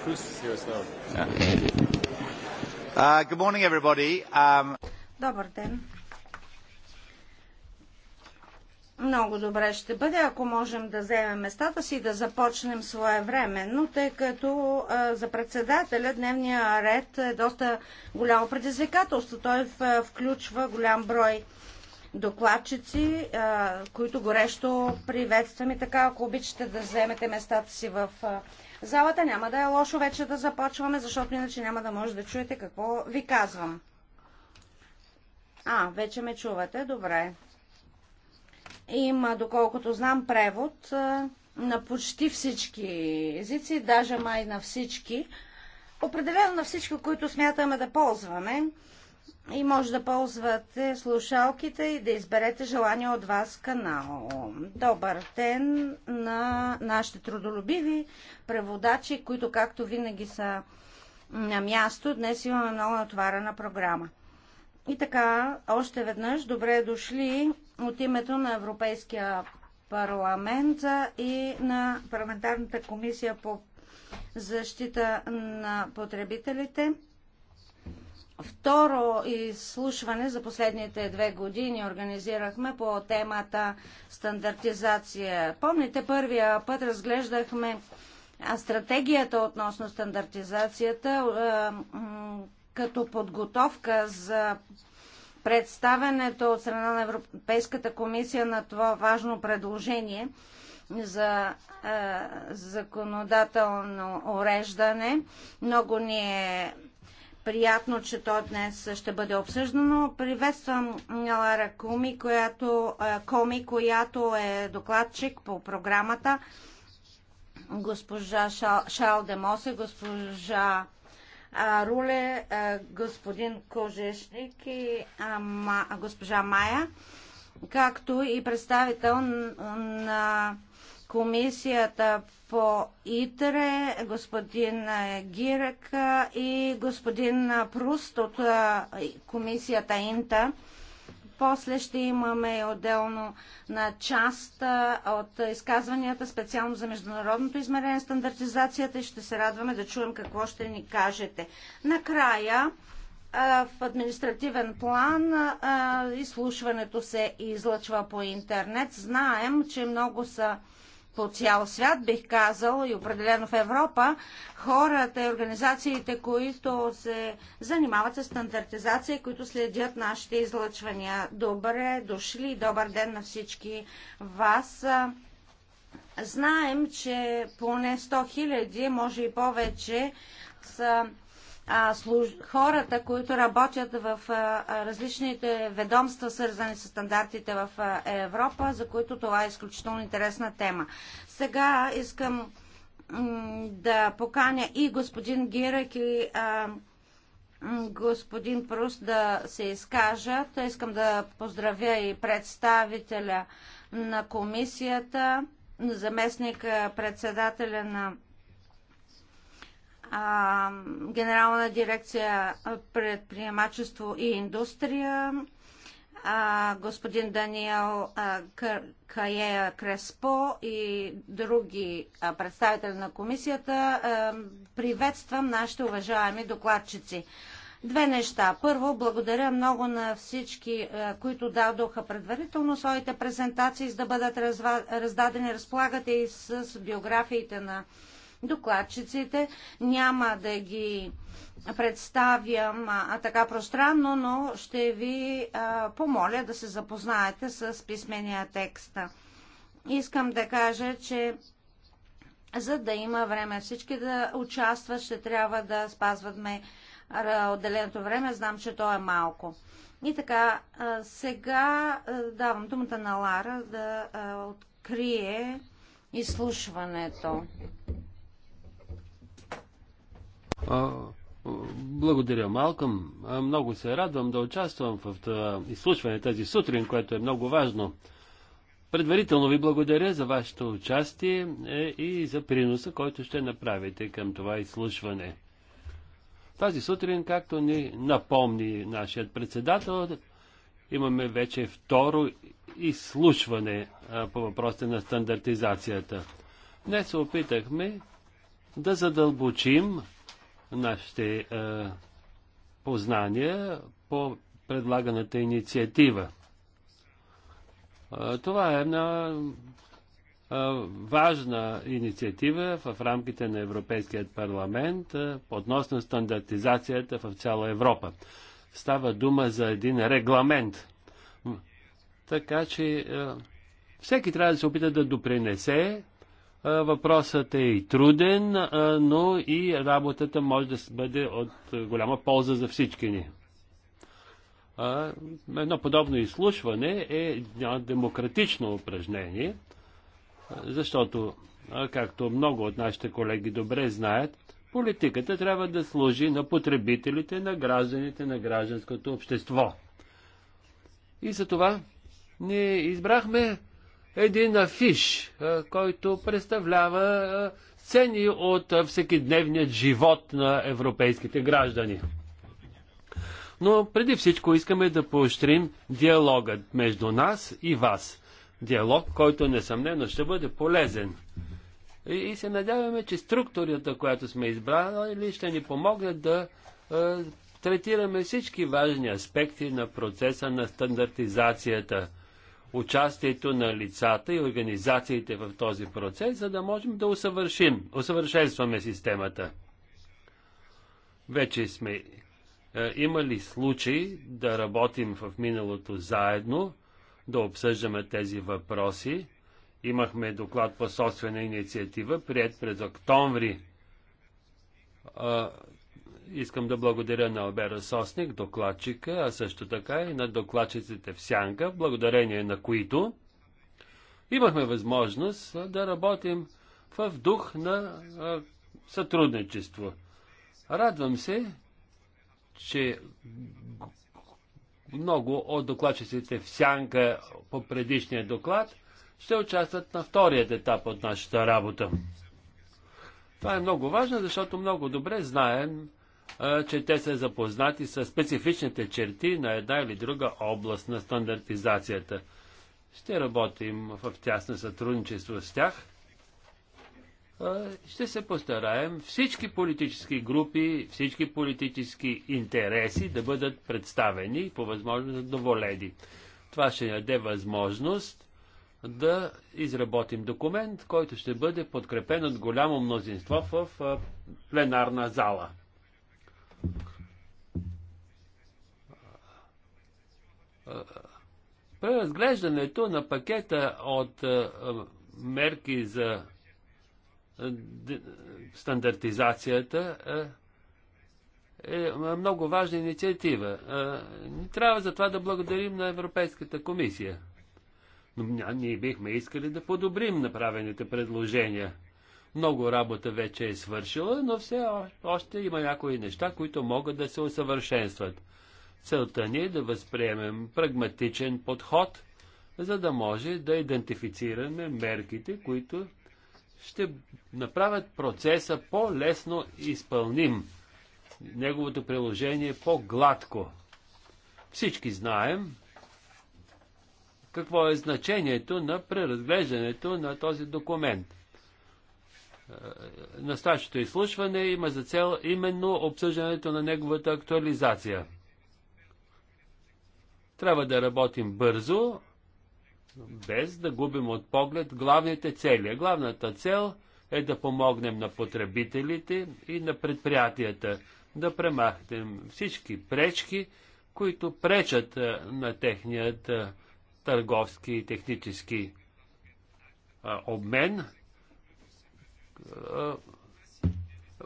Uh, um, Добър ден. Много добре ще бъде, ако можем да вземем местата си и да започнем своевременно, тъй като за председателя дневния ред е доста голямо предизвикателство. Той включва голям брой докладчици, които горещо приветствам и така, ако обичате да вземете местата си в залата. Няма да е лошо вече да започваме, защото иначе няма да може да чуете какво ви казвам. А, вече ме чувате, добре. Има, доколкото знам, превод на почти всички езици, даже май на всички. Определено на всички, които смятаме да ползваме и може да ползвате слушалките и да изберете желания от вас канал. Добър ден на нашите трудолюбиви преводачи, които както винаги са на място. Днес имаме много натварена програма. И така, още веднъж, добре дошли от името на Европейския парламент и на парламентарната комисия по защита на потребителите. Второ изслушване за последните две години организирахме по темата стандартизация. Помните, първия път разглеждахме стратегията относно стандартизацията като подготовка за представенето от страна на Европейската комисия на това важно предложение за е, законодателно уреждане. Много ни е приятно, че то днес ще бъде обсъждано. Приветствам Лара Коми, която, е, Коми, която е докладчик по програмата, госпожа Шал, Шал Демосе, госпожа Руле, е, господин Кожешник и госпожа Мая, както и представител на комисията по ИТРЕ, господин Гирек и господин Пруст от комисията Инта. После ще имаме отделно на част от изказванията, специално за международното измерение, стандартизацията и ще се радваме да чуем какво ще ни кажете. Накрая, в административен план изслушването се излъчва по интернет. Знаем, че много са по цял свят, бих казал, и определено в Европа, хората и организациите, които се занимават с стандартизация, които следят нашите излъчвания. Добре дошли, добър ден на всички вас. Знаем, че поне 100 000, може и повече, са а, служ... хората, които работят в а, различните ведомства, свързани с стандартите в а, Европа, за които това е изключително интересна тема. Сега искам да поканя и господин Гирек и а, господин Прус да се изкажат. Искам да поздравя и представителя на комисията, заместник председателя на а, Генерална дирекция предприемачество и индустрия, а, господин Даниел Каея Креспо и други а, представители на комисията. А, приветствам нашите уважаеми докладчици. Две неща. Първо, благодаря много на всички, които дадоха предварително своите презентации, за да бъдат раздадени. Разполагате и с биографиите на докладчиците. Няма да ги представям а, така пространно, но ще ви а, помоля да се запознаете с писмения текст. Искам да кажа, че за да има време всички да участват, ще трябва да спазваме отделеното време. Знам, че то е малко. И така, сега давам думата на Лара да открие изслушването. Благодаря, Малком. Много се радвам да участвам в това изслушване тази сутрин, което е много важно. Предварително ви благодаря за вашето участие е, и за приноса, който ще направите към това изслушване. Тази сутрин, както ни напомни нашият председател, имаме вече второ изслушване по въпросите на стандартизацията. Днес се опитахме да задълбочим нашите е, познания по предлаганата инициатива. Е, това е една е, важна инициатива в рамките на Европейският парламент относно стандартизацията в цяла Европа. Става дума за един регламент. Така че всеки трябва да се опита да допринесе Въпросът е и труден, но и работата може да бъде от голяма полза за всички ни. Едно подобно изслушване е демократично упражнение, защото, както много от нашите колеги добре знаят, политиката трябва да служи на потребителите, на гражданите, на гражданското общество. И за това ние избрахме един афиш, който представлява сцени от всекидневният живот на европейските граждани. Но преди всичко искаме да поощрим диалогът между нас и вас. Диалог, който несъмнено ще бъде полезен. И, и се надяваме, че структурата, която сме избрали, ще ни помогне да е, третираме всички важни аспекти на процеса на стандартизацията – участието на лицата и организациите в този процес, за да можем да усъвършим, усъвършенстваме системата. Вече сме е, имали случаи да работим в миналото заедно, да обсъждаме тези въпроси. Имахме доклад по собствена инициатива, прият през октомври е, Искам да благодаря на Обера Сосник, докладчика, а също така и на докладчиците в Сянка, благодарение на които имахме възможност да работим в дух на сътрудничество. Радвам се, че много от докладчиците в сянка по предишния доклад ще участват на вторият етап от нашата работа. Това е много важно, защото много добре знаем че те са запознати с специфичните черти на една или друга област на стандартизацията. Ще работим в тясно сътрудничество с тях. Ще се постараем всички политически групи, всички политически интереси да бъдат представени по възможност доволени. Това ще даде възможност да изработим документ, който ще бъде подкрепен от голямо мнозинство в пленарна зала преразглеждането на пакета от е, мерки за е, стандартизацията е, е много важна инициатива. трябва за това да благодарим на Европейската комисия. Но ние бихме искали да подобрим направените предложения. Много работа вече е свършила, но все още има някои неща, които могат да се усъвършенстват. Целта ни е да възприемем прагматичен подход, за да може да идентифицираме мерките, които ще направят процеса по-лесно изпълним, неговото приложение е по-гладко. Всички знаем какво е значението на преразглеждането на този документ. Е, е, настоящето изслушване има за цел именно обсъждането на неговата актуализация. Трябва да работим бързо, без да губим от поглед главните цели. Главната цел е да помогнем на потребителите и на предприятията да премахнем всички пречки, които пречат е, на техният търговски и технически обмен е,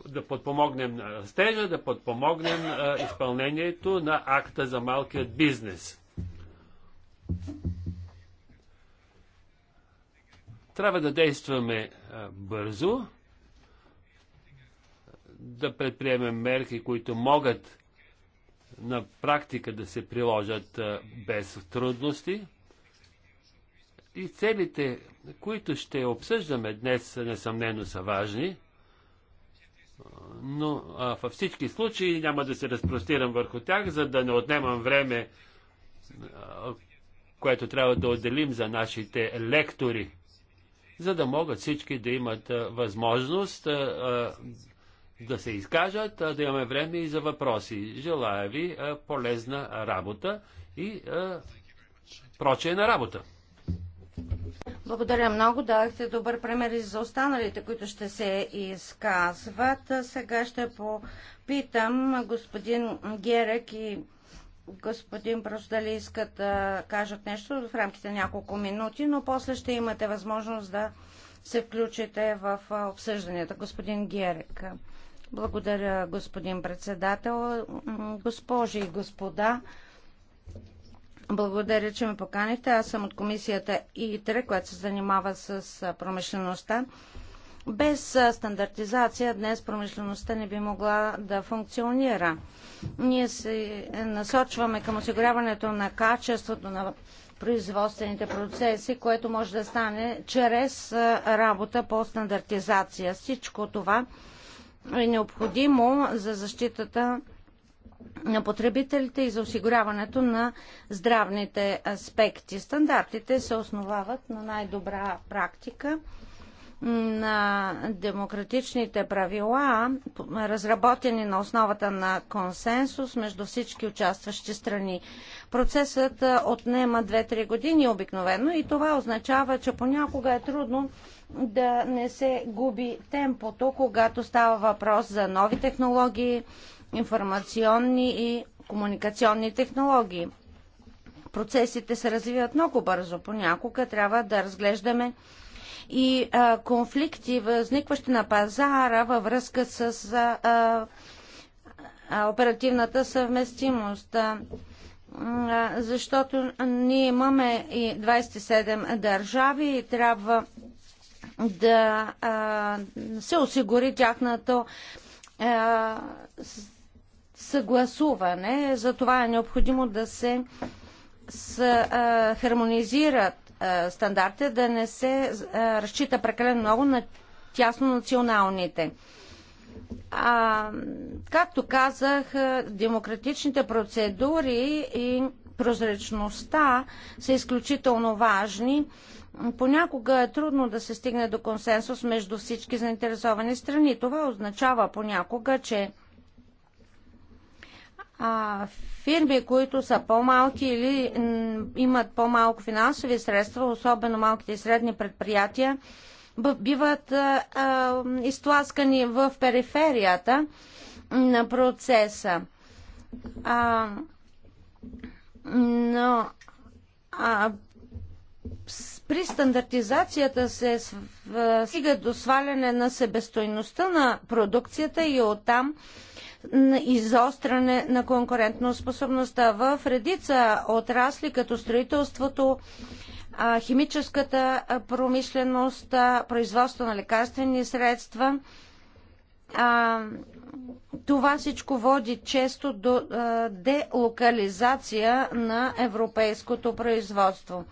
да подпомогнем растежа, е, да подпомогнем е, изпълнението на акта за малкият бизнес. Трябва да действаме бързо, да предприемем мерки, които могат на практика да се приложат без трудности. И целите, които ще обсъждаме днес, несъмнено са важни, но а, във всички случаи няма да се разпростирам върху тях, за да не отнемам време, а, което трябва да отделим за нашите лектори, за да могат всички да имат а, възможност а, а, да се изкажат, а, да имаме време и за въпроси. Желая ви а, полезна работа и а, на работа. Благодаря много. Дадахте добър пример и за останалите, които ще се изказват. Сега ще попитам господин Герек и господин Брус дали искат да кажат нещо в рамките на няколко минути, но после ще имате възможност да се включите в обсъжданията. Господин Герек. Благодаря, господин председател. Госпожи и господа, благодаря, че ме поканихте. Аз съм от комисията ИТРЕ, която се занимава с промишлеността. Без стандартизация днес промишлеността не би могла да функционира. Ние се е, насочваме към осигуряването на качеството на производствените процеси, което може да стане чрез работа по стандартизация. Всичко това е необходимо за защитата на потребителите и за осигуряването на здравните аспекти. Стандартите се основават на най-добра практика на демократичните правила, разработени на основата на консенсус между всички участващи страни. Процесът отнема 2-3 години обикновено и това означава, че понякога е трудно да не се губи темпото, когато става въпрос за нови технологии, информационни и комуникационни технологии. Процесите се развиват много бързо. Понякога трябва да разглеждаме и а, конфликти, възникващи на пазара във връзка с а, а, оперативната съвместимост. А, защото ние имаме и 27 държави и трябва да а, се осигури тяхната. а, съгласуване. За това е необходимо да се с, а, хармонизират а, стандартите, да не се а, разчита прекалено много на тясно националните. А, както казах, демократичните процедури и прозрачността са изключително важни. Понякога е трудно да се стигне до консенсус между всички заинтересовани страни. Това означава понякога, че а, фирми, които са по-малки или имат по-малко финансови средства, особено малките и средни предприятия, биват а, а, изтласкани в периферията на процеса. А, но а, при стандартизацията се стига до сваляне на себестойността на продукцията и оттам там изостряне изостране на конкурентоспособността. В редица отрасли, като строителството, химическата промишленост, производство на лекарствени средства, това всичко води често до делокализация на европейското производство.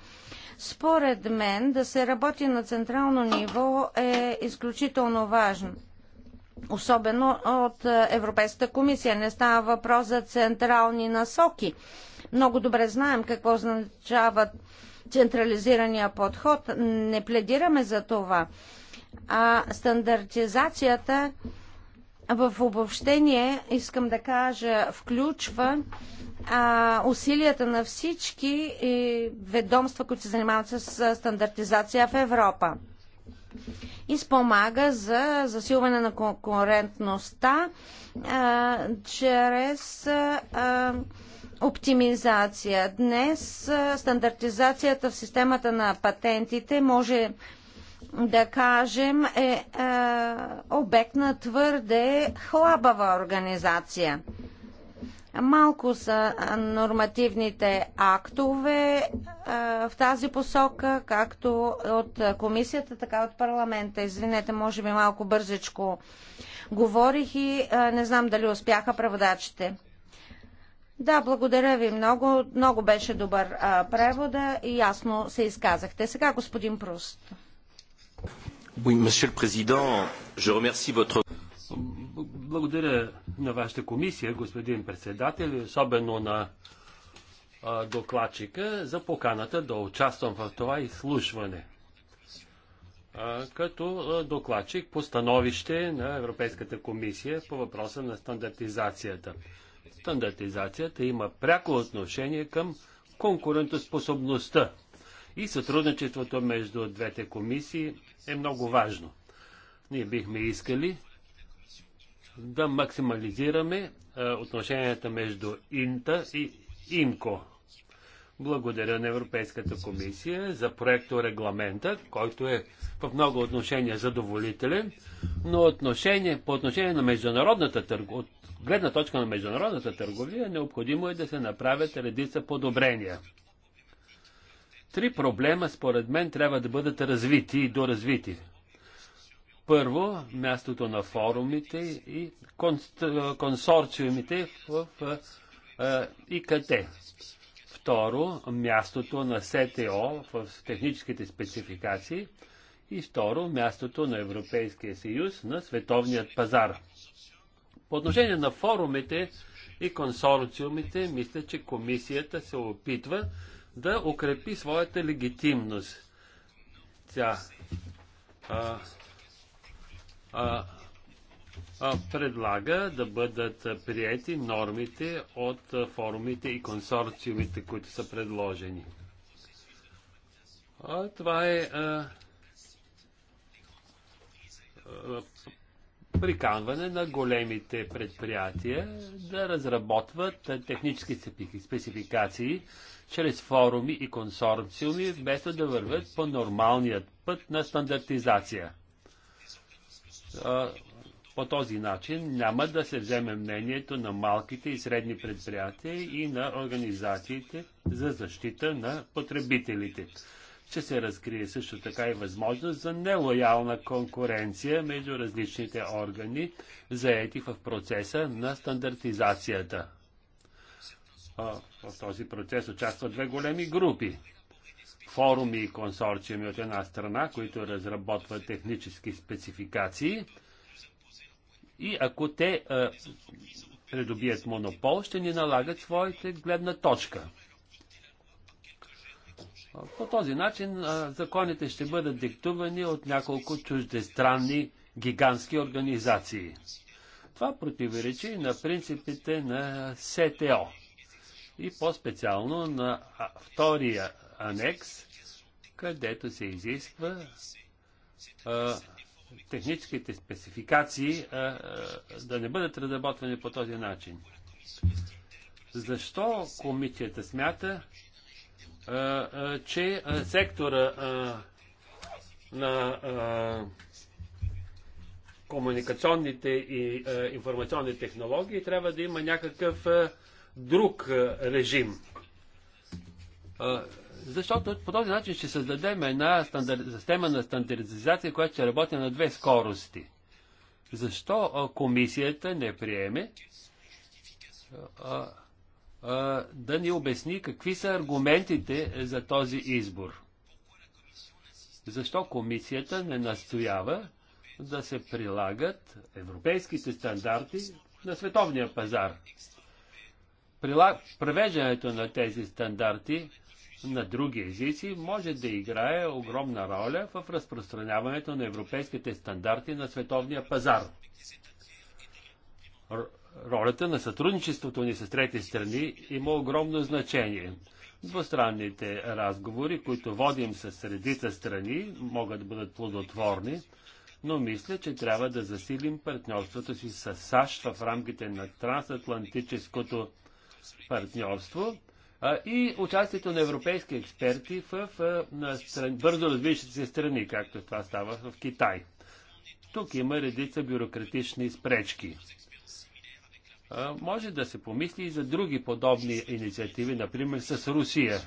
Според мен да се работи на централно ниво е изключително важно особено от е, Европейската комисия. Не става въпрос за централни насоки. Много добре знаем какво означава централизирания подход. Не пледираме за това. А стандартизацията в обобщение, искам да кажа, включва а, усилията на всички ведомства, които се занимават с стандартизация в Европа и спомага за засилване на конкурентността а, чрез а, оптимизация. Днес а, стандартизацията в системата на патентите може да кажем е а, обект на твърде хлабава организация. Малко са нормативните актове в тази посока, както от комисията, така от парламента. Извинете, може би малко бързичко говорих и не знам дали успяха преводачите. Да, благодаря ви много. Много беше добър а, превода и ясно се изказахте. Сега господин Пруст. Oui, monsieur le président, je remercie votre благодаря на вашата комисия, господин председател, и особено на докладчика за поканата да участвам в това изслушване. Като докладчик по становище на Европейската комисия по въпроса на стандартизацията. Стандартизацията има пряко отношение към конкурентоспособността и сътрудничеството между двете комисии е много важно. Ние бихме искали да максимализираме отношенията между Инта и Имко. Благодаря на Европейската комисия за проекто регламента, който е в много отношения задоволителен, но отношение, по отношение на международната търговия, от гледна точка на международната търговия, необходимо е да се направят редица подобрения. Три проблема, според мен, трябва да бъдат развити и доразвити. Първо, мястото на форумите и консорциумите в ИКТ. Второ, мястото на СТО в техническите спецификации. И второ, мястото на Европейския съюз на световният пазар. По отношение на форумите и консорциумите, мисля, че комисията се опитва да укрепи своята легитимност. Тя а, предлага да бъдат приети нормите от форумите и консорциумите, които са предложени. А, това е а, а, приканване на големите предприятия да разработват технически спецификации чрез форуми и консорциуми, вместо да вървят по нормалният път на стандартизация по този начин няма да се вземе мнението на малките и средни предприятия и на организациите за защита на потребителите. Ще се разкрие също така и възможност за нелоялна конкуренция между различните органи, заети в процеса на стандартизацията. В този процес участват две големи групи форуми и консорциуми от една страна, които разработват технически спецификации. И ако те а, придобият монопол, ще ни налагат своите гледна точка. По този начин а, законите ще бъдат диктувани от няколко чуждестранни гигантски организации. Това противоречи на принципите на СТО и по-специално на втория анекс, където се изисква а, техническите спецификации а, а, да не бъдат разработвани по този начин. Защо комисията смята, а, а, че а, сектора а, на а, комуникационните и а, информационни технологии трябва да има някакъв а, друг а, режим? Защото по този начин ще създадем една стандар... система на стандартизация, която ще работи на две скорости. Защо комисията не приеме а, а, да ни обясни какви са аргументите за този избор? Защо комисията не настоява да се прилагат европейските стандарти на световния пазар? Превеждането на тези стандарти на други езици, може да играе огромна роля в разпространяването на европейските стандарти на световния пазар. Ролята на сътрудничеството ни с трети страни има огромно значение. Двустранните разговори, които водим с редица страни, могат да бъдат плодотворни, но мисля, че трябва да засилим партньорството си с САЩ в рамките на трансатлантическото партньорство и участието на европейски експерти в на стран, бързо развиващите се страни, както това става в Китай. Тук има редица бюрократични спречки. А, може да се помисли и за други подобни инициативи, например с Русия.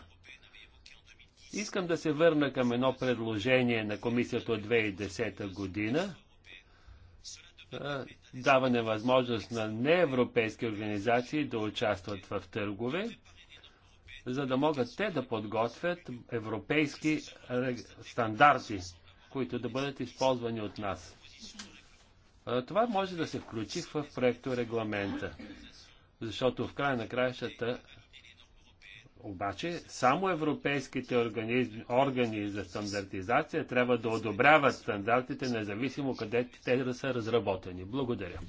Искам да се върна към едно предложение на комисията от 2010 година, даване възможност на неевропейски организации да участват в търгове за да могат те да подготвят европейски е, стандарти, които да бъдат използвани от нас. Това може да се включи в проекто регламента, защото в края на краищата обаче само европейските органи, органи за стандартизация трябва да одобряват стандартите, независимо къде те да са разработени. Благодаря.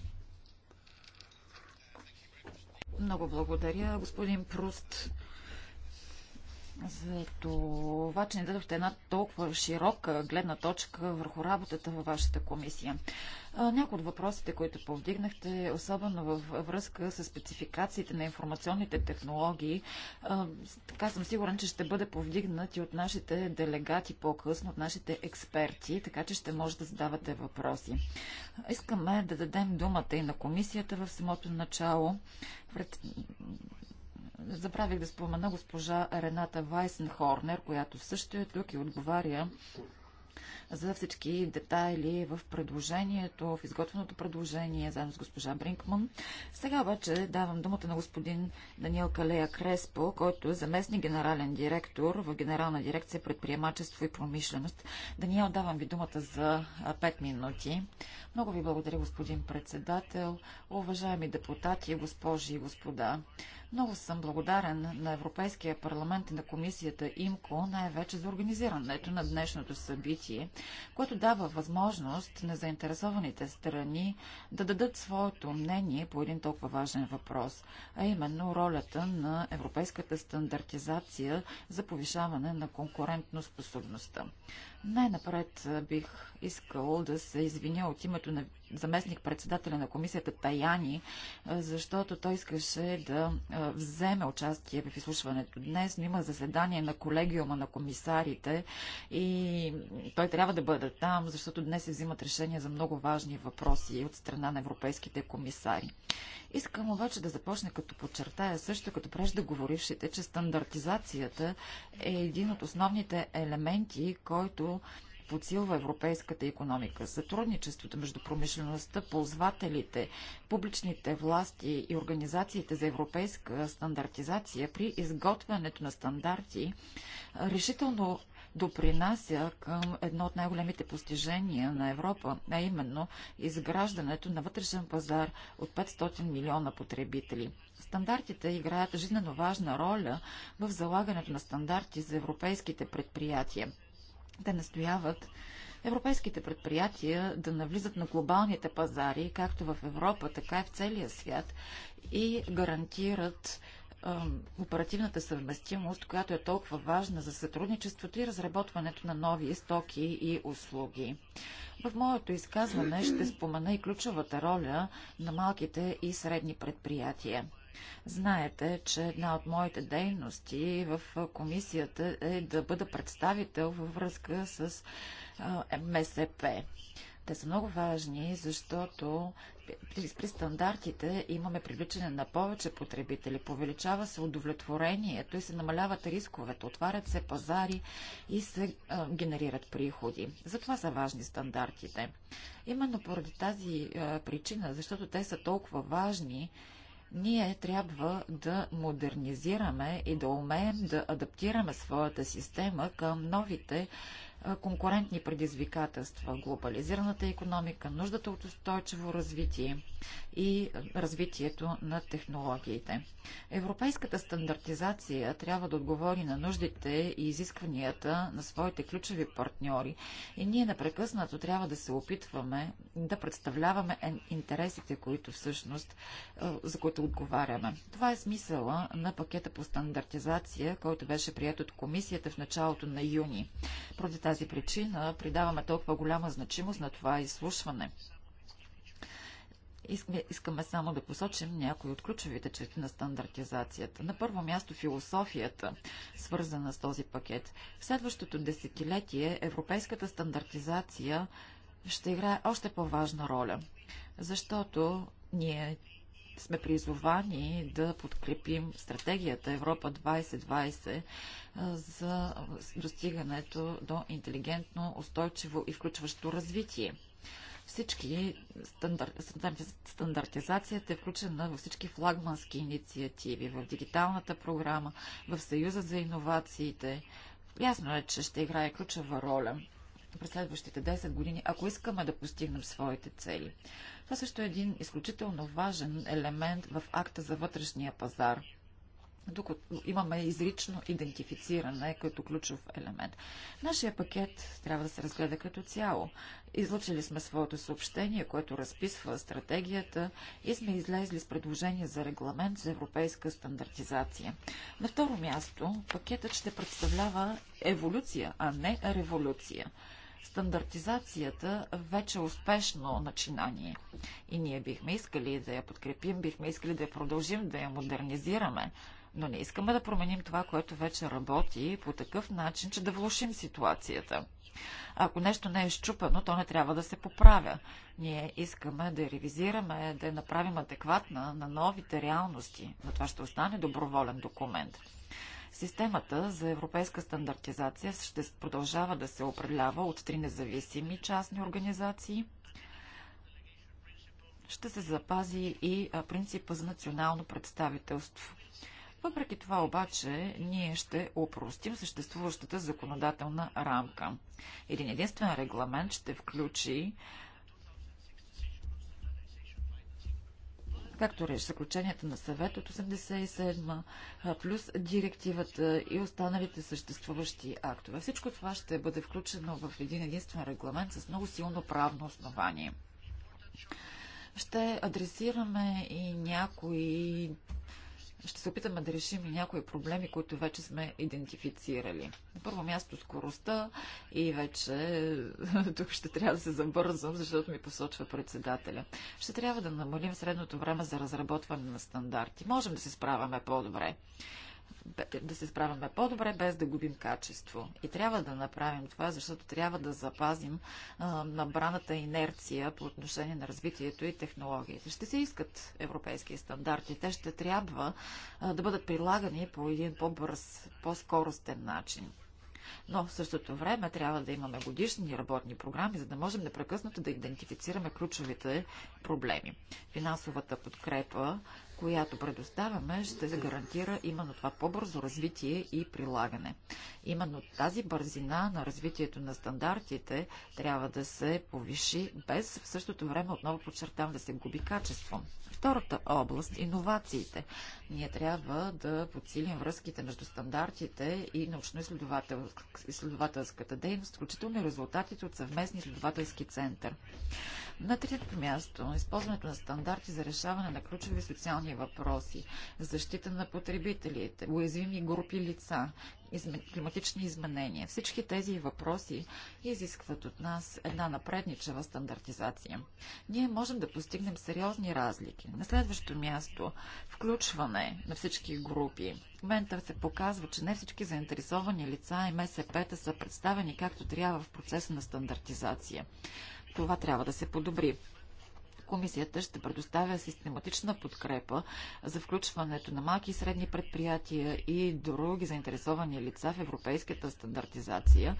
Много благодаря, господин Пруст за това, че ни дадохте една толкова широка гледна точка върху работата във вашата комисия. Някои от въпросите, които повдигнахте, особено във връзка с спецификациите на информационните технологии, така съм сигурен, че ще бъде повдигнат и от нашите делегати по-късно, от нашите експерти, така че ще може да задавате въпроси. Искаме да дадем думата и на комисията в самото начало. Забравих да спомена госпожа Рената Вайсенхорнер, която също е тук и отговаря за всички детайли в предложението, в изготвеното предложение, заедно с госпожа Бринкман. Сега обаче давам думата на господин Даниел Калея Креспо, който е заместник генерален директор в Генерална дирекция предприемачество и промишленост. Даниел, давам ви думата за 5 минути. Много ви благодаря, господин председател, уважаеми депутати, госпожи и господа. Много съм благодарен на Европейския парламент и на комисията ИМКО, най-вече за организирането на днешното събитие, което дава възможност на заинтересованите страни да дадат своето мнение по един толкова важен въпрос, а именно ролята на европейската стандартизация за повишаване на конкурентноспособността. способността. Най-напред бих искал да се извиня от името на заместник-председателя на комисията Таяни, защото той искаше да вземе участие в изслушването днес, но има заседание на колегиума на комисарите и той трябва да бъде там, защото днес се взимат решения за много важни въпроси от страна на европейските комисари. Искам обаче да започна като подчертая също, като преждеговорившите, че стандартизацията е един от основните елементи, който подсилва европейската економика. Сътрудничеството между промишлеността, ползвателите, публичните власти и организациите за европейска стандартизация при изготвянето на стандарти решително допринася към едно от най-големите постижения на Европа, а именно изграждането на вътрешен пазар от 500 милиона потребители. Стандартите играят жизненно важна роля в залагането на стандарти за европейските предприятия. Те настояват европейските предприятия да навлизат на глобалните пазари, както в Европа, така и в целия свят, и гарантират оперативната съвместимост, която е толкова важна за сътрудничеството и разработването на нови стоки и услуги. В моето изказване ще спомена и ключовата роля на малките и средни предприятия. Знаете, че една от моите дейности в комисията е да бъда представител във връзка с МСП. Те са много важни, защото при, стандартите имаме привличане на повече потребители, повеличава се удовлетворението и се намаляват рисковете, отварят се пазари и се а, генерират приходи. Затова са важни стандартите. Именно поради тази а, причина, защото те са толкова важни, ние трябва да модернизираме и да умеем да адаптираме своята система към новите конкурентни предизвикателства, глобализираната економика, нуждата от устойчиво развитие и развитието на технологиите. Европейската стандартизация трябва да отговори на нуждите и изискванията на своите ключови партньори и ние непрекъснато трябва да се опитваме да представляваме интересите, които всъщност, за които отговаряме. Това е смисъла на пакета по стандартизация, който беше прият от комисията в началото на юни. Против тази причина придаваме толкова голяма значимост на това изслушване. Искаме само да посочим някои от ключовите черти на стандартизацията. На първо място философията, свързана с този пакет. В следващото десетилетие европейската стандартизация ще играе още по-важна роля, защото ние сме призовани да подкрепим стратегията Европа 2020 за достигането до интелигентно, устойчиво и включващо развитие. Всички стандарти, стандартизацията е включена във всички флагмански инициативи, в дигиталната програма, в Съюза за иновациите. Ясно е, че ще играе ключова роля през следващите 10 години, ако искаме да постигнем своите цели. Това също е един изключително важен елемент в акта за вътрешния пазар докато имаме изрично идентифициране като ключов елемент. Нашия пакет трябва да се разгледа като цяло. Излучили сме своето съобщение, което разписва стратегията и сме излезли с предложение за регламент за европейска стандартизация. На второ място, пакетът ще представлява еволюция, а не революция. Стандартизацията вече е успешно начинание и ние бихме искали да я подкрепим, бихме искали да я продължим, да я модернизираме, но не искаме да променим това, което вече работи по такъв начин, че да влушим ситуацията. Ако нещо не е щупено, то не трябва да се поправя. Ние искаме да ревизираме, да я направим адекватна на новите реалности, На това ще остане доброволен документ. Системата за европейска стандартизация ще продължава да се управлява от три независими частни организации. Ще се запази и принципа за национално представителство. Въпреки това обаче, ние ще упростим съществуващата законодателна рамка. Един единствен регламент ще включи както реш заключенията на съвет от 87 плюс директивата и останалите съществуващи актове. Всичко това ще бъде включено в един единствен регламент с много силно правно основание. Ще адресираме и някои ще се опитаме да решим и някои проблеми, които вече сме идентифицирали. На първо място скоростта и вече тук ще трябва да се забързам, защото ми посочва председателя. Ще трябва да намалим средното време за разработване на стандарти. Можем да се справяме по-добре да се справяме по-добре, без да губим качество. И трябва да направим това, защото трябва да запазим а, набраната инерция по отношение на развитието и технологиите. Ще се искат европейски стандарти. Те ще трябва а, да бъдат прилагани по един по-бърз, по-скоростен начин. Но в същото време трябва да имаме годишни работни програми, за да можем непрекъснато да идентифицираме ключовите проблеми. Финансовата подкрепа която предоставяме, ще гарантира именно това по-бързо развитие и прилагане. Именно тази бързина на развитието на стандартите трябва да се повиши, без в същото време, отново подчертавам, да се губи качество. Втората област – иновациите. Ние трябва да подсилим връзките между стандартите и научно-изследователската дейност, включително и резултатите от съвместни изследователски център. На третото място – използването на стандарти за решаване на ключови социални въпроси, защита на потребителите, уязвими групи лица, климатични изменения. Всички тези въпроси изискват от нас една напредничева стандартизация. Ние можем да постигнем сериозни разлики. На следващо място включване на всички групи. В момента се показва, че не всички заинтересовани лица и МСП-та са представени както трябва в процеса на стандартизация. Това трябва да се подобри. Комисията ще предоставя систематична подкрепа за включването на малки и средни предприятия и други заинтересовани лица в европейската стандартизация,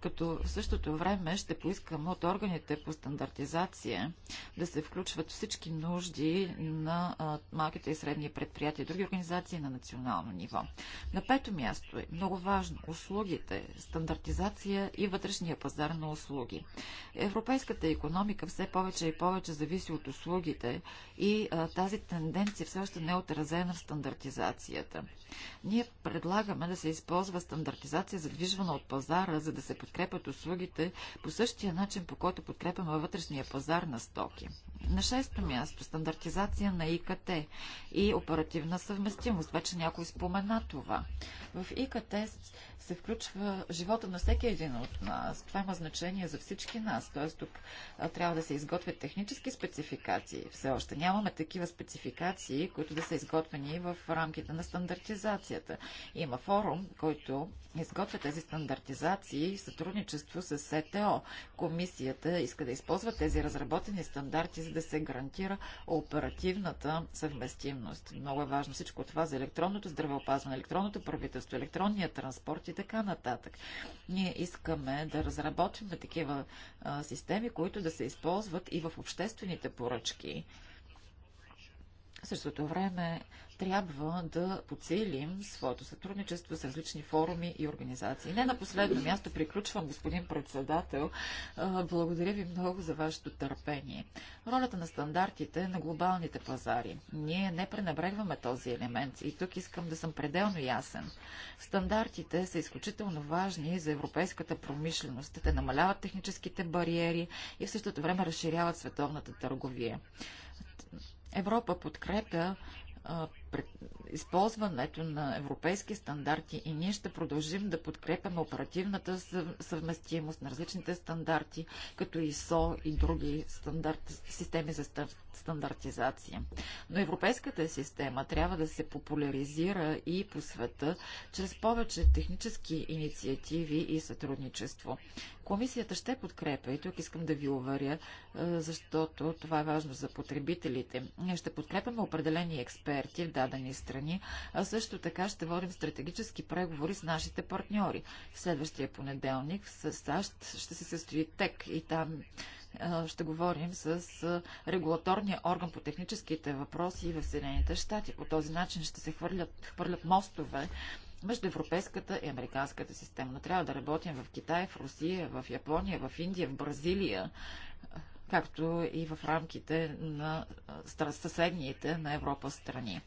като в същото време ще поискам от органите по стандартизация да се включват всички нужди на малките и средни предприятия и други организации на национално ниво. На пето място е много важно услугите, стандартизация и вътрешния пазар на услуги. Европейската економика все повече и повече зависи от услугите и а, тази тенденция все още не е отразена в стандартизацията. Ние предлагаме да се използва стандартизация, задвижвана от пазара, за да се подкрепят услугите по същия начин, по който подкрепяме вътрешния пазар на стоки. На шесто място стандартизация на ИКТ и оперативна съвместимост. Вече някой спомена това. В ИКТ се включва живота на всеки един от нас. Това има значение за всички нас. Т.е. тук трябва да се изготвят технически спецификации. Все още нямаме такива спецификации, които да са изготвени в рамките на стандартизацията. Има форум, който изготвя тези стандартизации в сътрудничество с СТО. Комисията иска да използва тези разработени стандарти, за да се гарантира оперативната съвместимост. Много е важно всичко това за електронното здравеопазване, електронното правителство, електронния транспорт и така нататък. Ние искаме да разработим такива а, системи, които да се използват и в обществените поръчки, в същото време трябва да поцелим своето сътрудничество с различни форуми и организации. Не на последно място приключвам, господин председател. Благодаря ви много за вашето търпение. Ролята на стандартите на глобалните пазари. Ние не пренебрегваме този елемент и тук искам да съм пределно ясен. Стандартите са изключително важни за европейската промишленост. Те намаляват техническите бариери и в същото време разширяват световната търговия. Европа подкрепя използването на европейски стандарти и ние ще продължим да подкрепяме оперативната съвместимост на различните стандарти, като ИСО и други стандарт, системи за стандартизация. Но европейската система трябва да се популяризира и по света чрез повече технически инициативи и сътрудничество. Комисията ще подкрепя и тук искам да ви уверя, е, защото това е важно за потребителите. Ние ще подкрепяме определени експерти в дадени страни, а също така ще водим стратегически преговори с нашите партньори. В следващия понеделник с САЩ ще се състои ТЕК и там ще говорим с регулаторния орган по техническите въпроси в Съединените щати. По този начин ще се хвърлят, хвърлят мостове между европейската и американската система. Но трябва да работим в Китай, в Русия, в Япония, в Индия, в Бразилия, както и в рамките на съседните на Европа страни.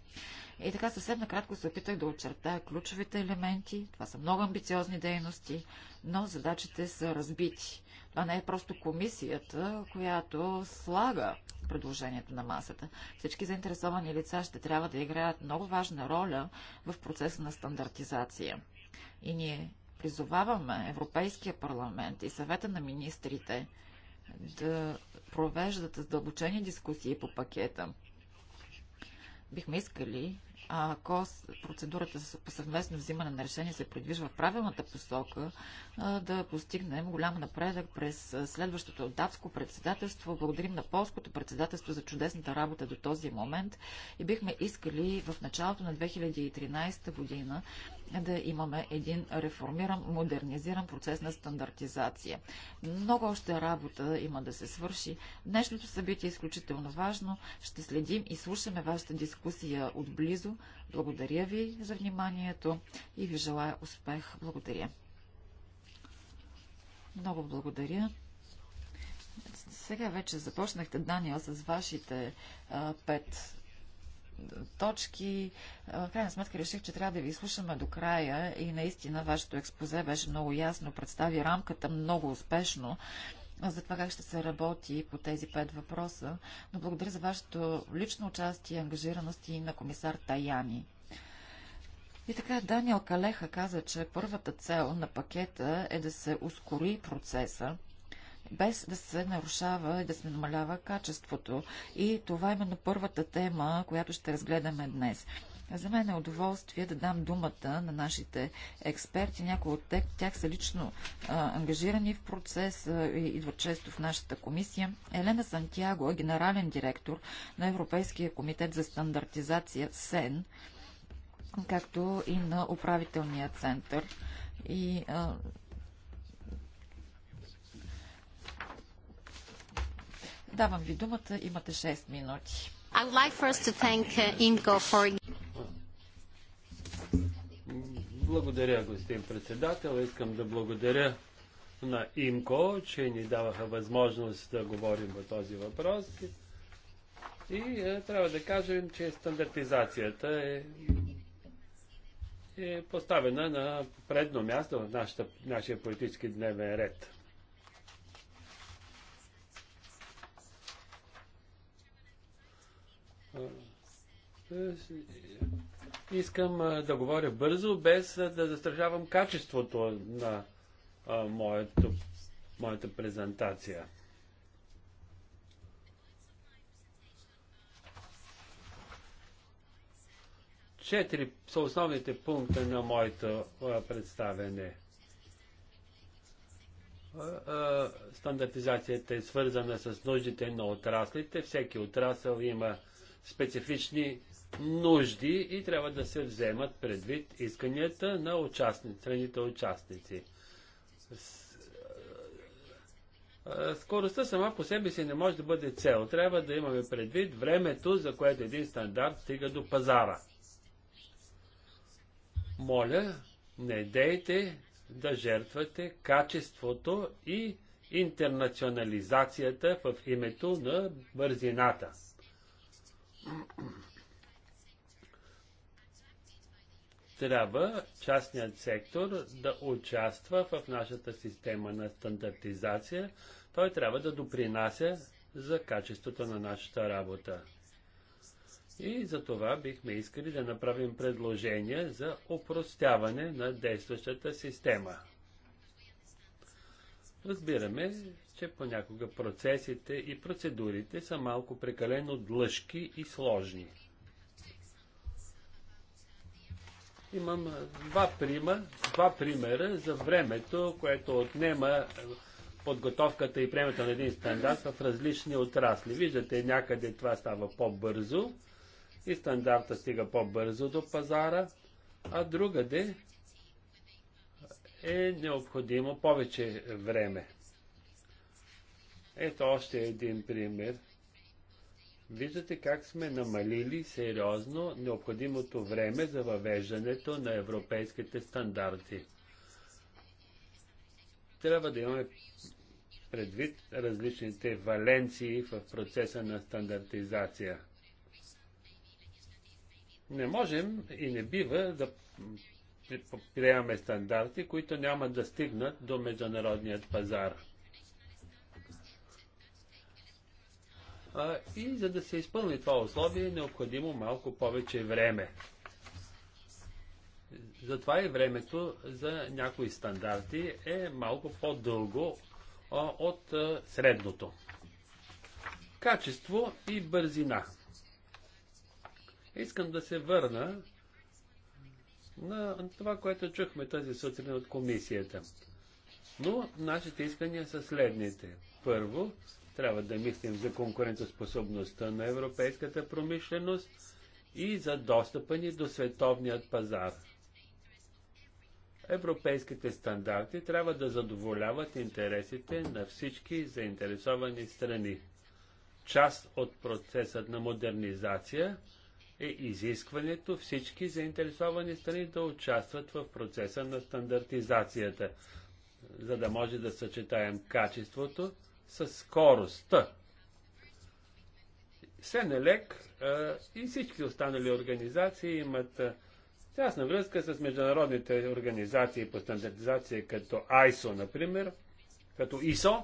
И така съвсем накратко се опитах да очертая ключовите елементи. Това са много амбициозни дейности, но задачите са разбити. Това не е просто комисията, която слага предложението на масата. Всички заинтересовани лица ще трябва да играят много важна роля в процеса на стандартизация. И ние призоваваме Европейския парламент и съвета на министрите да провеждат задълбочени дискусии по пакета. Бихме искали, ако процедурата по съвместно взимане на решение се придвижва в правилната посока, да постигнем голям напредък през следващото датско председателство. Благодарим на полското председателство за чудесната работа до този момент и бихме искали в началото на 2013 година да имаме един реформиран, модернизиран процес на стандартизация. Много още работа има да се свърши. Днешното събитие е изключително важно. Ще следим и слушаме вашата дискусия отблизо. Благодаря ви за вниманието и ви желая успех. Благодаря. Много благодаря. Сега вече започнахте, Даниел, с вашите а, пет точки. В крайна сметка реших, че трябва да ви слушаме до края и наистина вашето експозе беше много ясно, представи рамката много успешно за това как ще се работи по тези пет въпроса, но благодаря за вашето лично участие и ангажираност и на комисар Таяни. И така, Даниел Калеха каза, че първата цел на пакета е да се ускори процеса без да се нарушава и да се намалява качеството. И това е именно първата тема, която ще разгледаме днес. За мен е удоволствие да дам думата на нашите експерти. Някои от тях са лично а, ангажирани в процес а, и идват често в нашата комисия. Елена Сантьяго, е генерален директор на Европейския комитет за стандартизация СЕН, както и на управителния център. И а, Давам ви думата, имате 6 минути. Uh, благодаря, господин председател. Искам да благодаря на ИМКО, че ни даваха възможност да говорим по този въпрос. И е, трябва да кажем, че стандартизацията е, е поставена на предно място в нашата, нашия политически дневен ред. Искам да говоря бързо, без да застражавам качеството на моето, моята презентация. Четири са основните пункта на моето представене. Стандартизацията е свързана с нуждите на отраслите. Всеки отрасъл има специфични нужди и трябва да се вземат предвид исканията на участници, страните участници. Скоростта сама по себе си не може да бъде цел. Трябва да имаме предвид времето, за което един стандарт стига до пазара. Моля, не дейте да жертвате качеството и интернационализацията в името на бързината трябва частният сектор да участва в нашата система на стандартизация. Той трябва да допринася за качеството на нашата работа. И за това бихме искали да направим предложение за опростяване на действащата система. Разбираме, че понякога процесите и процедурите са малко прекалено длъжки и сложни. Имам два, прима, два примера за времето, което отнема подготовката и приемата на един стандарт в различни отрасли. Виждате, някъде това става по-бързо и стандарта стига по-бързо до пазара, а другаде е необходимо повече време. Ето още един пример. Виждате как сме намалили сериозно необходимото време за въвеждането на европейските стандарти. Трябва да имаме предвид различните валенции в процеса на стандартизация. Не можем и не бива да приемаме стандарти, които няма да стигнат до международният пазар. А, и за да се изпълни това условие е необходимо малко повече време. Затова и времето за някои стандарти е малко по-дълго от а, средното. Качество и бързина. Искам да се върна на това, което чухме тази сутрин от комисията. Но нашите искания са следните. Първо, трябва да мислим за конкурентоспособността на европейската промишленост и за достъпа ни до световният пазар. Европейските стандарти трябва да задоволяват интересите на всички заинтересовани страни. Част от процесът на модернизация – е изискването всички заинтересовани страни да участват в процеса на стандартизацията, за да може да съчетаем качеството с скоростта. Сенелек и всички останали организации имат тясна връзка с международните организации по стандартизация, като ISO, например, като ISO.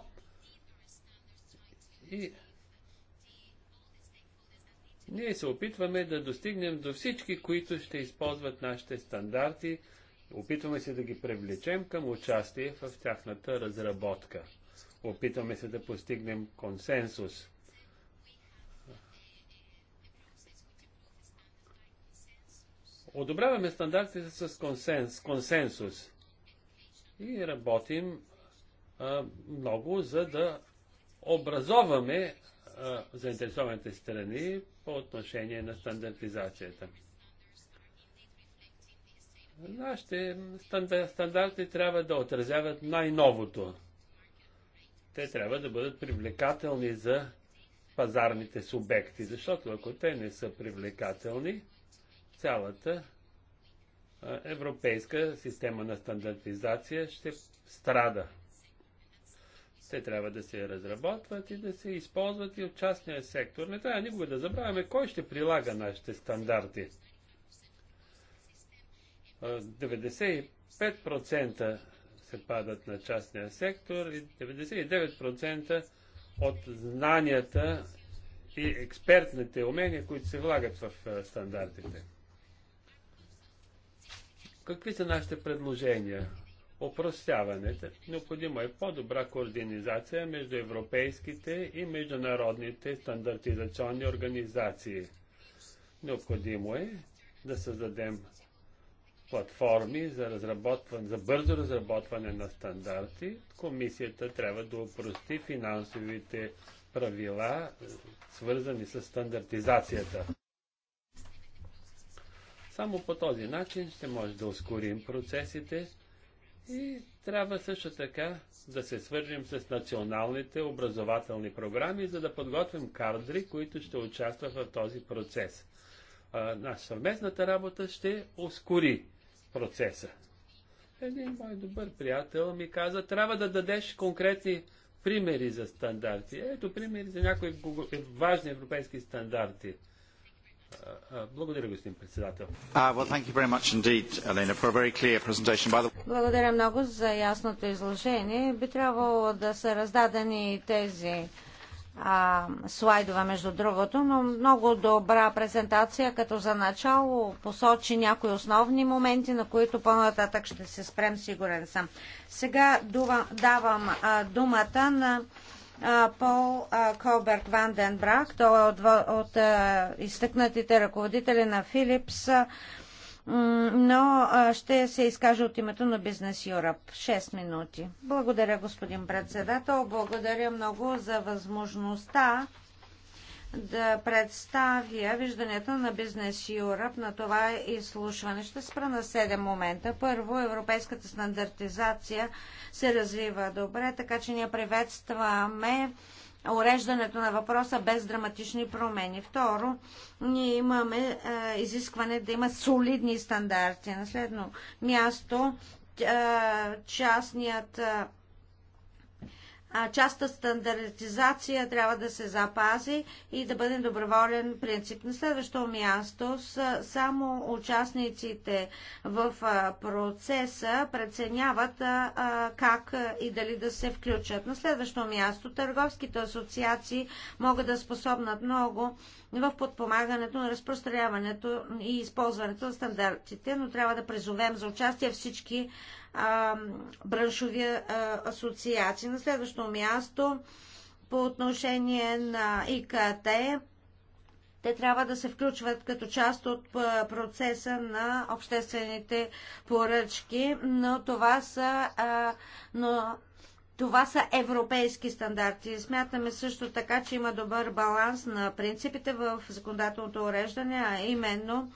И ние се опитваме да достигнем до всички, които ще използват нашите стандарти. Опитваме се да ги привлечем към участие в тяхната разработка. Опитваме се да постигнем консенсус. Одобряваме стандартите с консенс, консенсус и работим а, много, за да образоваме а, заинтересованите страни по отношение на стандартизацията. Нашите стандарти трябва да отразяват най-новото. Те трябва да бъдат привлекателни за пазарните субекти, защото ако те не са привлекателни, цялата европейска система на стандартизация ще страда. Те трябва да се разработват и да се използват и от частния сектор. Не трябва никога да забравяме кой ще прилага нашите стандарти. 95% се падат на частния сектор и 99% от знанията и експертните умения, които се влагат в стандартите. Какви са нашите предложения? опростяването. Необходима е по-добра координизация между европейските и международните стандартизационни организации. Необходимо е да създадем платформи за, разработване, за бързо разработване на стандарти. Комисията трябва да опрости финансовите правила, свързани с стандартизацията. Само по този начин ще може да ускорим процесите, и трябва също така да се свържим с националните образователни програми, за да подготвим кадри, които ще участват в този процес. Наша съвместната работа ще ускори процеса. Един мой добър приятел ми каза, трябва да дадеш конкретни примери за стандарти. Ето примери за някои е, важни европейски стандарти – благодаря, господин председател. Благодаря много за ясното изложение. Би трябвало да са раздадени тези а, слайдове, между другото, но много добра презентация, като за начало посочи някои основни моменти, на които по-нататък ще се спрем, сигурен съм. Сега давам а, думата на Пол Колберг Брак, Той е от, от изтъкнатите ръководители на Филипс, но ще се изкаже от името на Бизнес Юрап. 6 минути. Благодаря, господин председател. Благодаря много за възможността да представя виждането на Бизнес Юрап на това изслушване. Ще спра на 7 момента. Първо, европейската стандартизация се развива добре, така че ние приветстваме уреждането на въпроса без драматични промени. Второ, ние имаме е, изискване да има солидни стандарти. На следно място, е, частният е, а частта стандартизация трябва да се запази и да бъде доброволен принцип. На следващо място са само участниците в процеса преценяват как и дали да се включат. На следващо място търговските асоциации могат да способнат много в подпомагането на разпространяването и използването на стандартите, но трябва да призовем за участие всички а, браншови а, асоциации. На следващо място по отношение на ИКТ, те трябва да се включват като част от процеса на обществените поръчки, но това са, а, но това са европейски стандарти. Смятаме също така, че има добър баланс на принципите в законодателното уреждане, а именно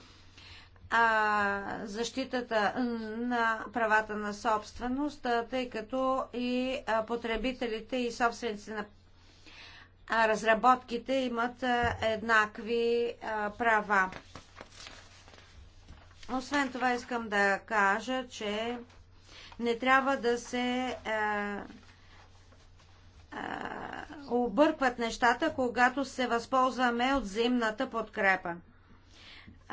а, защитата на правата на собственост, тъй като и потребителите и собственици на разработките имат еднакви права. Освен това искам да кажа, че не трябва да се объркват нещата, когато се възползваме от взаимната подкрепа.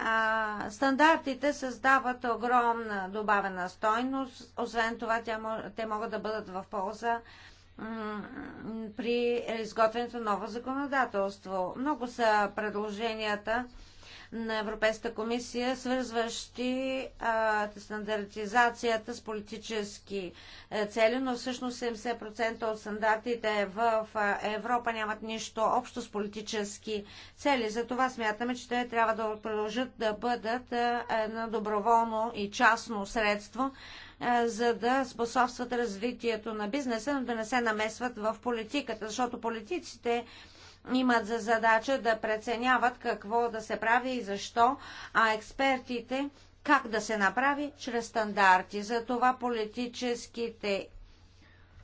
А, стандартите създават огромна добавена стойност. Освен това, тя, те могат да бъдат в полза при изготвянето на ново законодателство. Много са предложенията на Европейската комисия, свързващи а, стандартизацията с политически е, цели, но всъщност 70% от стандартите в Европа нямат нищо общо с политически цели. Затова смятаме, че те трябва да продължат да бъдат на доброволно и частно средство, за да способстват развитието на бизнеса, но да не се намесват в политиката, защото политиците имат за задача да преценяват какво да се прави и защо, а експертите как да се направи чрез стандарти. Затова политическите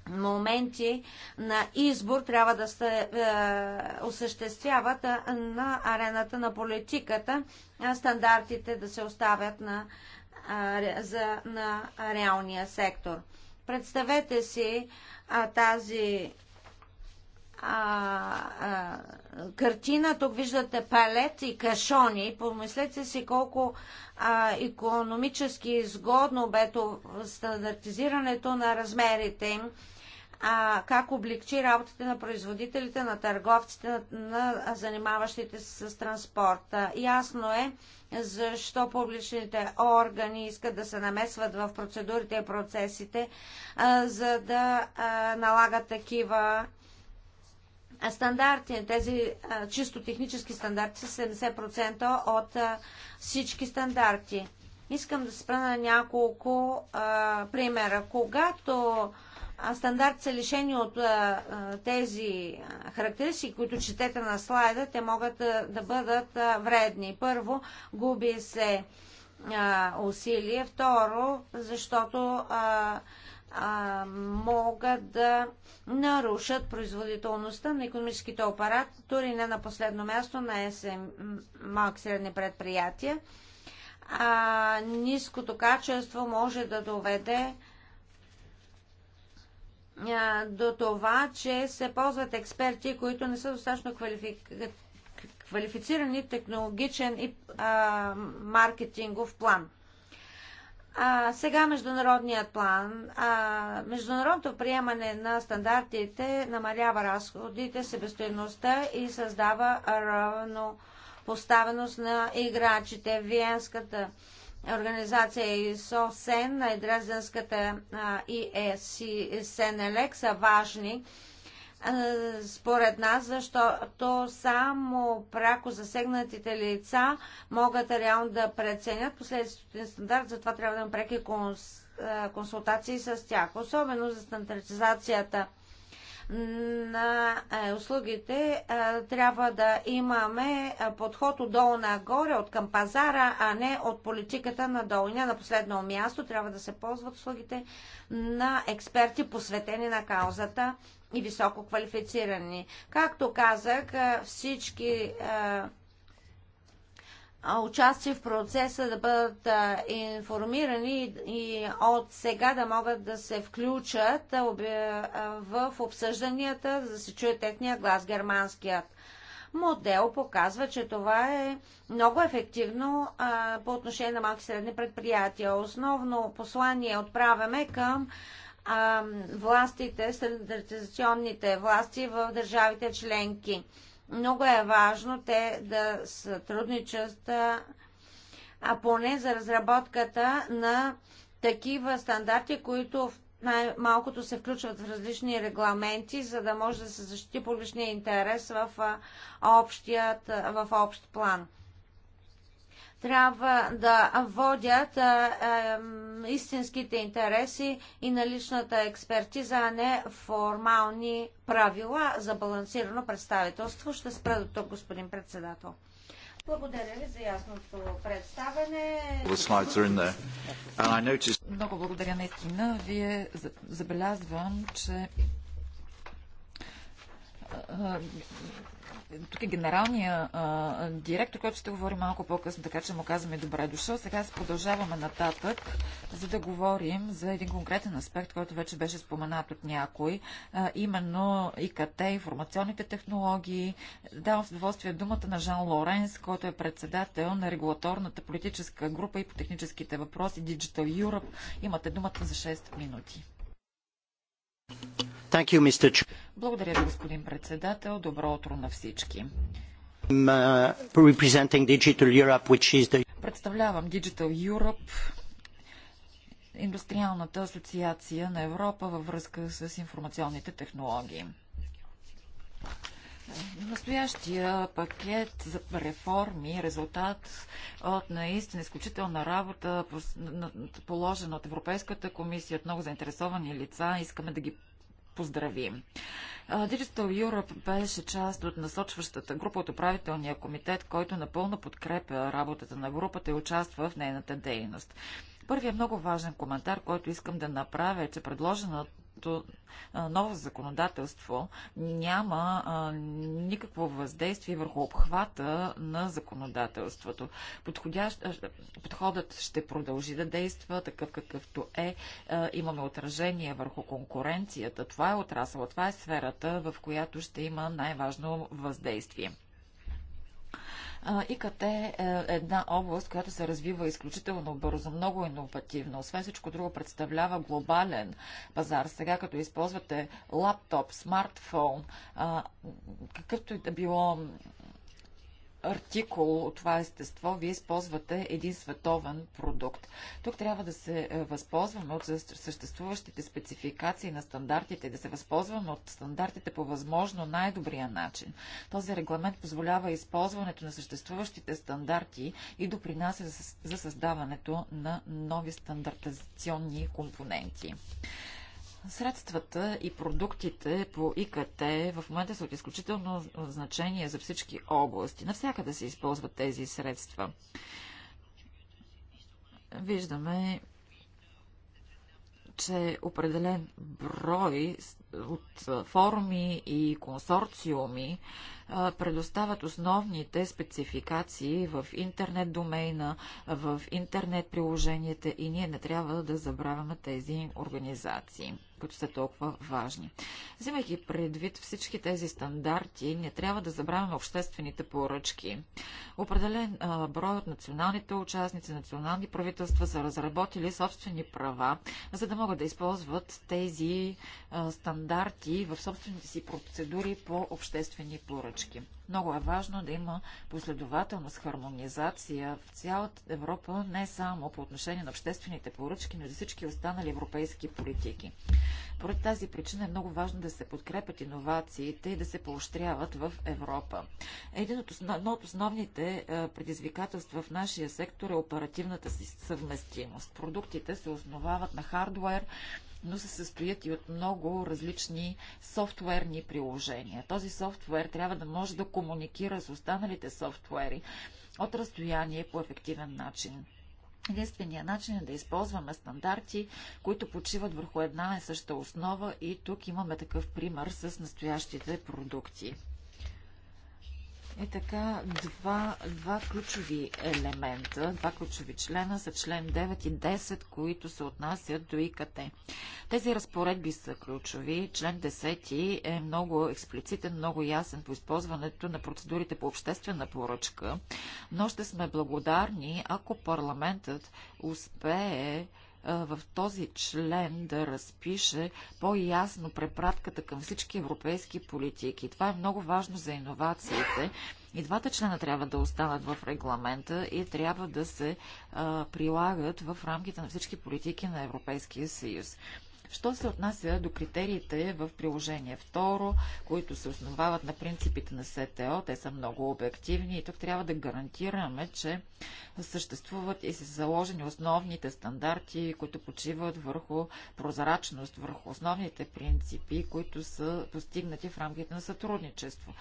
моменти на избор трябва да се е, осъществяват на арената на политиката, а стандартите да се оставят на, е, за, на реалния сектор. Представете си а, тази а, а, картина. Тук виждате палет и кашони. Помислете си колко а, економически изгодно бе стандартизирането на размерите им, а, как облегчи работите на производителите, на търговците, на, на занимаващите се с транспорта. Ясно е защо публичните органи искат да се намесват в процедурите и процесите, а, за да а, налагат такива стандарти, тези чисто технически стандарти са 70% от всички стандарти. Искам да спра на няколко а, примера. Когато стандарти са лишени от тези характеристики, които четете на слайда, те могат да бъдат вредни. Първо, губи се усилие. Второ, защото а, могат да нарушат производителността на економическите оператори, не на последно място на СМ, малки средни предприятия. А, ниското качество може да доведе а, до това, че се ползват експерти, които не са достатъчно квалифицирани квалифицирани технологичен и а, маркетингов план. А, сега международният план. А, международното приемане на стандартите намалява разходите, себестоеността и създава равно поставеност на играчите. Виенската организация ИСО СЕН, Дрезденската и е СНЛЕК са важни според нас, защото само пряко засегнатите лица могат реално да преценят последствията стандарт, затова трябва да има преки консултации с тях. Особено за стандартизацията на е, услугите, е, трябва да имаме е, подход отдолу нагоре, от към пазара, а не от политиката на И не на последно място трябва да се ползват услугите на експерти, посветени на каузата и високо квалифицирани. Както казах, всички участие в процеса, да бъдат информирани и от сега да могат да се включат в обсъжданията, за да се чуе техния глас, германският модел показва, че това е много ефективно а, по отношение на малки и средни предприятия. Основно послание отправяме към а, властите, стандартизационните власти в държавите членки. Много е важно те да сътрудничат, а поне за разработката на такива стандарти, които в най-малкото се включват в различни регламенти, за да може да се защити публичния интерес в, общият, в общ план трябва да водят а, а, истинските интереси и наличната експертиза, а не формални правила за балансирано представителство. Ще спра до тук, господин председател. Благодаря ви за ясното представене. Много благодаря наистина. Вие забелязвам, че тук е генералния а, директор, който ще говори малко по-късно, така че му казваме добре дошъл. Сега се продължаваме нататък, за да говорим за един конкретен аспект, който вече беше споменат от някой, а, именно ИКТ, информационните технологии. Давам с удоволствие думата на Жан Лоренс, който е председател на регулаторната политическа група и по техническите въпроси Digital Europe. Имате думата за 6 минути. Благодаря ви, господин председател. Добро утро на всички. Uh, Представлявам Digital Europe, Индустриалната асоциация на Европа във връзка с информационните технологии. Настоящия пакет за реформи е резултат от наистина изключителна работа, положена от Европейската комисия, от много заинтересовани лица. Искаме да ги поздравим. Digital Europe беше част от насочващата група от управителния комитет, който напълно подкрепя работата на групата и участва в нейната дейност. Първият много важен коментар, който искам да направя е, че предложената до ново законодателство няма а, никакво въздействие върху обхвата на законодателството. Подходящ, подходът ще продължи да действа такъв какъвто е. А, имаме отражение върху конкуренцията. Това е отрасъл, това е сферата, в която ще има най-важно въздействие. ИКТ е, е една област, която се развива изключително бързо, много иновативно. Освен всичко друго, представлява глобален пазар. Сега, като използвате лаптоп, смартфон, какъвто и да било артикул от това естество, вие използвате един световен продукт. Тук трябва да се е, възползваме от съществуващите спецификации на стандартите, да се възползваме от стандартите по възможно най-добрия начин. Този регламент позволява използването на съществуващите стандарти и допринася за създаването на нови стандартизационни компоненти. Средствата и продуктите по ИКТ в момента са от изключително значение за всички области. Навсякъде се използват тези средства. Виждаме, че определен брой от форуми и консорциуми предоставят основните спецификации в интернет домейна, в интернет приложенията и ние не трябва да забравяме тези организации които са толкова важни. Взимайки предвид всички тези стандарти, не трябва да забравяме обществените поръчки. Определен брой от националните участници, национални правителства са разработили собствени права, за да могат да използват тези стандарти в собствените си процедури по обществени поръчки точки. Много е важно да има последователност, хармонизация в цялата Европа, не само по отношение на обществените поръчки, но и за всички останали европейски политики. Поради тази причина е много важно да се подкрепят иновациите и да се поощряват в Европа. Един от основ... Едно от основните е, предизвикателства в нашия сектор е оперативната си съвместимост. Продуктите се основават на хардвер, но се състоят и от много различни софтуерни приложения. Този софтуер трябва да може да комуникира с останалите софтуери от разстояние по ефективен начин. Единственият начин е да използваме стандарти, които почиват върху една и съща основа и тук имаме такъв пример с настоящите продукти. Е така, два, два ключови елемента, два ключови члена са член 9 и 10, които се отнасят до ИКТ. Тези разпоредби са ключови. Член 10 е много експлицитен, много ясен по използването на процедурите по обществена поръчка, но ще сме благодарни, ако парламентът успее в този член да разпише по-ясно препратката към всички европейски политики. Това е много важно за иновациите. И двата члена трябва да останат в регламента и трябва да се а, прилагат в рамките на всички политики на Европейския съюз. Що се отнася до критериите в приложение второ, които се основават на принципите на СТО, те са много обективни и тук трябва да гарантираме, че съществуват и са заложени основните стандарти, които почиват върху прозрачност, върху основните принципи, които са постигнати в рамките на сътрудничество.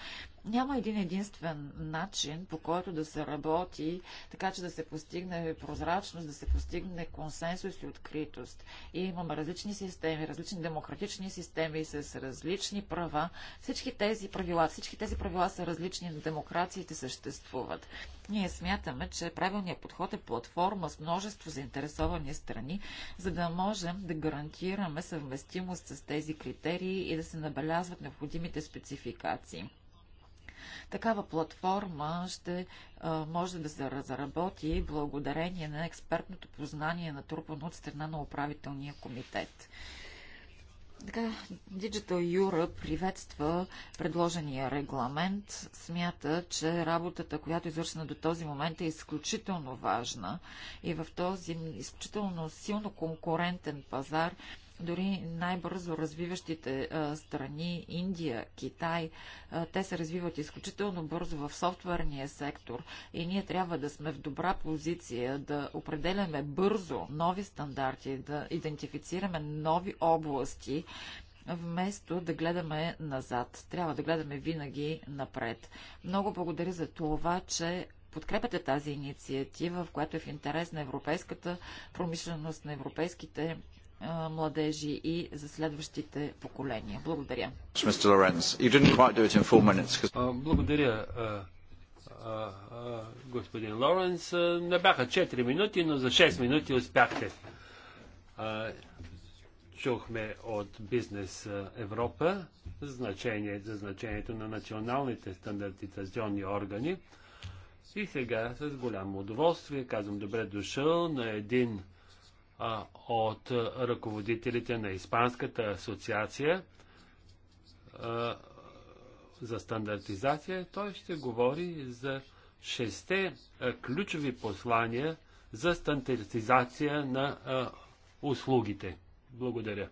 Няма един единствен начин, по който да се работи, така че да се постигне прозрачност, да се постигне консенсус и откритост. И имаме различни системи системи, различни демократични системи с различни права. Всички тези правила, всички тези правила са различни, но демокрациите съществуват. Ние смятаме, че правилният подход е платформа с множество заинтересовани страни, за да можем да гарантираме съвместимост с тези критерии и да се набелязват необходимите спецификации. Такава платформа ще а, може да се разработи благодарение на експертното познание на трупано от страна на управителния комитет. Така, Digital Europe приветства предложения регламент. Смята, че работата, която е извършена до този момент е изключително важна и в този изключително силно конкурентен пазар дори най-бързо развиващите страни, Индия, Китай, те се развиват изключително бързо в софтуерния сектор и ние трябва да сме в добра позиция да определяме бързо нови стандарти, да идентифицираме нови области, вместо да гледаме назад. Трябва да гледаме винаги напред. Много благодаря за това, че подкрепяте тази инициатива, в която е в интерес на европейската промишленост, на европейските младежи и за следващите поколения. Благодаря. Благодаря, господин Лоренс. Не бяха 4 минути, но за 6 минути успяхте. Чухме от Бизнес Европа значение, за значението на националните стандартизационни органи. И сега с голямо удоволствие казвам добре дошъл на един а, от ръководителите на Испанската асоциация а, за стандартизация. Той ще говори за шесте а, ключови послания за стандартизация на а, услугите. Благодаря.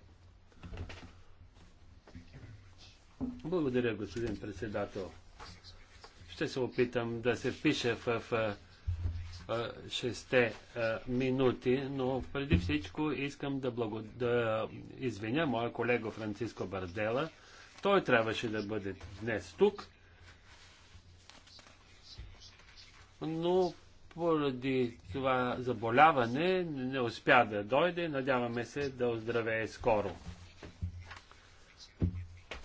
Благодаря, господин председател. Ще се опитам да се впиша в, в шесте минути, но преди всичко искам да, благо... да извиня моя колега Франциско Бардела. Той трябваше да бъде днес тук, но поради това заболяване не успя да дойде. Надяваме се да оздравее скоро.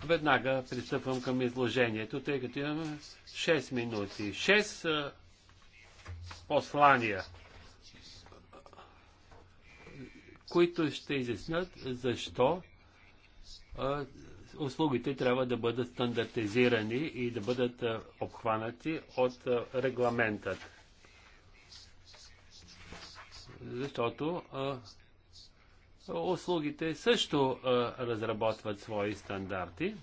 Веднага пристъпвам към изложението, тъй като имаме 6 минути. 6 послания, които ще изяснят защо услугите трябва да бъдат стандартизирани и да бъдат обхванати от регламентът. Защото услугите също разработват свои стандарти.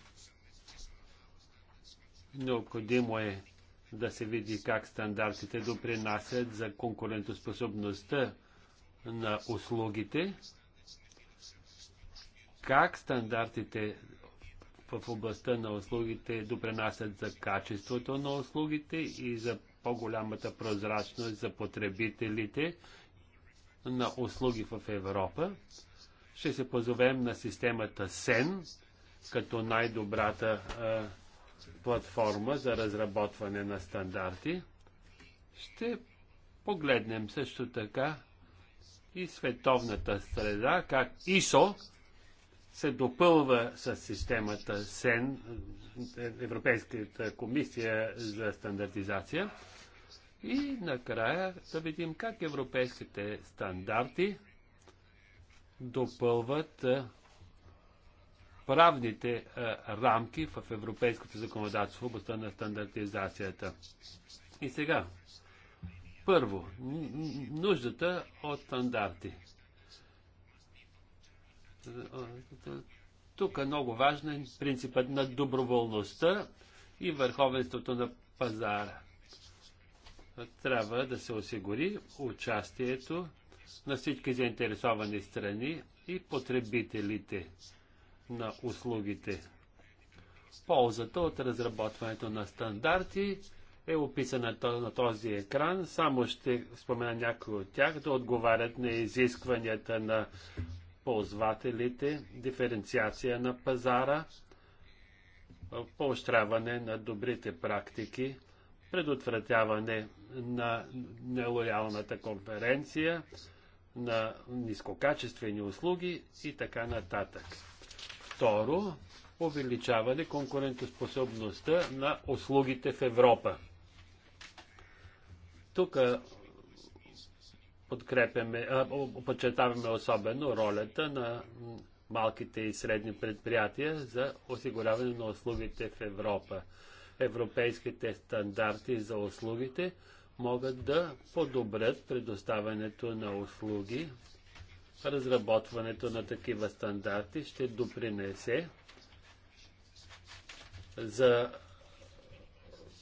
Необходимо е да се види как стандартите допринасят за конкурентоспособността на услугите, как стандартите в областта на услугите допринасят за качеството на услугите и за по-голямата прозрачност за потребителите на услуги в Европа. Ще се позовем на системата СЕН като най-добрата платформа за разработване на стандарти. Ще погледнем също така и световната среда, как ИСО се допълва с системата СЕН, Европейската комисия за стандартизация. И накрая да видим как европейските стандарти допълват правните е, рамки в европейското законодателство в областта на стандартизацията. И сега, първо, нуждата от стандарти. Тук е много важен принципът на доброволността и върховенството на пазара. Трябва да се осигури участието на всички заинтересовани страни и потребителите на услугите. Ползата от разработването на стандарти е описана на този екран. Само ще спомена някои от тях да отговарят на изискванията на ползвателите, диференциация на пазара, поощряване на добрите практики, предотвратяване на нелоялната конференция, на нискокачествени услуги и така нататък второ, увеличаване конкурентоспособността на услугите в Европа. Тук подкрепяме, подчертаваме особено ролята на малките и средни предприятия за осигуряване на услугите в Европа. Европейските стандарти за услугите могат да подобрят предоставянето на услуги разработването на такива стандарти ще допринесе за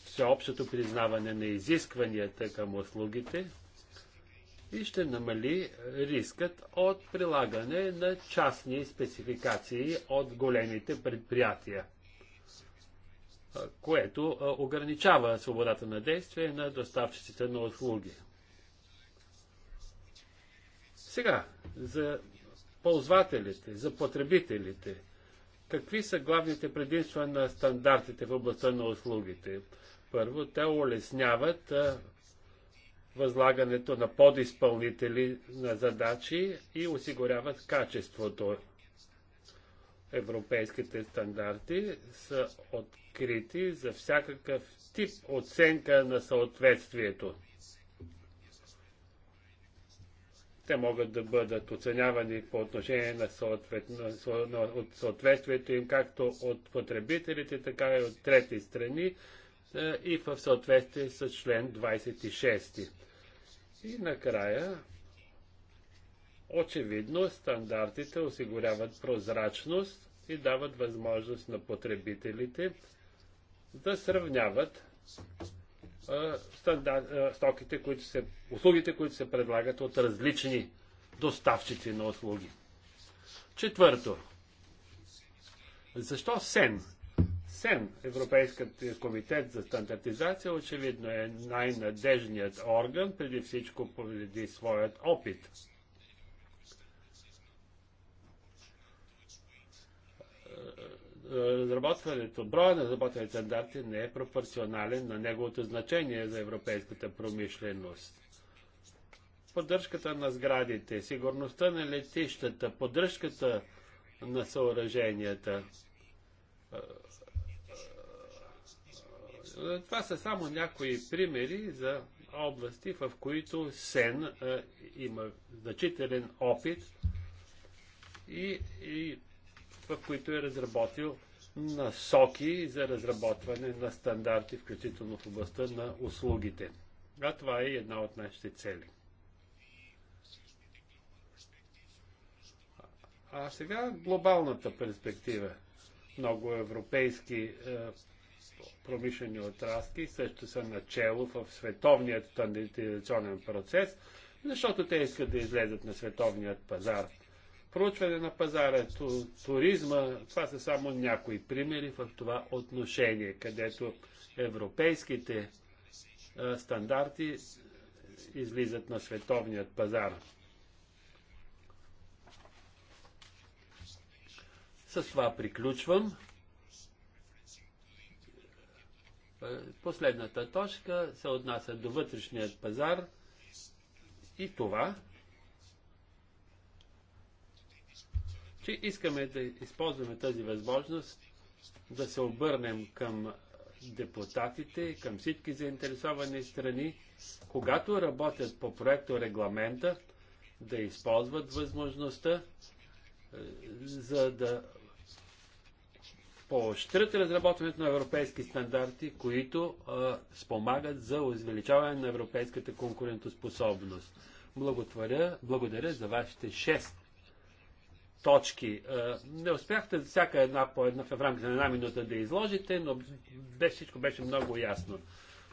всеобщото признаване на изискванията към услугите и ще намали рискът от прилагане на частни спецификации от големите предприятия, което ограничава свободата на действие на доставчиците на услуги. Сега, за ползвателите, за потребителите? Какви са главните предимства на стандартите в областта на услугите? Първо, те улесняват възлагането на подизпълнители на задачи и осигуряват качеството. Европейските стандарти са открити за всякакъв тип оценка на съответствието. Те могат да бъдат оценявани по отношение на, на от съответствието им както от потребителите, така и от трети страни е, и в съответствие с член 26. И накрая, очевидно, стандартите осигуряват прозрачност и дават възможност на потребителите да сравняват стоките, които се, услугите, които се предлагат от различни доставчици на услуги. Четвърто. Защо СЕН? СЕН, Европейският комитет за стандартизация, очевидно е най-надежният орган, преди всичко поради своят опит. разработването, броя на разработените стандарти не е пропорционален на неговото значение за европейската промишленост. Поддръжката на сградите, сигурността на летищата, поддръжката на съоръженията. Това са само някои примери за области, в които СЕН има значителен опит и, и в които е разработил насоки за разработване на стандарти, включително в областта на услугите. А това е една от нашите цели. А сега глобалната перспектива. Много европейски е, промишлени отраски също са начало в световният стандартизационен процес, защото те искат да излезат на световният пазар – проучване на пазара, ту, туризма, това са само някои примери в това отношение, където европейските а, стандарти излизат на световният пазар. С това приключвам. Последната точка се отнася до вътрешният пазар и това, че искаме да използваме тази възможност да се обърнем към депутатите, към всички заинтересовани страни, когато работят по проекто регламента, да използват възможността, е, за да поощрят разработването на европейски стандарти, които а, е, спомагат за увеличаване на европейската конкурентоспособност. Благодаря, благодаря за вашите шест точки. Е, не успяхте всяка една по една в рамките на една минута да изложите, но беше, всичко беше много ясно.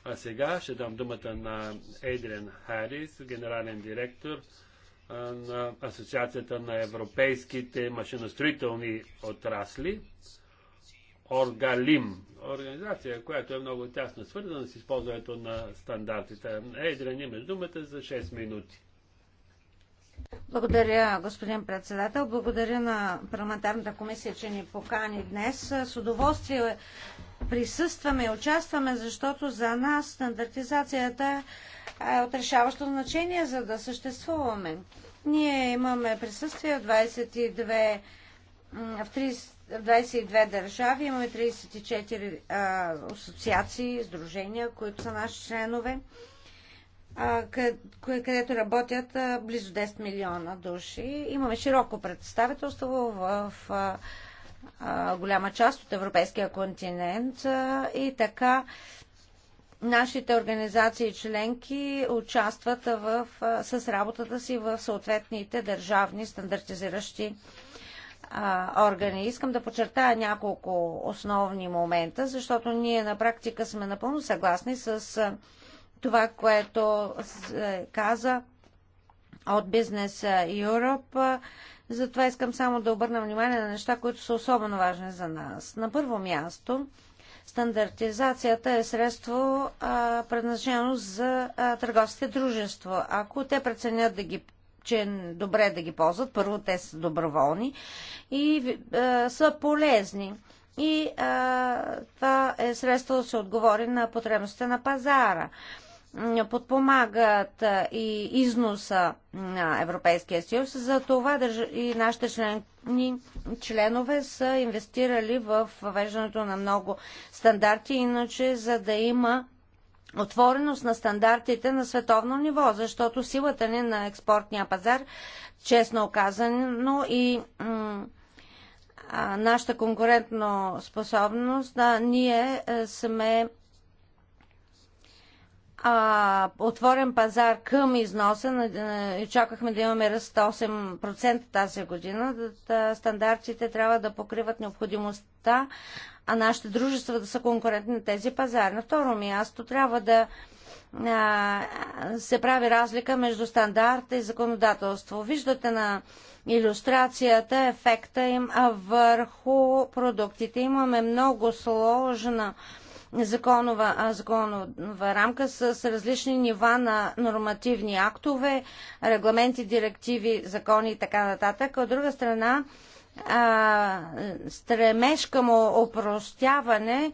А сега ще дам думата на Ейдриан Харис, генерален директор е, на Асоциацията на европейските машиностроителни отрасли, Оргалим, организация, която е много тясно свързана с използването на стандартите. Едриан, имаш думата за 6 минути. Благодаря, господин председател. Благодаря на парламентарната комисия, че ни покани днес. С удоволствие присъстваме и участваме, защото за нас стандартизацията е от решаващо значение, за да съществуваме. Ние имаме присъствие в 22, в 30, в 22 държави, имаме 34 а, асоциации, сдружения, които са наши членове където работят близо 10 милиона души. Имаме широко представителство в голяма част от европейския континент и така нашите организации и членки участват в, с работата си в съответните държавни стандартизиращи органи. Искам да подчертая няколко основни момента, защото ние на практика сме напълно съгласни с това, което се каза от Бизнес Europe. Затова искам само да обърна внимание на неща, които са особено важни за нас. На първо място, стандартизацията е средство предназначено за търговските дружества. Ако те преценят да ги че е добре да ги ползват. Първо, те са доброволни и е, са полезни. И е, това е средство да се отговори на потребностите на пазара. Е, подпомагат и износа на Европейския съюз. За това и нашите члени, членове са инвестирали в въвеждането на много стандарти, иначе за да има отвореност на стандартите на световно ниво, защото силата ни на експортния пазар, честно оказано и нашата конкурентно способност, да, ние е, сме а, отворен пазар към износа. Е, чакахме да имаме ръст 8% тази година. Стандартите трябва да покриват необходимостта, а нашите дружества да са конкурентни на тези пазари. На второ място трябва да а, се прави разлика между стандарта и законодателство. Виждате на иллюстрацията ефекта им а върху продуктите. Имаме много сложна законова, законова рамка с различни нива на нормативни актове, регламенти, директиви, закони и така нататък. От друга страна, а, стремеж към опростяване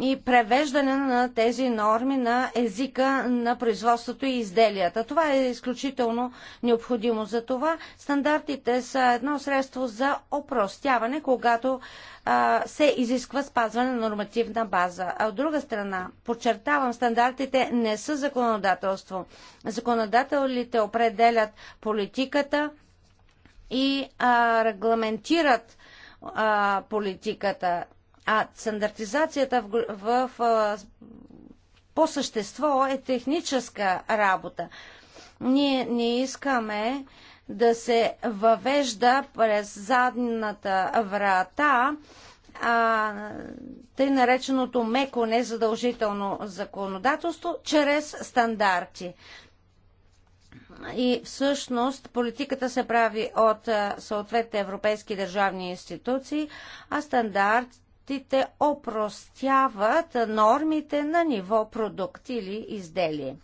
и превеждане на тези норми на езика на производството и изделията. Това е изключително необходимо. За това стандартите са едно средство за опростяване, когато а, се изисква спазване на нормативна база. А от друга страна, подчертавам, стандартите не са законодателство. Законодателите определят политиката, и а, регламентират а, политиката. А стандартизацията в, в, в по същество е техническа работа. Ние не искаме да се въвежда през задната врата а, тъй нареченото меко незадължително законодателство чрез стандарти. И всъщност политиката се прави от съответните европейски държавни институции, а стандартите опростяват нормите на ниво продукт или изделие.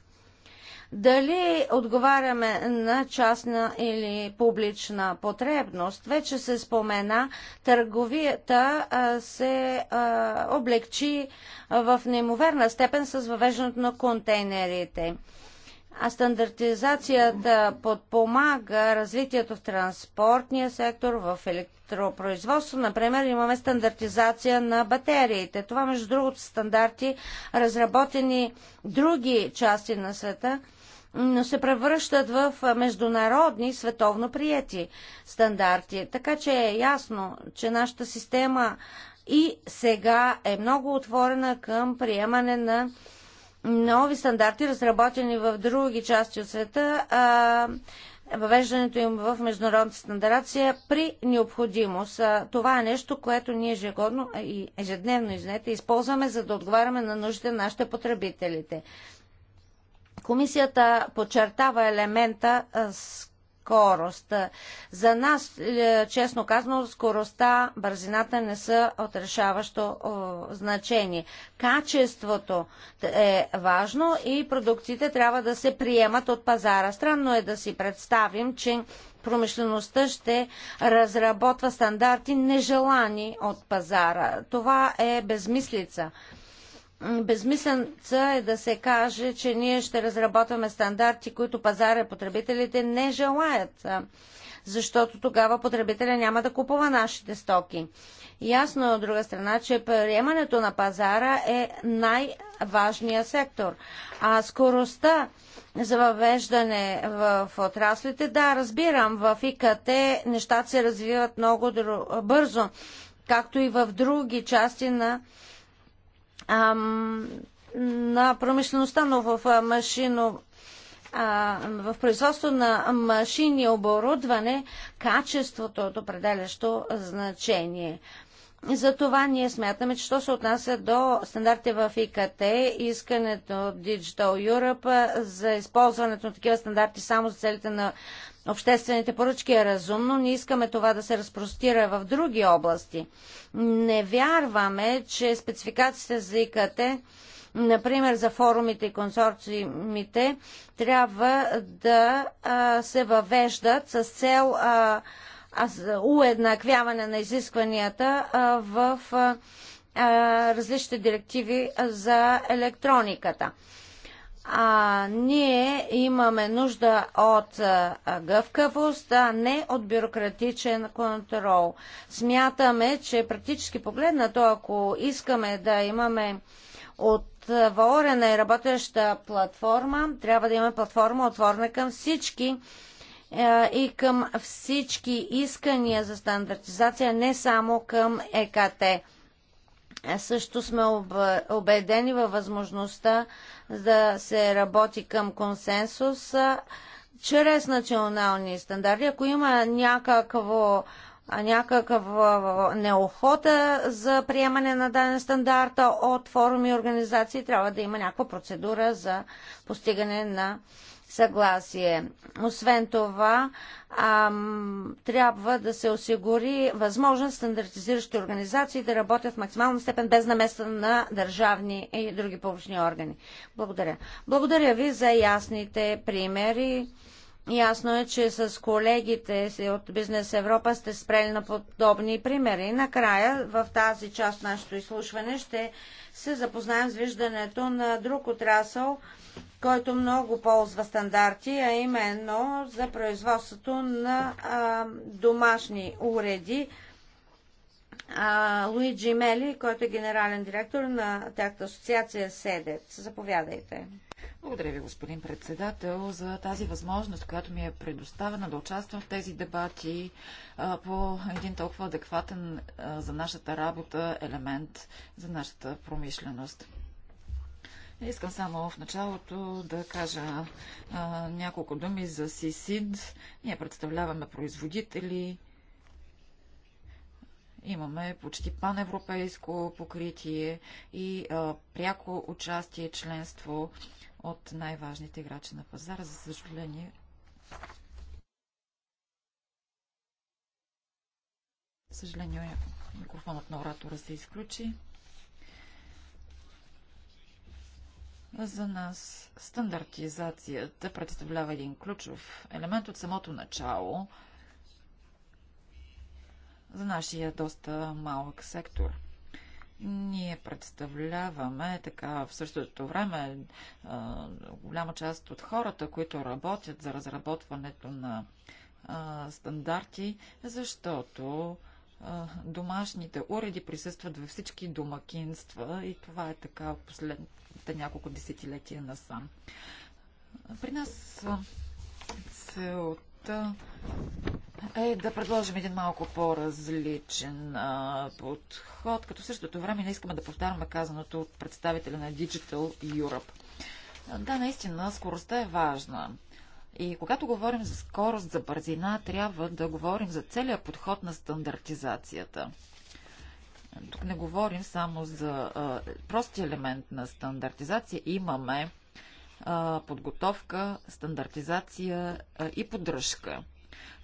Дали отговаряме на частна или публична потребност? Вече се спомена, търговията се облегчи в неимоверна степен с въвеждането на контейнерите а стандартизацията подпомага развитието в транспортния сектор, в електропроизводство. Например, имаме стандартизация на батериите. Това, между другото, стандарти, разработени други части на света, но се превръщат в международни, световно прияти стандарти. Така че е ясно, че нашата система и сега е много отворена към приемане на нови стандарти, разработени в други части от света, а, въвеждането им в международната стандарация при необходимост. Това е нещо, което ние ежегодно и ежедневно изнете, използваме, за да отговаряме на нуждите на нашите потребителите. Комисията подчертава елемента, с скорост. За нас, е, честно казано, скоростта, бързината не са от решаващо значение. Качеството е важно и продукциите трябва да се приемат от пазара. Странно е да си представим, че промишлеността ще разработва стандарти нежелани от пазара. Това е безмислица. Безмисленца е да се каже, че ние ще разработваме стандарти, които пазара и потребителите не желаят, защото тогава потребителя няма да купува нашите стоки. Ясно е от друга страна, че приемането на пазара е най-важният сектор. А скоростта за въвеждане в отраслите, да, разбирам, в ИКТ нещата се развиват много бързо, както и в други части на на промишлеността, но в машино в производство на машини оборудване качеството е от определящо значение. За това ние смятаме, че що се отнася до стандарти в ИКТ, искането от Digital Europe за използването на такива стандарти само за целите на обществените поръчки е разумно. Не искаме това да се разпростира в други области. Не вярваме, че спецификациите за ИКТ например за форумите и консорциумите, трябва да а, се въвеждат с цел а, а, уеднаквяване на изискванията а, в а, различните директиви за електрониката а, ние имаме нужда от а, гъвкавост, а не от бюрократичен контрол. Смятаме, че практически погледнато, ако искаме да имаме отворена и работеща платформа, трябва да имаме платформа отворена към всички и към всички искания за стандартизация, не само към ЕКТ. Е, също сме убедени във възможността да се работи към консенсус чрез национални стандарти. Ако има някакво някаква неохота за приемане на даден стандарт от форуми и организации, трябва да има някаква процедура за постигане на съгласие. Освен това, ам, трябва да се осигури възможност стандартизиращи организации да работят в максимална степен без намеса на държавни и други публични органи. Благодаря. Благодаря ви за ясните примери. Ясно е, че с колегите си от Бизнес Европа сте спрели на подобни примери. Накрая, в тази част на нашето изслушване, ще се запознаем с виждането на друг отрасъл, който много ползва стандарти, а именно за производството на а, домашни уреди. А, Луиджи Мели, който е генерален директор на тяхта асоциация СЕДЕЦ. Заповядайте. Благодаря ви, господин председател, за тази възможност, която ми е предоставена да участвам в тези дебати по един толкова адекватен за нашата работа елемент, за нашата промишленост. Искам само в началото да кажа а, няколко думи за СИСИД. Ние представляваме производители, имаме почти паневропейско покритие и а, пряко участие, членство от най-важните играчи на пазара. За съжаление, съжаление, микрофонът на оратора се изключи. За нас стандартизацията представлява един ключов елемент от самото начало за нашия доста малък сектор – ние представляваме така в същото време а, голяма част от хората, които работят за разработването на а, стандарти, защото а, домашните уреди присъстват във всички домакинства и това е така в последните няколко десетилетия насам. При нас целта е да предложим един малко по-различен подход, като в същото време не искаме да повтаряме казаното от представителя на Digital Europe. Да, наистина, скоростта е важна. И когато говорим за скорост, за бързина, трябва да говорим за целият подход на стандартизацията. Тук не говорим само за а, прости елемент на стандартизация. Имаме а, подготовка, стандартизация а, и поддръжка.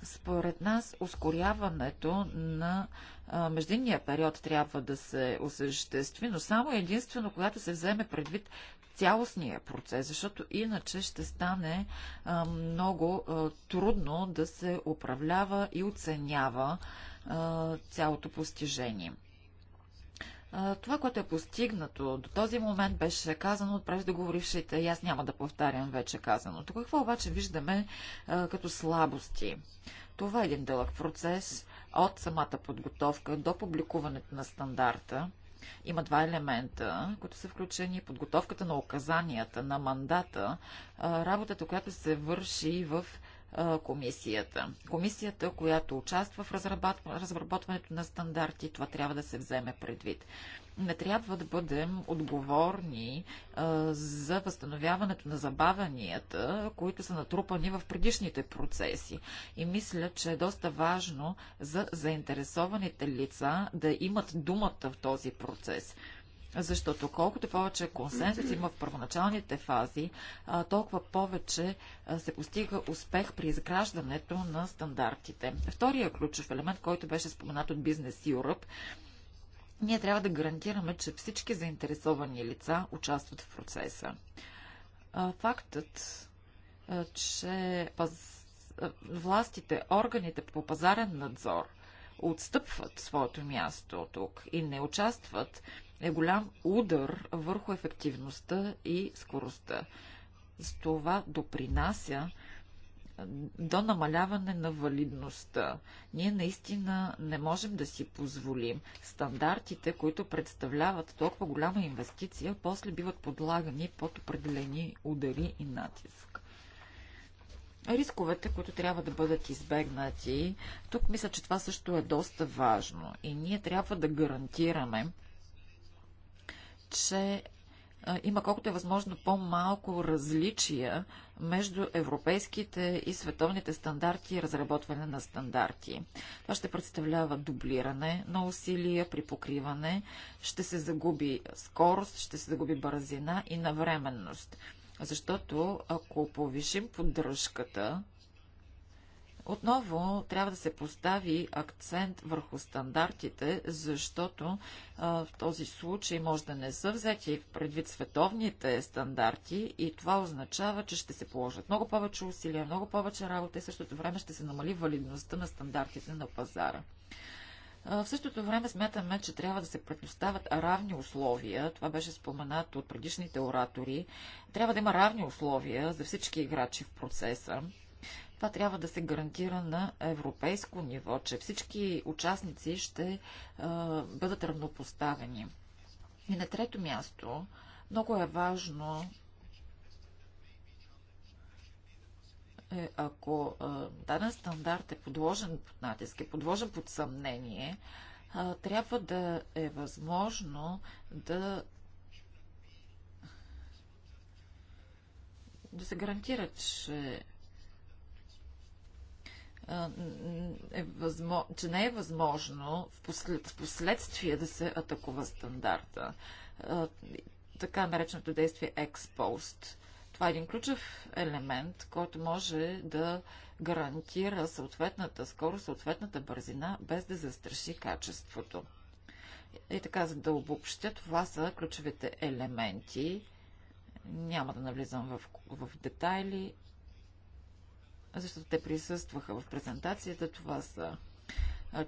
Според нас ускоряването на междинния период трябва да се осъществи, но само единствено, когато се вземе предвид цялостния процес, защото иначе ще стане а, много а, трудно да се управлява и оценява цялото постижение. Това, което е постигнато до този момент, беше казано от преждеговорившите и аз няма да повтарям вече казаното. Какво обаче виждаме а, като слабости? Това е един дълъг процес от самата подготовка до публикуването на стандарта. Има два елемента, които са включени. Подготовката на указанията, на мандата, а, работата, която се върши в комисията. Комисията, която участва в разработването на стандарти, това трябва да се вземе предвид. Не трябва да бъдем отговорни а, за възстановяването на забаванията, които са натрупани в предишните процеси. И мисля, че е доста важно за заинтересованите лица да имат думата в този процес. Защото колкото повече консенсус има в първоначалните фази, толкова повече се постига успех при изграждането на стандартите. Втория ключов елемент, който беше споменат от Business Europe, ние трябва да гарантираме, че всички заинтересовани лица участват в процеса. Фактът, че властите, органите по пазарен надзор отстъпват своето място тук и не участват е голям удар върху ефективността и скоростта. С това допринася до намаляване на валидността. Ние наистина не можем да си позволим стандартите, които представляват толкова голяма инвестиция, после биват подлагани под определени удари и натиск. Рисковете, които трябва да бъдат избегнати, тук мисля, че това също е доста важно и ние трябва да гарантираме, че има колкото е възможно по-малко различия между европейските и световните стандарти и разработване на стандарти. Това ще представлява дублиране на усилия при покриване, ще се загуби скорост, ще се загуби бързина и навременност. Защото ако повишим поддръжката отново трябва да се постави акцент върху стандартите, защото а, в този случай може да не са взети предвид световните стандарти и това означава, че ще се положат много повече усилия, много повече работа и същото време ще се намали валидността на стандартите на пазара. В същото време смятаме, че трябва да се предоставят равни условия. Това беше споменато от предишните оратори. Трябва да има равни условия за всички играчи в процеса. Това трябва да се гарантира на европейско ниво, че всички участници ще а, бъдат равнопоставени. И на трето място, много е важно е, ако а, даден стандарт е подложен под натиск, е подложен под съмнение, а, трябва да е възможно да да се гарантира, че е възможно, че не е възможно в, в последствие да се атакува стандарта. Така нареченото действие експост. Това е един ключов елемент, който може да гарантира съответната скорост, съответната бързина, без да застраши качеството. И така, за да обобщя, това са ключовите елементи. Няма да навлизам в, в детайли защото те присъстваха в презентацията. Това са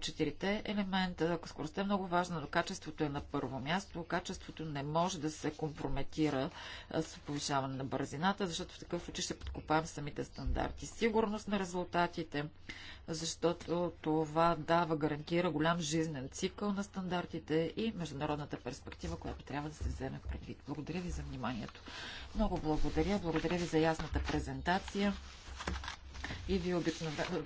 четирите елемента. Ако скоростта е много важна, но качеството е на първо място. Качеството не може да се компрометира с повишаване на бързината, защото в такъв случай ще подкопаем самите стандарти. Сигурност на резултатите, защото това дава, гарантира голям жизнен цикъл на стандартите и международната перспектива, която трябва да се вземе предвид. Благодаря ви за вниманието. Много благодаря. Благодаря ви за ясната презентация и ви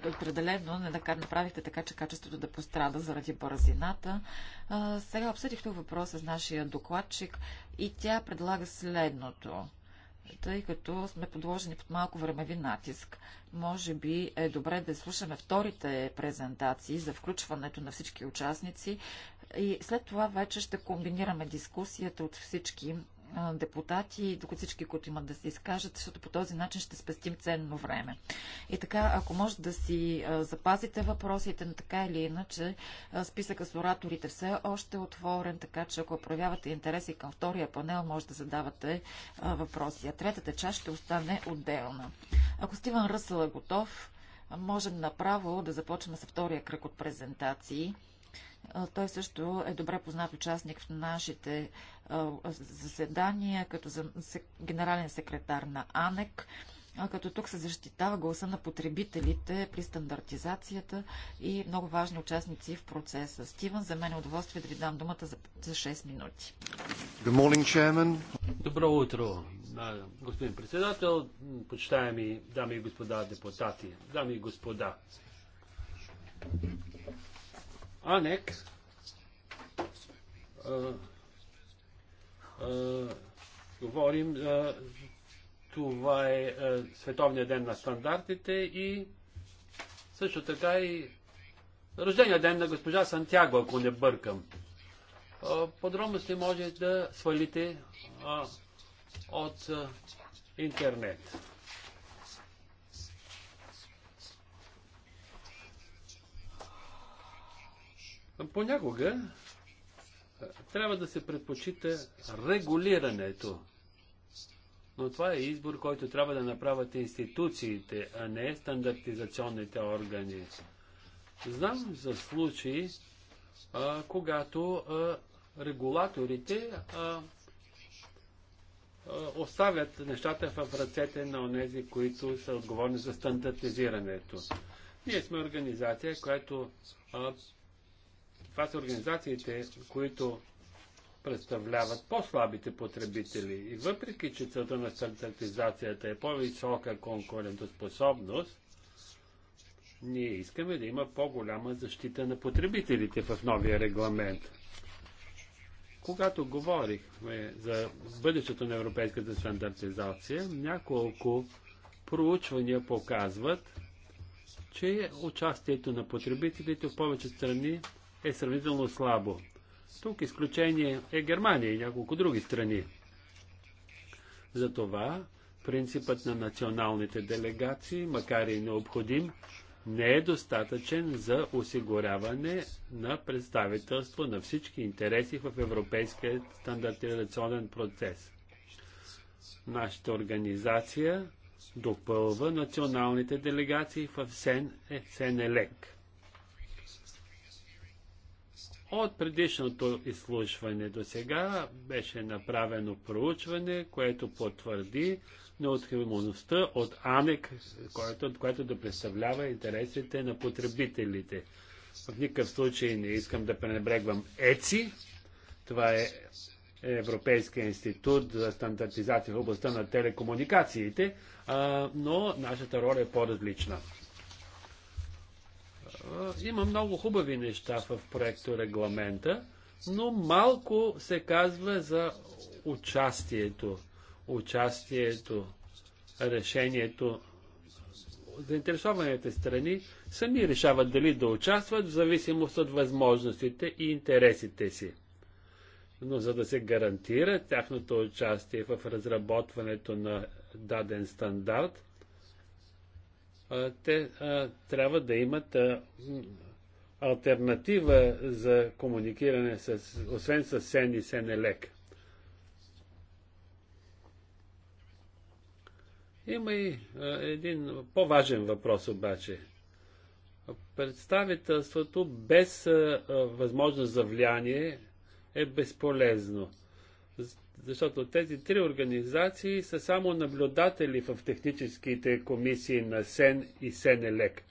определено не да направихте така, че качеството да пострада заради бързината. Сега обсъдихте въпроса с нашия докладчик и тя предлага следното тъй като сме подложени под малко времеви натиск. Може би е добре да слушаме вторите презентации за включването на всички участници и след това вече ще комбинираме дискусията от всички депутати и докато всички, които имат да се изкажат, защото по този начин ще спестим ценно време. И така, ако може да си запазите въпросите, на така или иначе, списъка с ораторите все още е отворен, така че ако проявявате интереси към втория панел, може да задавате въпроси. А третата част ще остане отделна. Ако Стиван Ръсъл е готов, можем направо да започнем с втория кръг от презентации. Той също е добре познат участник в нашите заседания, като генерален секретар на АНЕК, като тук се защитава гласа на потребителите при стандартизацията и много важни участници в процеса. Стивън, за мен е удоволствие да ви дам думата за, 6 минути. Morning, Добро утро, господин председател, почитаеми дами и господа депутати, дами и господа анекс а, а, говорим а, това е а, Световния ден на стандартите и също така и рождения ден на госпожа Сантяго, ако не бъркам. Подробно подробности може да свалите а, от а, интернет. Понякога трябва да се предпочита регулирането. Но това е избор, който трябва да направят институциите, а не стандартизационните органи. Знам за случаи, а, когато а, регулаторите а, а, оставят нещата в ръцете на онези, които са отговорни за стандартизирането. Ние сме организация, която а, това са организациите, които представляват по-слабите потребители. И въпреки, че целта на стандартизацията е по-висока конкурентоспособност, ние искаме да има по-голяма защита на потребителите в новия регламент. Когато говорихме за бъдещето на европейската стандартизация, няколко проучвания показват, че участието на потребителите в повече страни е сравнително слабо. Тук изключение е Германия и няколко други страни. Затова принципът на националните делегации, макар и необходим, не е достатъчен за осигуряване на представителство на всички интереси в европейския стандартизационен процес. Нашата организация допълва националните делегации в Сен, сен от предишното изслушване до сега беше направено проучване, което потвърди неоткриваността от АНЕК, което, което да представлява интересите на потребителите. В никакъв случай не искам да пренебрегвам ЕЦИ. Това е Европейския институт за стандартизация в областта на телекомуникациите, а, но нашата роля е по-различна. Е, има много хубави неща в проекта регламента, но малко се казва за участието. Участието, решението. Заинтересованите страни сами решават дали да участват в зависимост от възможностите и интересите си. Но за да се гарантира тяхното участие в разработването на даден стандарт, те а, трябва да имат а, альтернатива за комуникиране, с, освен с Сен и Сенелек. Има и а, един по-важен въпрос обаче. Представителството без а, а, възможност за влияние е безполезно. Защото тези три организации са само наблюдатели в техническите комисии на СЕН и СЕНЕЛЕК.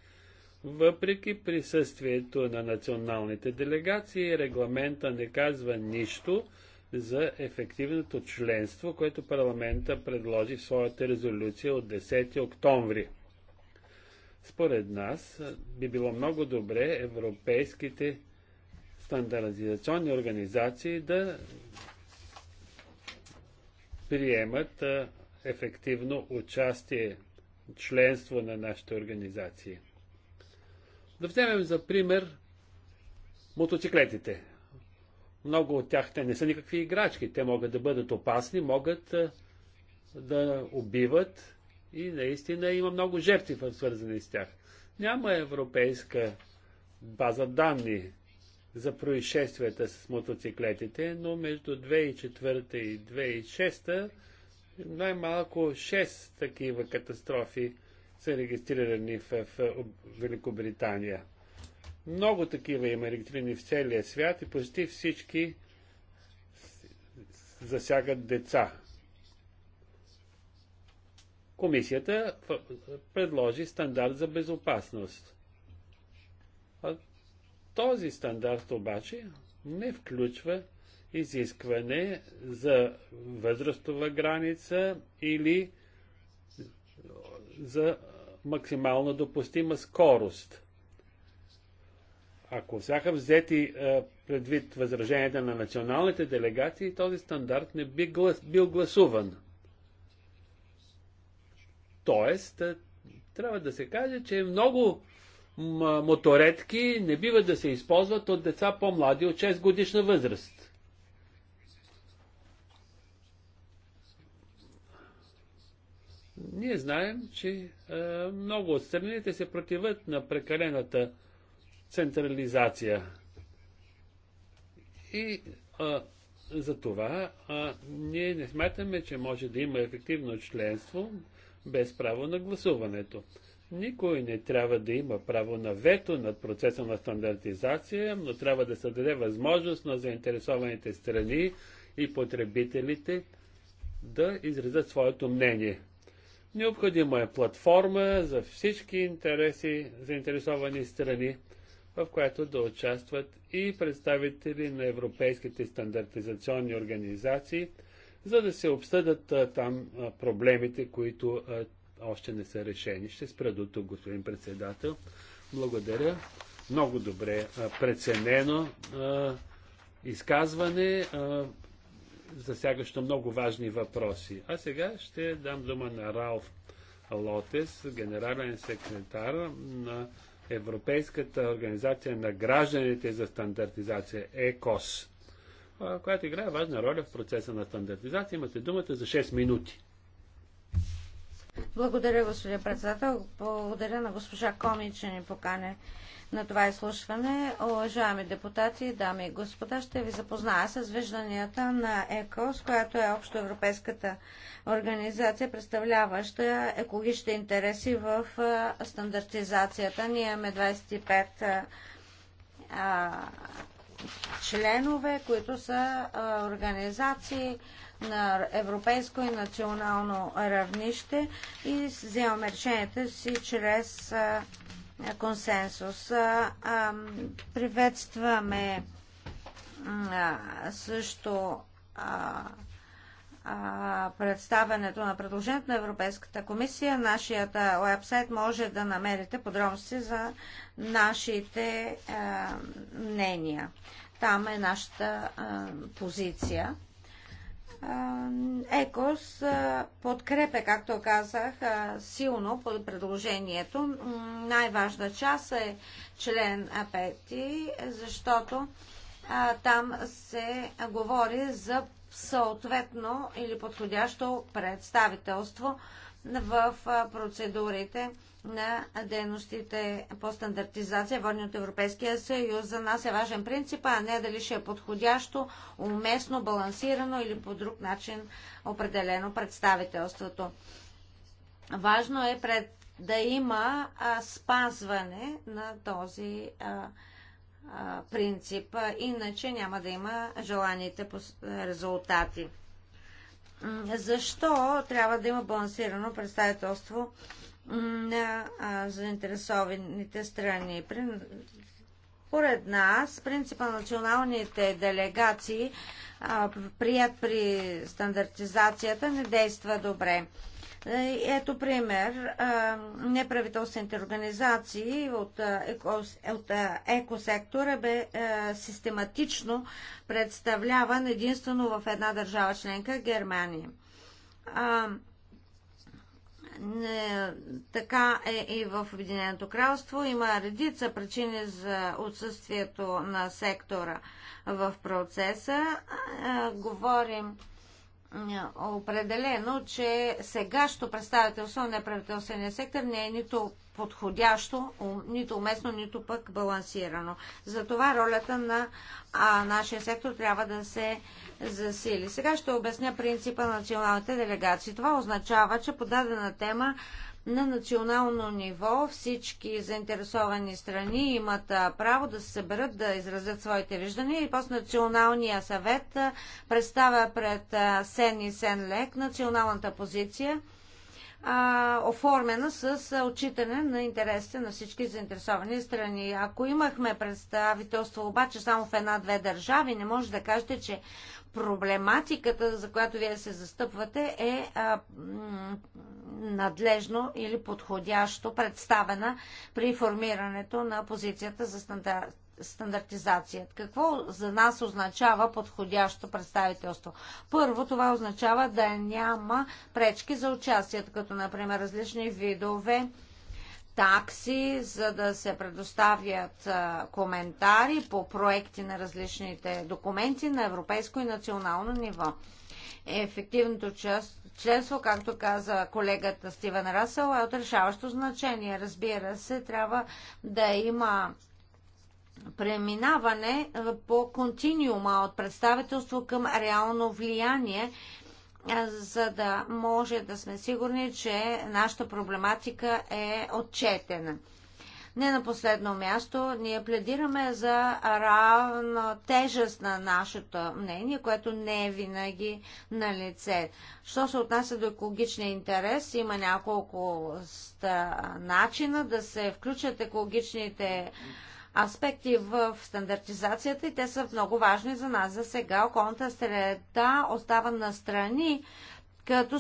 Въпреки присъствието на националните делегации, регламента не казва нищо за ефективното членство, което парламента предложи в своята резолюция от 10 октомври. Според нас би било много добре европейските стандартизационни организации да а, ефективно участие, членство на нашите организации. Да вземем за пример мотоциклетите. Много от тях те не са никакви играчки. Те могат да бъдат опасни, могат да убиват и наистина има много жертви свързани с тях. Няма европейска база данни за происшествията с мотоциклетите, но между 2004 и 2006 най-малко 6 такива катастрофи са регистрирани в, в, Великобритания. Много такива има регистрирани в целия свят и почти всички засягат деца. Комисията предложи стандарт за безопасност. Този стандарт обаче не включва изискване за възрастова граница или за максимално допустима скорост. Ако всяка взети предвид възраженията на националните делегации, този стандарт не би глас, бил гласуван. Тоест, трябва да се каже, че е много моторетки не бива да се използват от деца по-млади от 6 годишна възраст. Ние знаем, че е, много от страните се противят на прекалената централизация. И а, за това а, ние не смятаме, че може да има ефективно членство без право на гласуването. Никой не трябва да има право на вето над процеса на стандартизация, но трябва да се даде възможност на заинтересованите страни и потребителите да изразят своето мнение. Необходима е платформа за всички интереси, заинтересовани страни, в която да участват и представители на европейските стандартизационни организации, за да се обсъдят там проблемите, които още не са решени. Ще спра до тук, господин председател. Благодаря. Много добре преценено изказване, засягащо много важни въпроси. А сега ще дам дума на Ралф Лотес, генерален секретар на Европейската организация на гражданите за стандартизация ЕКОС, която играе важна роля в процеса на стандартизация. Имате думата за 6 минути. Благодаря, господин председател. Благодаря на госпожа Коми, че ни покане на това изслушване. Уважаеми депутати, дами и господа, ще ви запозная с вижданията на ЕКОС, която е общоевропейската организация, представляваща екологичните интереси в стандартизацията. Ние имаме 25 членове, които са организации, на европейско и национално равнище и вземаме решенията си чрез консенсус. Приветстваме също представянето на предложението на Европейската комисия. Нашият уебсайт може да намерите подробности за нашите мнения. Там е нашата позиция. ЕКОС подкрепя, както казах, силно под предложението. Най-важна част е член апети, защото там се говори за съответно или подходящо представителство в процедурите на дейностите по стандартизация, водни от Европейския съюз. За нас е важен принцип, а не дали ще е подходящо, уместно, балансирано или по друг начин определено представителството. Важно е пред да има а, спазване на този а, а, принцип, иначе няма да има желаните резултати. Защо трябва да има балансирано представителство на заинтересованите страни. Поред нас, принципа на националните делегации, прият при стандартизацията, не действа добре. Ето пример. Неправителствените организации от, от екосектора бе систематично представляван единствено в една държава членка Германия така е и в Обединеното кралство. Има редица причини за отсъствието на сектора в процеса. Говорим определено, че сегащо представителство на правителствения сектор не е нито подходящо, нито уместно, нито пък балансирано. Затова ролята на а, нашия сектор трябва да се засили. Сега ще обясня принципа на националните делегации. Това означава, че по дадена тема на национално ниво всички заинтересовани страни имат право да се съберат, да изразят своите виждания и после Националния съвет представя пред Сен и Сен Лек националната позиция а, оформена с отчитане на интересите на всички заинтересовани страни. Ако имахме представителство обаче само в една-две държави, не може да кажете, че проблематиката, за която вие се застъпвате, е а, надлежно или подходящо представена при формирането на позицията за стандарт, Стандартизация. Какво за нас означава подходящо представителство? Първо, това означава да няма пречки за участието, като например различни видове такси, за да се предоставят коментари по проекти на различните документи на европейско и национално ниво. Ефективното част, членство, както каза колегата Стивен Расъл, е от решаващо значение. Разбира се, трябва да има преминаване по континиума от представителство към реално влияние, за да може да сме сигурни, че нашата проблематика е отчетена. Не на последно място, ние пледираме за равна тежест на нашето мнение, което не е винаги на лице. Що се отнася до екологичния интерес, има няколко ста... начина да се включат екологичните аспекти в стандартизацията и те са много важни за нас. За сега околната среда остава на страни като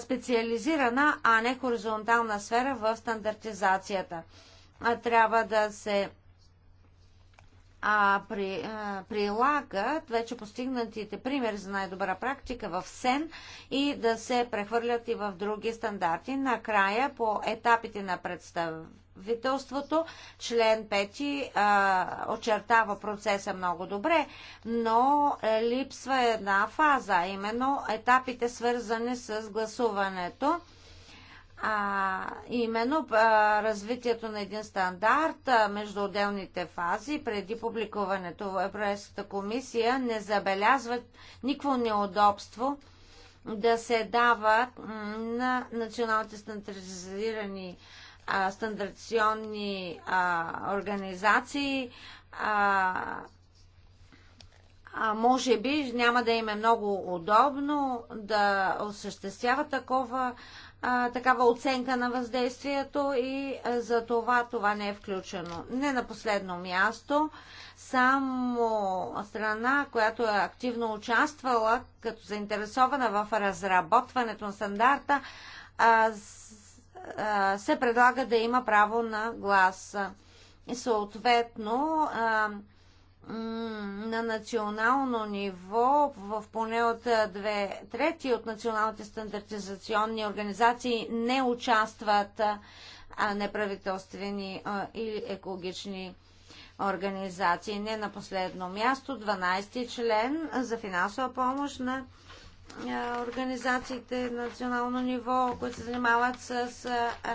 специализирана, а не хоризонтална сфера в стандартизацията. Трябва да се а, при, а, прилагат вече постигнатите примери за най-добра практика в СЕН и да се прехвърлят и в други стандарти. Накрая по етапите на представ правителството. Член 5 очертава процеса много добре, но е, липсва една фаза, именно етапите свързани с гласуването а, именно а, развитието на един стандарт а, между отделните фази преди публикуването в Европейската комисия не забелязва никакво неудобство да се дава на националните стандартизирани а, стандартизационни а, организации, а, а може би няма да им е много удобно да осъществява такова, а, такава оценка на въздействието и а, за това това не е включено. Не на последно място, само страна, която е активно участвала като заинтересована в разработването на стандарта, а, се предлага да има право на глас. И съответно, на национално ниво, в поне от две трети от националните стандартизационни организации не участват неправителствени или екологични организации. Не на последно място, 12 ти член за финансова помощ на организациите на национално ниво, които се занимават с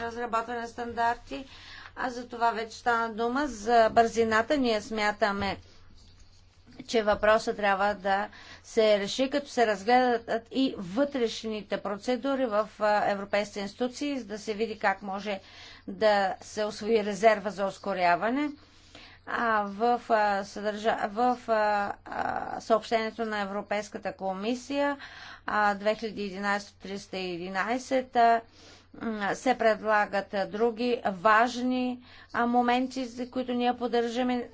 разработване на стандарти. А за това вече стана дума. За бързината ние смятаме, че въпроса трябва да се реши, като се разгледат и вътрешните процедури в европейските институции, за да се види как може да се освои резерва за ускоряване в, съдържа... в съобщението на Европейската комисия 2011-311 се предлагат други важни моменти, за които ние поддържаме,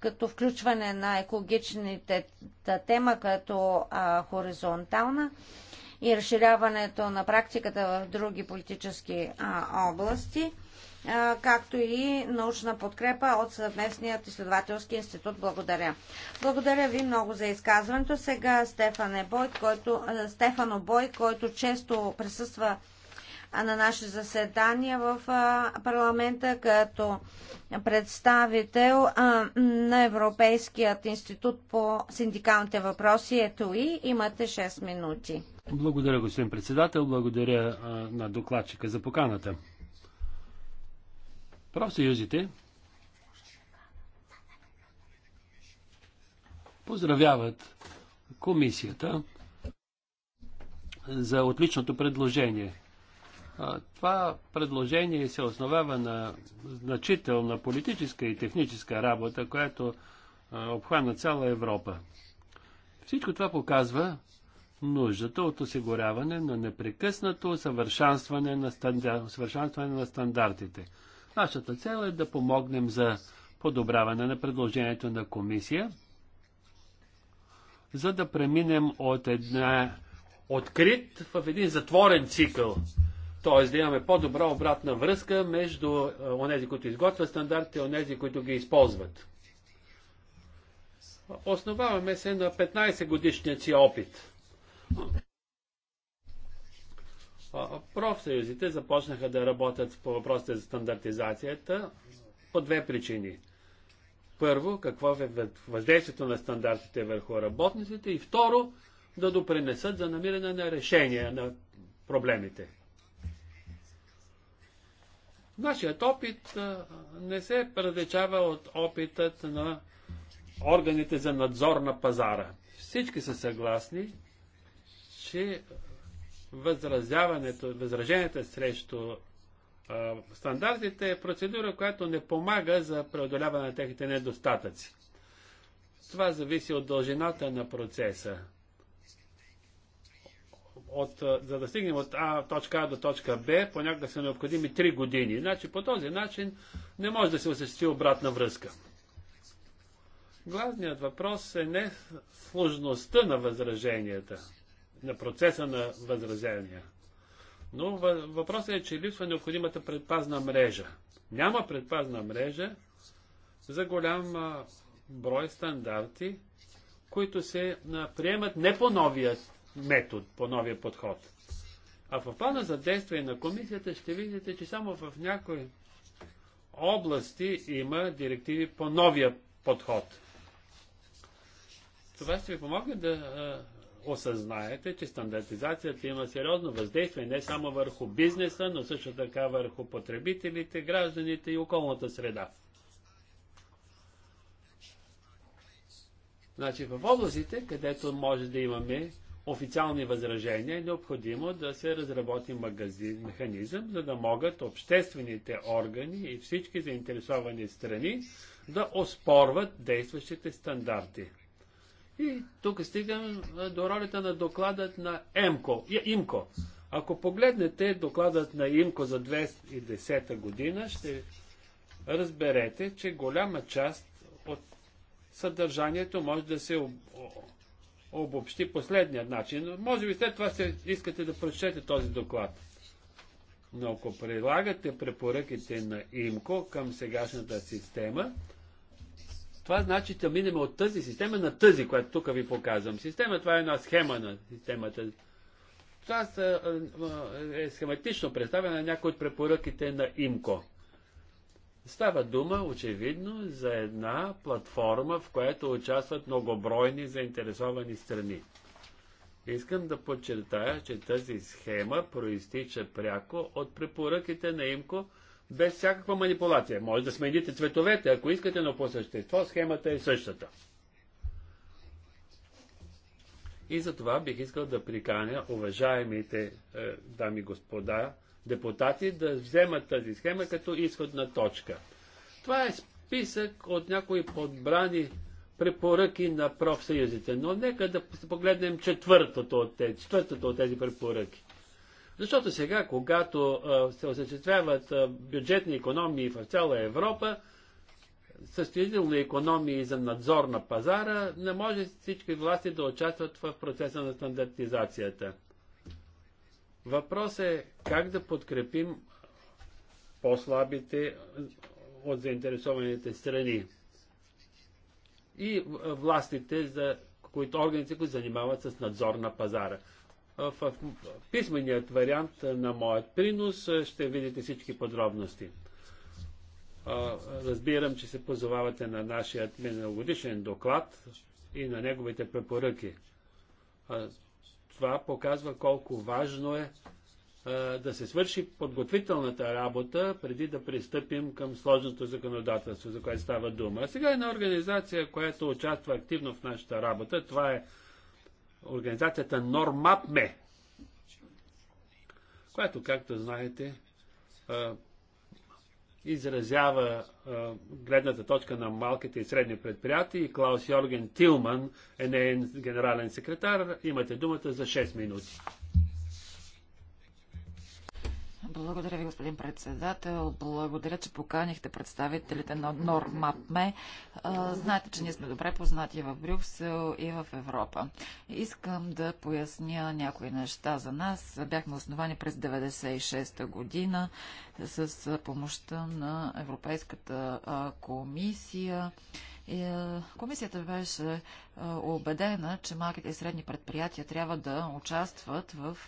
като включване на екологичните тема като хоризонтална и разширяването на практиката в други политически области както и научна подкрепа от съвместният изследователски институт. Благодаря. Благодаря ви много за изказването. Сега Стефан е Бой, който, Стефано Бой, който често присъства на наши заседания в парламента като представител на Европейският институт по синдикалните въпроси ето и Имате 6 минути. Благодаря, господин председател. Благодаря на докладчика за поканата. Профсъюзите поздравяват комисията за отличното предложение. Това предложение се основава на значителна политическа и техническа работа, която обхвана цяла Европа. Всичко това показва нуждата от осигуряване на непрекъснато съвършенстване на, стандар... на стандартите. Нашата цел е да помогнем за подобряване на предложението на комисия, за да преминем от една открит в един затворен цикъл. Т.е. да имаме по-добра обратна връзка между е, онези, които изготвят стандартите и онези, които ги използват. Основаваме се на 15 годишният си опит профсъюзите започнаха да работят по въпросите за стандартизацията по две причини. Първо, какво е въздействието на стандартите върху работниците и второ, да допринесат за намиране на решение на проблемите. Нашият опит не се различава от опитът на органите за надзор на пазара. Всички са съгласни, че възразяването, възраженията срещу а, стандартите е процедура, която не помага за преодоляване на техните недостатъци. Това зависи от дължината на процеса. От, за да стигнем от А, точка А до точка Б, понякога са необходими 3 години. Значи по този начин не може да се осъществи обратна връзка. Главният въпрос е не сложността на възраженията – на процеса на възражения. Но въпросът е, че липсва необходимата предпазна мрежа. Няма предпазна мрежа за голям брой стандарти, които се приемат не по новия метод, по новия подход. А в плана за действие на комисията ще видите, че само в някои области има директиви по новия подход. Това ще ви помогне да осъзнаете, че стандартизацията има сериозно въздействие не само върху бизнеса, но също така върху потребителите, гражданите и околната среда. Значи в областите, където може да имаме официални възражения, е необходимо да се разработи магазин, механизъм, за да могат обществените органи и всички заинтересовани страни да оспорват действащите стандарти. И тук стигам до ролята на докладът на ЕМКО, ИМКО. Ако погледнете докладът на ИМКО за 2010 година, ще разберете, че голяма част от съдържанието може да се обобщи последния начин. Може би след това ще искате да прочетете този доклад. Но ако прилагате препоръките на ИМКО към сегашната система, това значи да минем от тази система на тази, която тук ви показвам. Система, това е една схема на системата. Това е схематично представена на някои от препоръките на ИМКО. Става дума, очевидно, за една платформа, в която участват многобройни заинтересовани страни. Искам да подчертая, че тази схема проистича пряко от препоръките на ИМКО, без всякаква манипулация. Може да смените цветовете, ако искате, но по същество схемата е същата. И за това бих искал да приканя уважаемите е, дами и господа депутати да вземат тази схема като изходна точка. Това е списък от някои подбрани препоръки на профсъюзите, но нека да погледнем четвъртото от тези, четвъртото от тези препоръки. Защото сега, когато се осъществяват бюджетни економии в цяла Европа, състоятелни економии за надзор на пазара, не може всички власти да участват в процеса на стандартизацията. Въпрос е как да подкрепим по-слабите от заинтересованите страни и властите, за които органите, които занимават с надзор на пазара в писменият вариант на моят принос ще видите всички подробности. Разбирам, че се позовавате на нашия миналогодишен доклад и на неговите препоръки. Това показва колко важно е да се свърши подготвителната работа, преди да пристъпим към сложното законодателство, за което става дума. А сега една организация, която участва активно в нашата работа, това е организацията Нормапме, която, както знаете, изразява гледната точка на малките и средни предприятия и Клаус Йорген Тилман е нейен генерален секретар. Имате думата за 6 минути. Благодаря ви, господин председател. Благодаря, че поканихте представителите на Нормапме. Знаете, че ние сме добре познати в Брюксел и в Европа. Искам да поясня някои неща за нас. Бяхме основани през 1996 година с помощта на Европейската комисия. Комисията беше убедена, че малките и средни предприятия трябва да участват в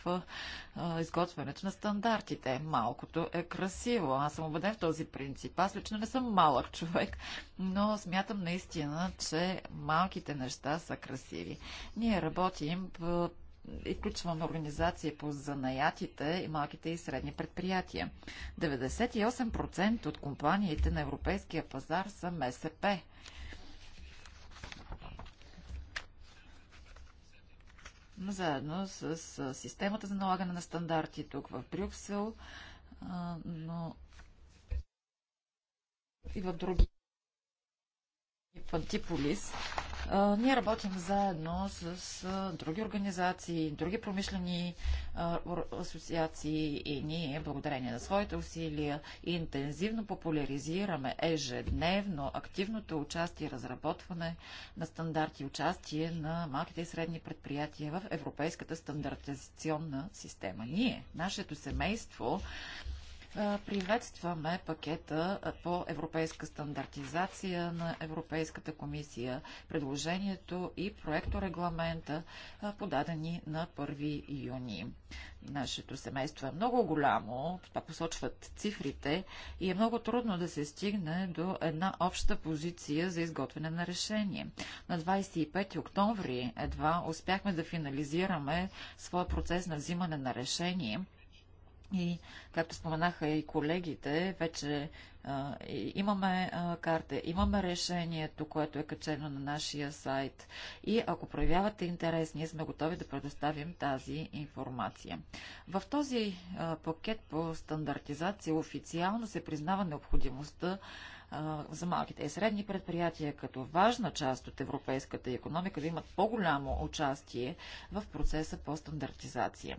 изготвянето на стандартите. Малкото е красиво. Аз съм убеден в този принцип. Аз лично не съм малък човек, но смятам наистина, че малките неща са красиви. Ние работим в и включваме организации по занаятите и малките и средни предприятия. 98% от компаниите на европейския пазар са МСП. заедно с системата за налагане на стандарти тук в Брюксел, но и в други Пантиполис ние работим заедно с а, други организации, други промишлени а, асоциации и ние, благодарение на своите усилия, интензивно популяризираме ежедневно активното участие и разработване на стандарти, участие на малките и средни предприятия в европейската стандартизационна система. Ние, нашето семейство, е, приветстваме пакета е, по европейска стандартизация на Европейската комисия, предложението и проекторегламента, е, подадени на 1 юни. Нашето семейство е много голямо, това посочват цифрите и е много трудно да се стигне до една обща позиция за изготвяне на решение. На 25 октомври едва успяхме да финализираме своя процес на взимане на решение – и, както споменаха и колегите, вече а, имаме а, карта, имаме решението, което е качено на нашия сайт. И ако проявявате интерес, ние сме готови да предоставим тази информация. В този а, пакет по стандартизация официално се признава необходимостта за малките и средни предприятия като важна част от европейската економика да имат по-голямо участие в процеса по стандартизация.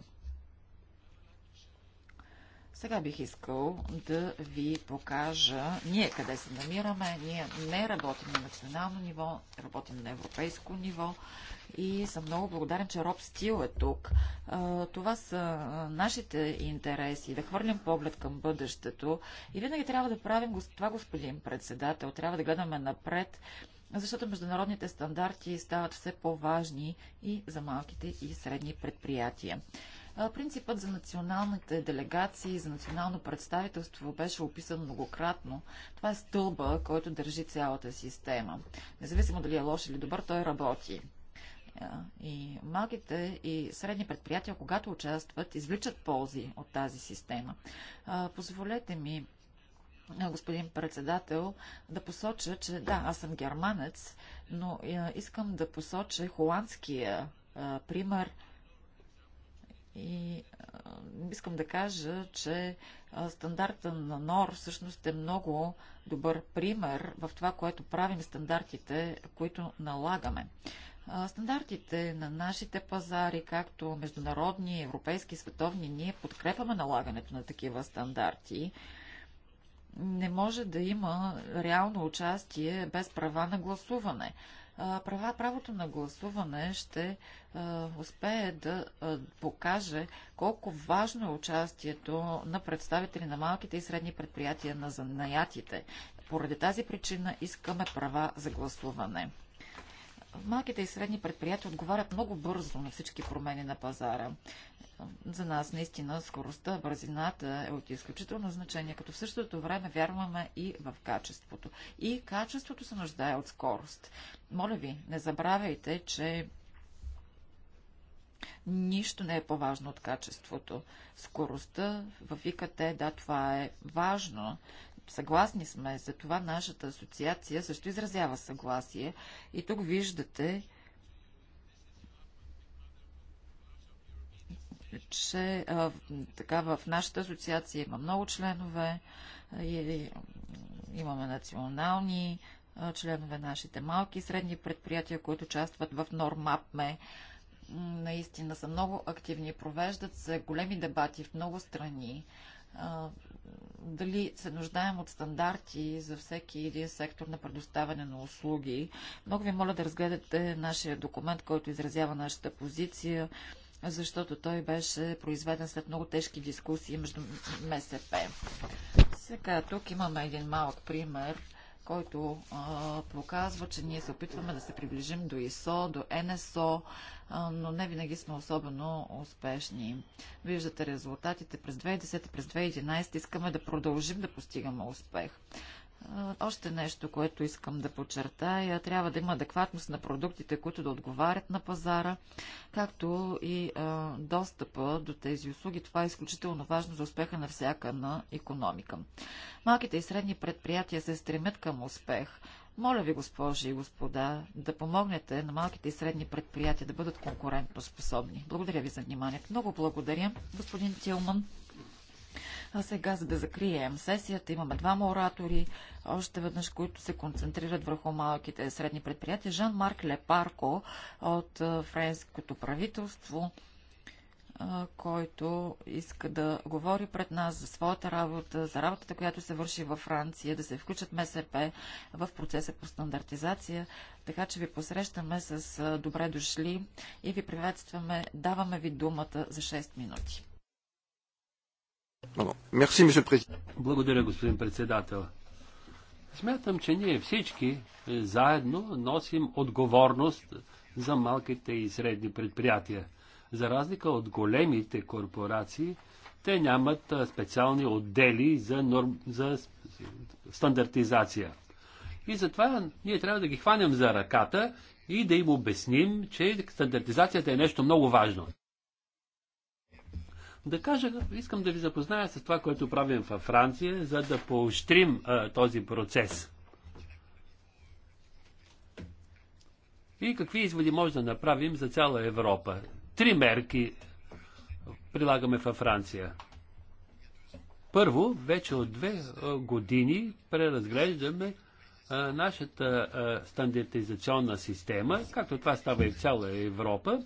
Сега бих искал да ви покажа ние къде се намираме. Ние не работим на национално ниво, работим на европейско ниво и съм много благодарен, че Роб Стил е тук. Това са нашите интереси, да хвърлим поглед към бъдещето и винаги трябва да правим това, господин председател. Трябва да гледаме напред, защото международните стандарти стават все по-важни и за малките и средни предприятия. Принципът за националните делегации, за национално представителство беше описан многократно. Това е стълба, който държи цялата система. Независимо дали е лош или добър, той работи. И малките и средни предприятия, когато участват, извличат ползи от тази система. Позволете ми господин председател, да посоча, че да, аз съм германец, но искам да посоча холандския пример и а, искам да кажа, че а, стандарта на НОР всъщност е много добър пример в това, което правим стандартите, които налагаме. А, стандартите на нашите пазари, както международни, европейски, световни, ние подкрепяме налагането на такива стандарти не може да има реално участие без права на гласуване. Права, правото на гласуване ще успее да покаже колко важно е участието на представители на малките и средни предприятия на занаятите. Поради тази причина искаме права за гласуване. Малките и средни предприятия отговарят много бързо на всички промени на пазара. За нас наистина скоростта, бързината е от изключително значение, като в същото време вярваме и в качеството. И качеството се нуждае от скорост. Моля ви, не забравяйте, че Нищо не е по-важно от качеството. Скоростта в Викате, да, това е важно. Съгласни сме, за това нашата асоциация също изразява съгласие. И тук виждате, че а, така в нашата асоциация има много членове, и, имаме национални членове, нашите малки и средни предприятия, които участват в Нормапме наистина са много активни, провеждат се големи дебати в много страни. Дали се нуждаем от стандарти за всеки един сектор на предоставяне на услуги. Много ви моля да разгледате нашия документ, който изразява нашата позиция, защото той беше произведен след много тежки дискусии между МСП. Сега тук имаме един малък пример който а, показва, че ние се опитваме да се приближим до ИСО, до НСО, а, но не винаги сме особено успешни. Виждате резултатите през 2010, през 2011. Искаме да продължим да постигаме успех. Още нещо, което искам да подчертая, трябва да има адекватност на продуктите, които да отговарят на пазара, както и достъпа до тези услуги. Това е изключително важно за успеха на всяка на економика. Малките и средни предприятия се стремят към успех. Моля ви, госпожи и господа, да помогнете на малките и средни предприятия да бъдат конкурентно способни. Благодаря ви за вниманието. Много благодаря, господин Тилман. А сега, за да закрием сесията, имаме двама оратори, още веднъж, които се концентрират върху малките и средни предприятия. Жан-Марк Лепарко от френското правителство който иска да говори пред нас за своята работа, за работата, която се върши във Франция, да се включат МСП в процеса по стандартизация. Така че ви посрещаме с добре дошли и ви приветстваме. Даваме ви думата за 6 минути. Благодаря, господин председател. Смятам, че ние всички е, заедно носим отговорност за малките и средни предприятия. За разлика от големите корпорации, те нямат специални отдели за, норм... за стандартизация. И затова ние трябва да ги хванем за ръката и да им обясним, че стандартизацията е нещо много важно. Да кажа, искам да ви запозная с това, което правим във Франция, за да поощрим а, този процес. И какви изводи може да направим за цяла Европа? Три мерки прилагаме във Франция. Първо, вече от две години преразглеждаме а, нашата а, стандартизационна система, както това става и в цяла Европа,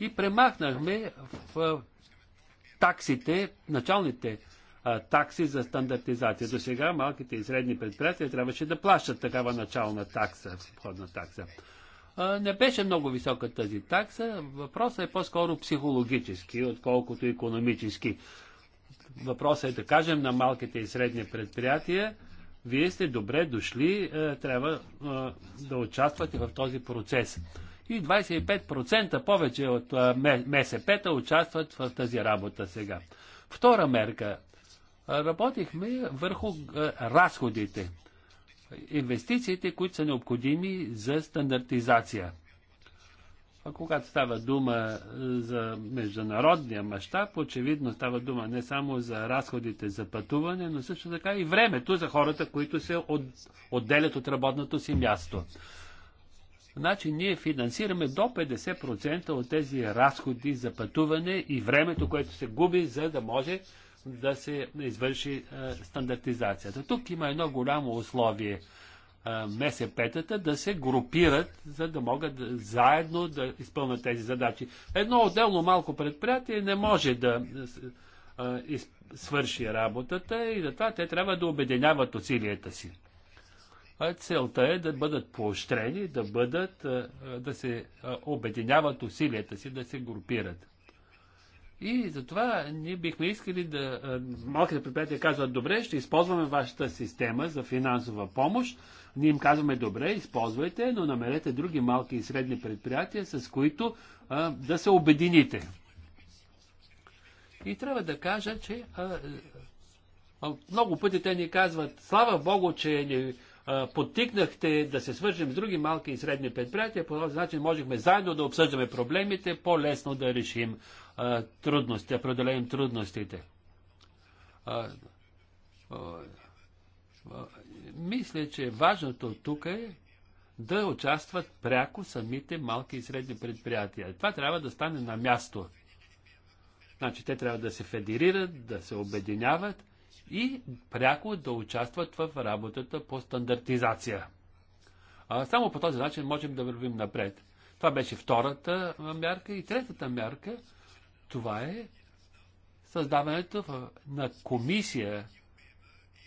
и премахнахме в, в таксите, началните а, такси за стандартизация. До сега малките и средни предприятия трябваше да плащат такава начална такса, входна такса. А, не беше много висока тази такса. Въпросът е по-скоро психологически, отколкото економически. Въпросът е да кажем на малките и средни предприятия, вие сте добре дошли, е, трябва е, да участвате в този процес и 25% повече от МСП-та участват в тази работа сега. Втора мерка. Работихме върху разходите, инвестициите, които са необходими за стандартизация. А когато става дума за международния мащаб, очевидно става дума не само за разходите за пътуване, но също така и времето за хората, които се отделят от работното си място. Значи ние финансираме до 50% от тези разходи за пътуване и времето, което се губи, за да може да се извърши а, е, стандартизацията. Тук има едно голямо условие е, МСП-тата да се групират, за да могат да, заедно да изпълнят тези задачи. Едно отделно малко предприятие не може да а, е, из, свърши работата и затова те трябва да обединяват усилията си. Целта е да бъдат поощрени, да бъдат, да се обединяват усилията си, да се групират. И затова ние бихме искали да малките предприятия казват, добре, ще използваме вашата система за финансова помощ. Ние им казваме, добре, използвайте, но намерете други малки и средни предприятия, с които а, да се обедините. И трябва да кажа, че а, а, много пъти те ни казват, слава Богу, че ни подтикнахте да се свържем с други малки и средни предприятия. По този начин можехме заедно да обсъждаме проблемите, по-лесно да решим трудности, да преодолеем трудностите. Мисля, че важното тук е да участват пряко самите малки и средни предприятия. Това трябва да стане на място. Значи те трябва да се федерират, да се обединяват и пряко да участват в работата по стандартизация. А, само по този начин можем да вървим напред. Това беше втората мярка и третата мярка. Това е създаването на комисия,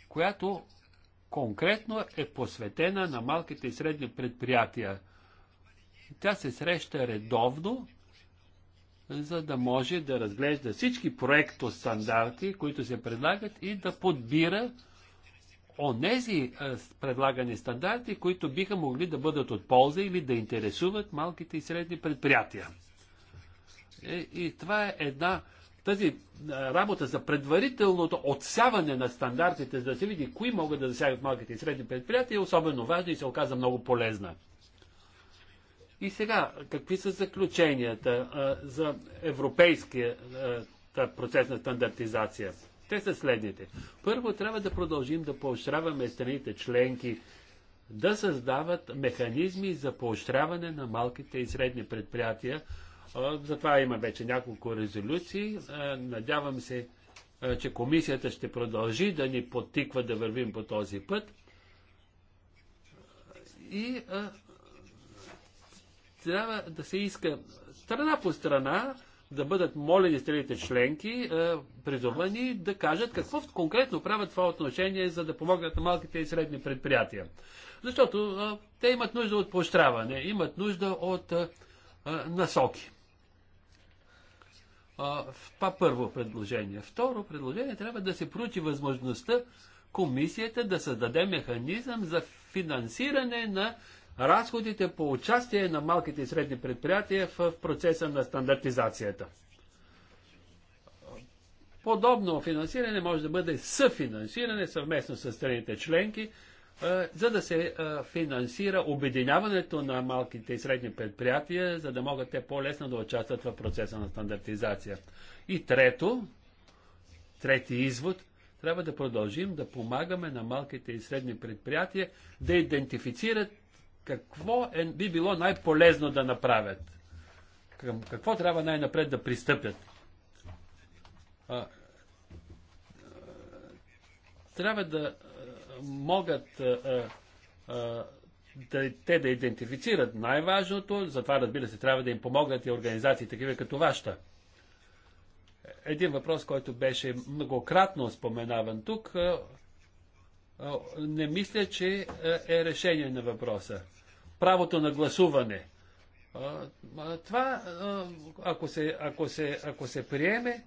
която конкретно е посветена на малките и средни предприятия. Тя се среща редовно за да може да разглежда всички проектостандарти, които се предлагат и да подбира онези е, предлагани стандарти, които биха могли да бъдат от полза или да интересуват малките и средни предприятия. И, е, и това е една тази е, работа за предварителното отсяване на стандартите, за да се види кои могат да засягат малките и средни предприятия, е особено важна и се оказа много полезна. И сега, какви са заключенията а, за европейския а, процес на стандартизация? Те са следните. Първо, трябва да продължим да поощряваме страните членки да създават механизми за поощряване на малките и средни предприятия. Затова има вече няколко резолюции. Надявам се, че комисията ще продължи да ни подтиква да вървим по този път. И трябва да се иска страна по страна да бъдат молени страните членки, е, призовани да кажат какво конкретно правят това отношение, за да помогнат на малките и средни предприятия. Защото е, те имат нужда от поощряване, имат нужда от е, насоки. Това първо предложение. Второ предложение трябва да се проучи възможността комисията да създаде механизъм за финансиране на разходите по участие на малките и средни предприятия в процеса на стандартизацията. Подобно финансиране може да бъде съфинансиране съвместно с страните членки, е, за да се е, финансира обединяването на малките и средни предприятия, за да могат те по-лесно да участват в процеса на стандартизация. И трето, трети извод, трябва да продължим да помагаме на малките и средни предприятия да идентифицират какво е, би било най-полезно да направят? Към какво трябва най-напред да пристъпят? А, трябва да могат а, а, да, те да идентифицират най-важното, затова разбира се трябва да им помогнат и организации такива като вашата. Един въпрос, който беше многократно споменаван тук, не мисля, че е решение на въпроса правото на гласуване. Това, ако се, ако се, ако се приеме,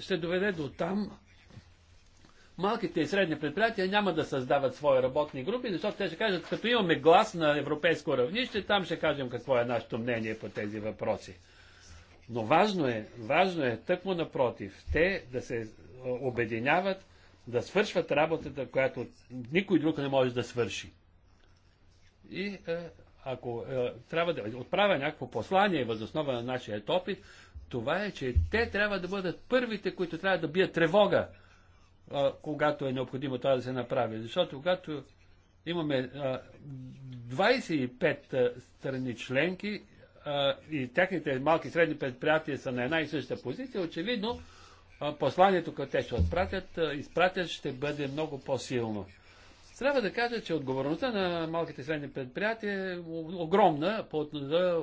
ще доведе до там, малките и средни предприятия няма да създават свои работни групи, защото те ще кажат, като имаме глас на европейско равнище, там ще кажем какво е нашето мнение по тези въпроси. Но важно е, важно е тъкмо напротив, те да се обединяват, да свършват работата, която никой друг не може да свърши. И е, ако е, трябва да отправя някакво послание въз основа на нашия опит, това е, че те трябва да бъдат първите, които трябва да бият тревога, когато е необходимо това да се направи. Защото когато имаме 25 страни членки и техните малки и средни предприятия са на една и съща позиция, очевидно посланието, което те ще отпратят, изпратят, ще бъде много по-силно. Трябва да кажа, че отговорността на малките и средни предприятия е огромна по, за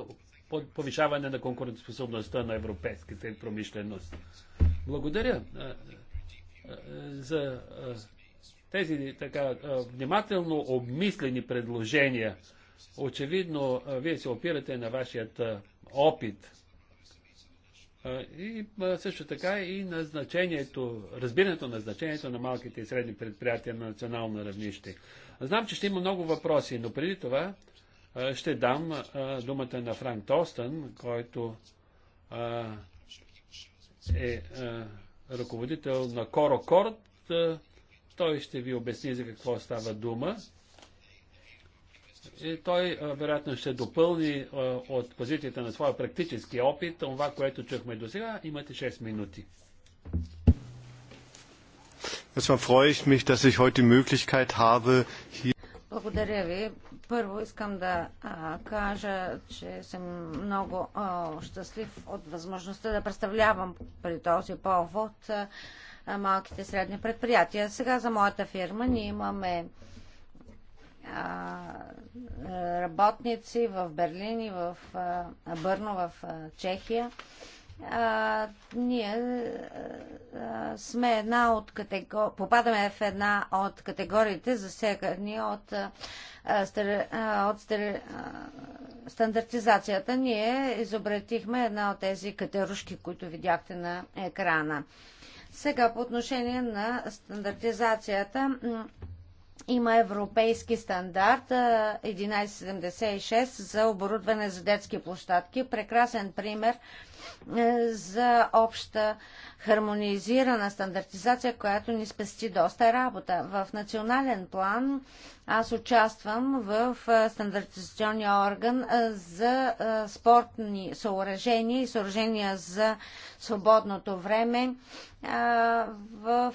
повишаване на конкурентоспособността на европейската промишленост. Благодаря за тези така внимателно обмислени предложения. Очевидно, вие се опирате на вашият опит и също така и на значението, разбирането на значението на малките и средни предприятия на национално равнище. Знам, че ще има много въпроси, но преди това ще дам думата на Франк Толстън, който е ръководител на Корокорд. Той ще ви обясни за какво става дума. И той вероятно ще допълни от позицията на своя практически опит това, което чухме до сега. Имате 6 минути. Благодаря ви. Първо искам да а, кажа, че съм много а, щастлив от възможността да представлявам при този повод а, малките средни предприятия. Сега за моята фирма ние имаме работници в Берлин и в Бърно, в Чехия. А, ние а, сме една от категор... попадаме в една от категориите засегани от, а, от стере... стандартизацията. Ние изобретихме една от тези катерушки, които видяхте на екрана. Сега по отношение на стандартизацията има европейски стандарт 1176 за оборудване за детски площадки. Прекрасен пример е, за обща хармонизирана стандартизация, която ни спести доста работа. В национален план аз участвам в е, стандартизационния орган е, за спортни съоръжения и съоръжения за свободното време в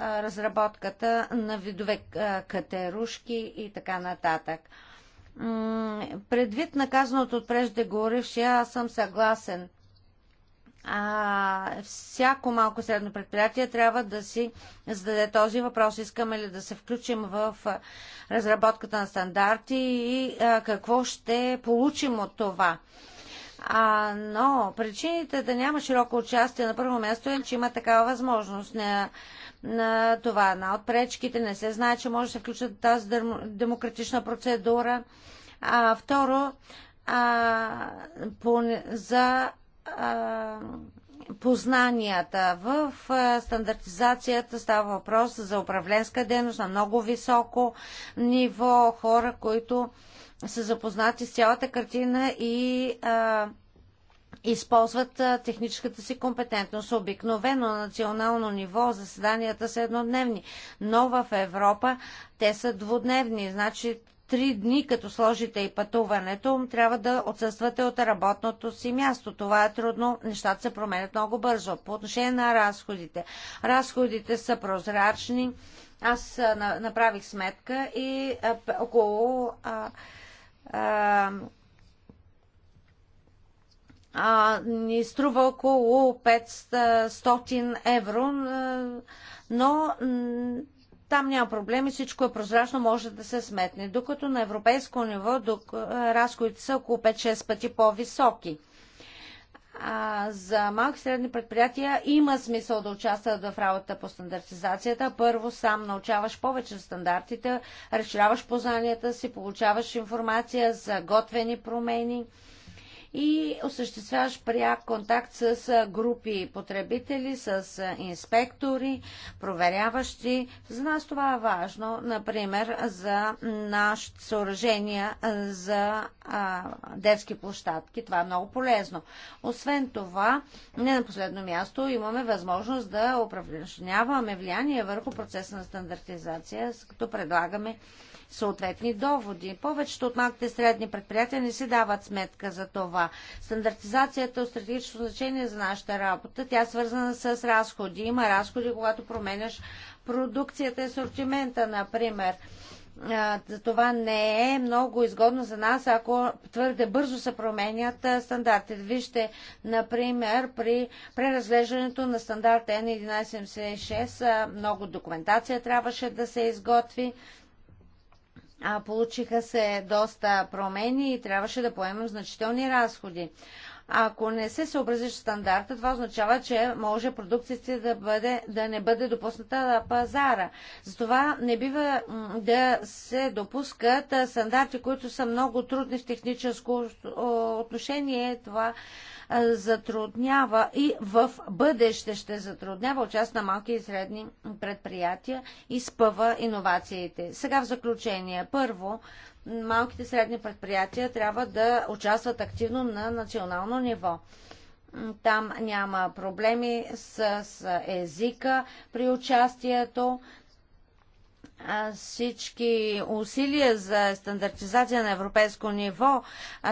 разработката на видове катерушки и така нататък. Предвид наказаното от преждеговорившия, аз съм съгласен а, всяко малко средно предприятие трябва да си зададе този въпрос. Искаме ли да се включим в разработката на стандарти и а, какво ще получим от това. А, но причините да няма широко участие на първо място е, че има такава възможност. на, на това, на отпречките, не се знае, че може да се включат тази демократична процедура. А, второ, а, по, за познанията. В стандартизацията става въпрос за управленска дейност на много високо ниво, хора, които са запознати с цялата картина и а, използват а, техническата си компетентност. Обикновено на национално ниво заседанията са еднодневни, но в Европа те са двудневни. Значи три дни, като сложите и пътуването, трябва да отсъствате от работното си място. Това е трудно, нещата се променят много бързо. По отношение на разходите. Разходите са прозрачни. Аз направих сметка и около а, а, а, ни струва около 500 евро, но там няма проблеми, всичко е прозрачно, може да се сметне. Докато на европейско ниво разходите са около 5-6 пъти по-високи. за малки и средни предприятия има смисъл да участват в работа по стандартизацията. Първо сам научаваш повече стандартите, разширяваш познанията си, получаваш информация за готвени промени – и осъществяваш пряк контакт с групи потребители, с инспектори, проверяващи. За нас това е важно, например, за нашите съоръжения за детски площадки. Това е много полезно. Освен това, не на последно място, имаме възможност да управляваме влияние върху процеса на стандартизация, като предлагаме съответни доводи. Повечето от малките средни предприятия не си дават сметка за това. Стандартизацията е от стратегическо значение за нашата работа. Тя е свързана с разходи. Има разходи, когато променяш продукцията и асортимента, например. Това не е много изгодно за нас, ако твърде бързо се променят стандартите. Вижте, например, при преразглеждането на стандарт N1176 много документация трябваше да се изготви получиха се доста промени и трябваше да поемем значителни разходи. Ако не се съобразиш стандарта, това означава, че може продукцията да, бъде, да не бъде допусната на пазара. Затова не бива да се допускат стандарти, които са много трудни в техническо отношение. Това затруднява и в бъдеще ще затруднява част на малки и средни предприятия и спъва иновациите. Сега в заключение. Първо, малките и средни предприятия трябва да участват активно на национално ниво. Там няма проблеми с езика при участието, всички усилия за стандартизация на европейско ниво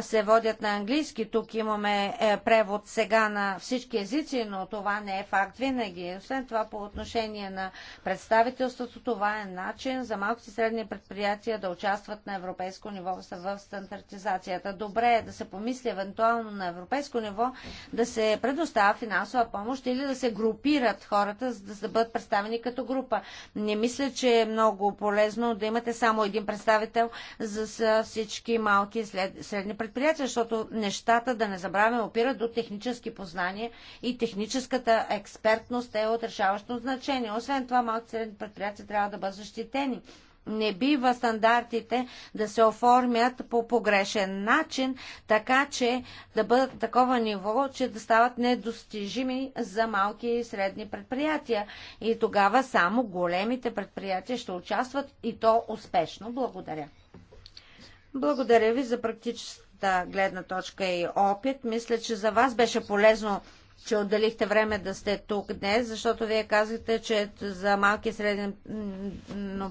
се водят на английски. Тук имаме е, превод сега на всички езици, но това не е факт винаги. Освен това, по отношение на представителството, това е начин за малките и средни предприятия да участват на европейско ниво в стандартизацията. Добре е да се помисли евентуално на европейско ниво да се предоставя финансова помощ или да се групират хората, за да бъдат представени като група. Не мисля, че е много много полезно да имате само един представител за всички малки и средни предприятия, защото нещата, да не забравяме, опират до технически познания и техническата експертност е от решаващо значение. Освен това, малки и средни предприятия трябва да бъдат защитени не бива стандартите да се оформят по погрешен начин, така че да бъдат такова ниво, че да стават недостижими за малки и средни предприятия. И тогава само големите предприятия ще участват и то успешно. Благодаря. Благодаря ви за практическата гледна точка и опит. Мисля, че за вас беше полезно че отделихте време да сте тук днес, защото вие казахте, че за малки и средни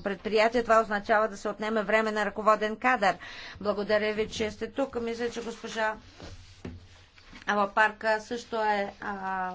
предприятия това означава да се отнеме време на ръководен кадър. Благодаря ви, че сте тук. Мисля, че госпожа Ава Парка също е а,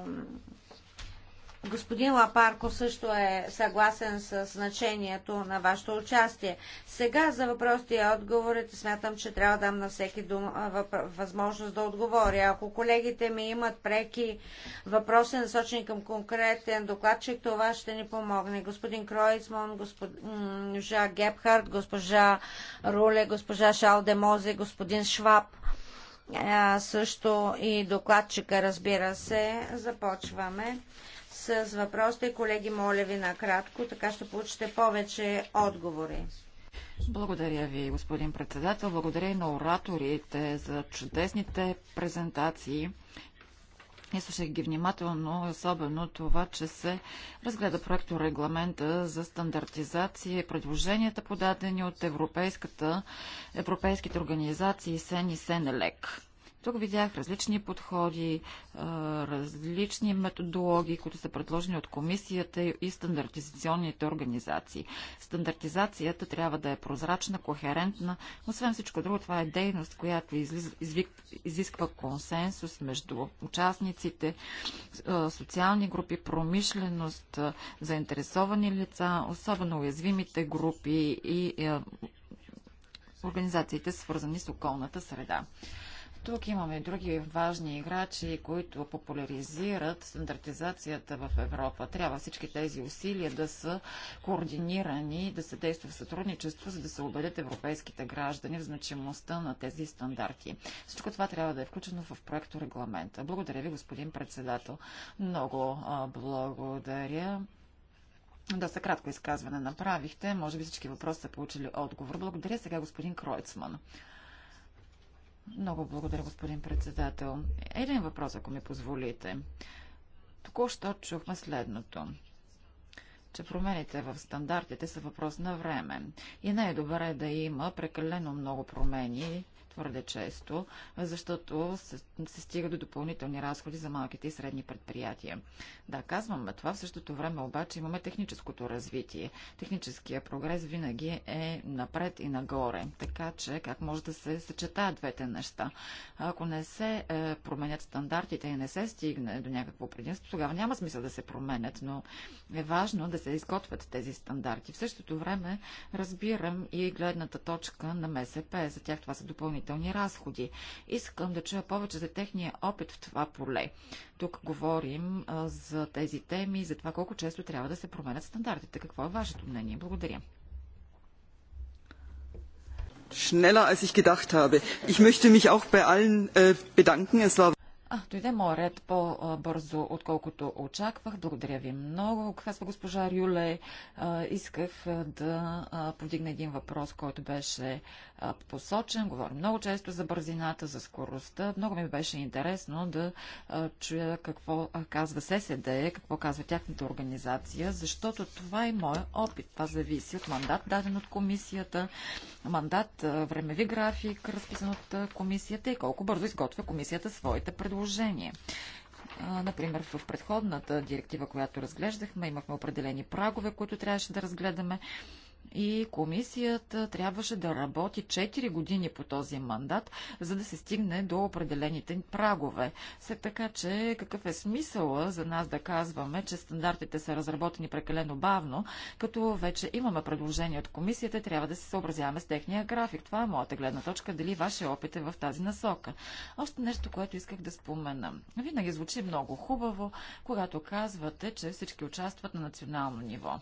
Господин Лапарко също е съгласен с значението на вашето участие. Сега за въпросите и отговорите смятам, че трябва да дам на всеки дум, възможност да отговоря. Ако колегите ми имат преки въпроси, насочени към конкретен докладчик, това ще ни помогне. Господин Кройцман, госпожа Гепхард, госпожа Руле, госпожа Шалдемозе, господин Шваб също и докладчика, разбира се. Започваме с въпросите. Колеги, моля ви накратко, така ще получите повече отговори. Благодаря ви, господин председател. Благодаря и на ораторите за чудесните презентации. И слушах ги внимателно, особено това, че се разгледа проекто регламента за стандартизация и предложенията подадени от европейската, европейските организации СЕН и СЕНЕЛЕК. Тук видях различни подходи, различни методологии, които са предложени от комисията и стандартизационните организации. Стандартизацията трябва да е прозрачна, кохерентна. Освен всичко друго, това е дейност, която изисква консенсус между участниците, социални групи, промишленост, заинтересовани лица, особено уязвимите групи и организациите, свързани с околната среда. Тук имаме други важни играчи, които популяризират стандартизацията в Европа. Трябва всички тези усилия да са координирани, да се действа в сътрудничество, за да се убедят европейските граждани в значимостта на тези стандарти. Всичко това трябва да е включено в проекто регламента. Благодаря ви, господин председател. Много благодаря. Доста кратко изказване направихте. Може би всички въпроси са получили отговор. Благодаря сега господин Кройцман. Много благодаря, господин председател. Един въпрос, ако ми позволите. Току-що чухме следното че промените в стандартите са въпрос на време и най-добре е да има прекалено много промени твърде често, защото се, се стига до допълнителни разходи за малките и средни предприятия. Да, казваме това, в същото време обаче имаме техническото развитие. Техническия прогрес винаги е напред и нагоре. Така че как може да се съчетаят двете неща? Ако не се е, променят стандартите и не се стигне до някакво предимство, тогава няма смисъл да се променят, но е важно да се изготвят тези стандарти. В същото време разбирам и гледната точка на МСП. За тях това са допълнителни допълнителни разходи. Искам да чуя повече за техния опит в това поле. Тук говорим за тези теми, за това колко често трябва да се променят стандартите. Какво е вашето мнение? Благодаря. Schneller als ich gedacht habe. Ich möchte mich auch bei allen äh, bedanken. Es war а, дойде ред по-бързо, отколкото очаквах. Благодаря ви много. Казва госпожа Рюле, исках да повдигна един въпрос, който беше посочен. Говорим много често за бързината, за скоростта. Много ми беше интересно да чуя какво казва ССД, какво казва тяхната организация, защото това е моя опит. Това зависи от мандат, даден от комисията, мандат, времеви график, разписан от комисията и колко бързо изготвя комисията своите предложения предложение. Например, в предходната директива, която разглеждахме, имахме определени прагове, които трябваше да разгледаме и комисията трябваше да работи 4 години по този мандат, за да се стигне до определените прагове. След така, че какъв е смисъла за нас да казваме, че стандартите са разработени прекалено бавно, като вече имаме предложение от комисията, трябва да се съобразяваме с техния график. Това е моята гледна точка, дали вашия опит е в тази насока. Още нещо, което исках да спомена. Винаги звучи много хубаво, когато казвате, че всички участват на национално ниво.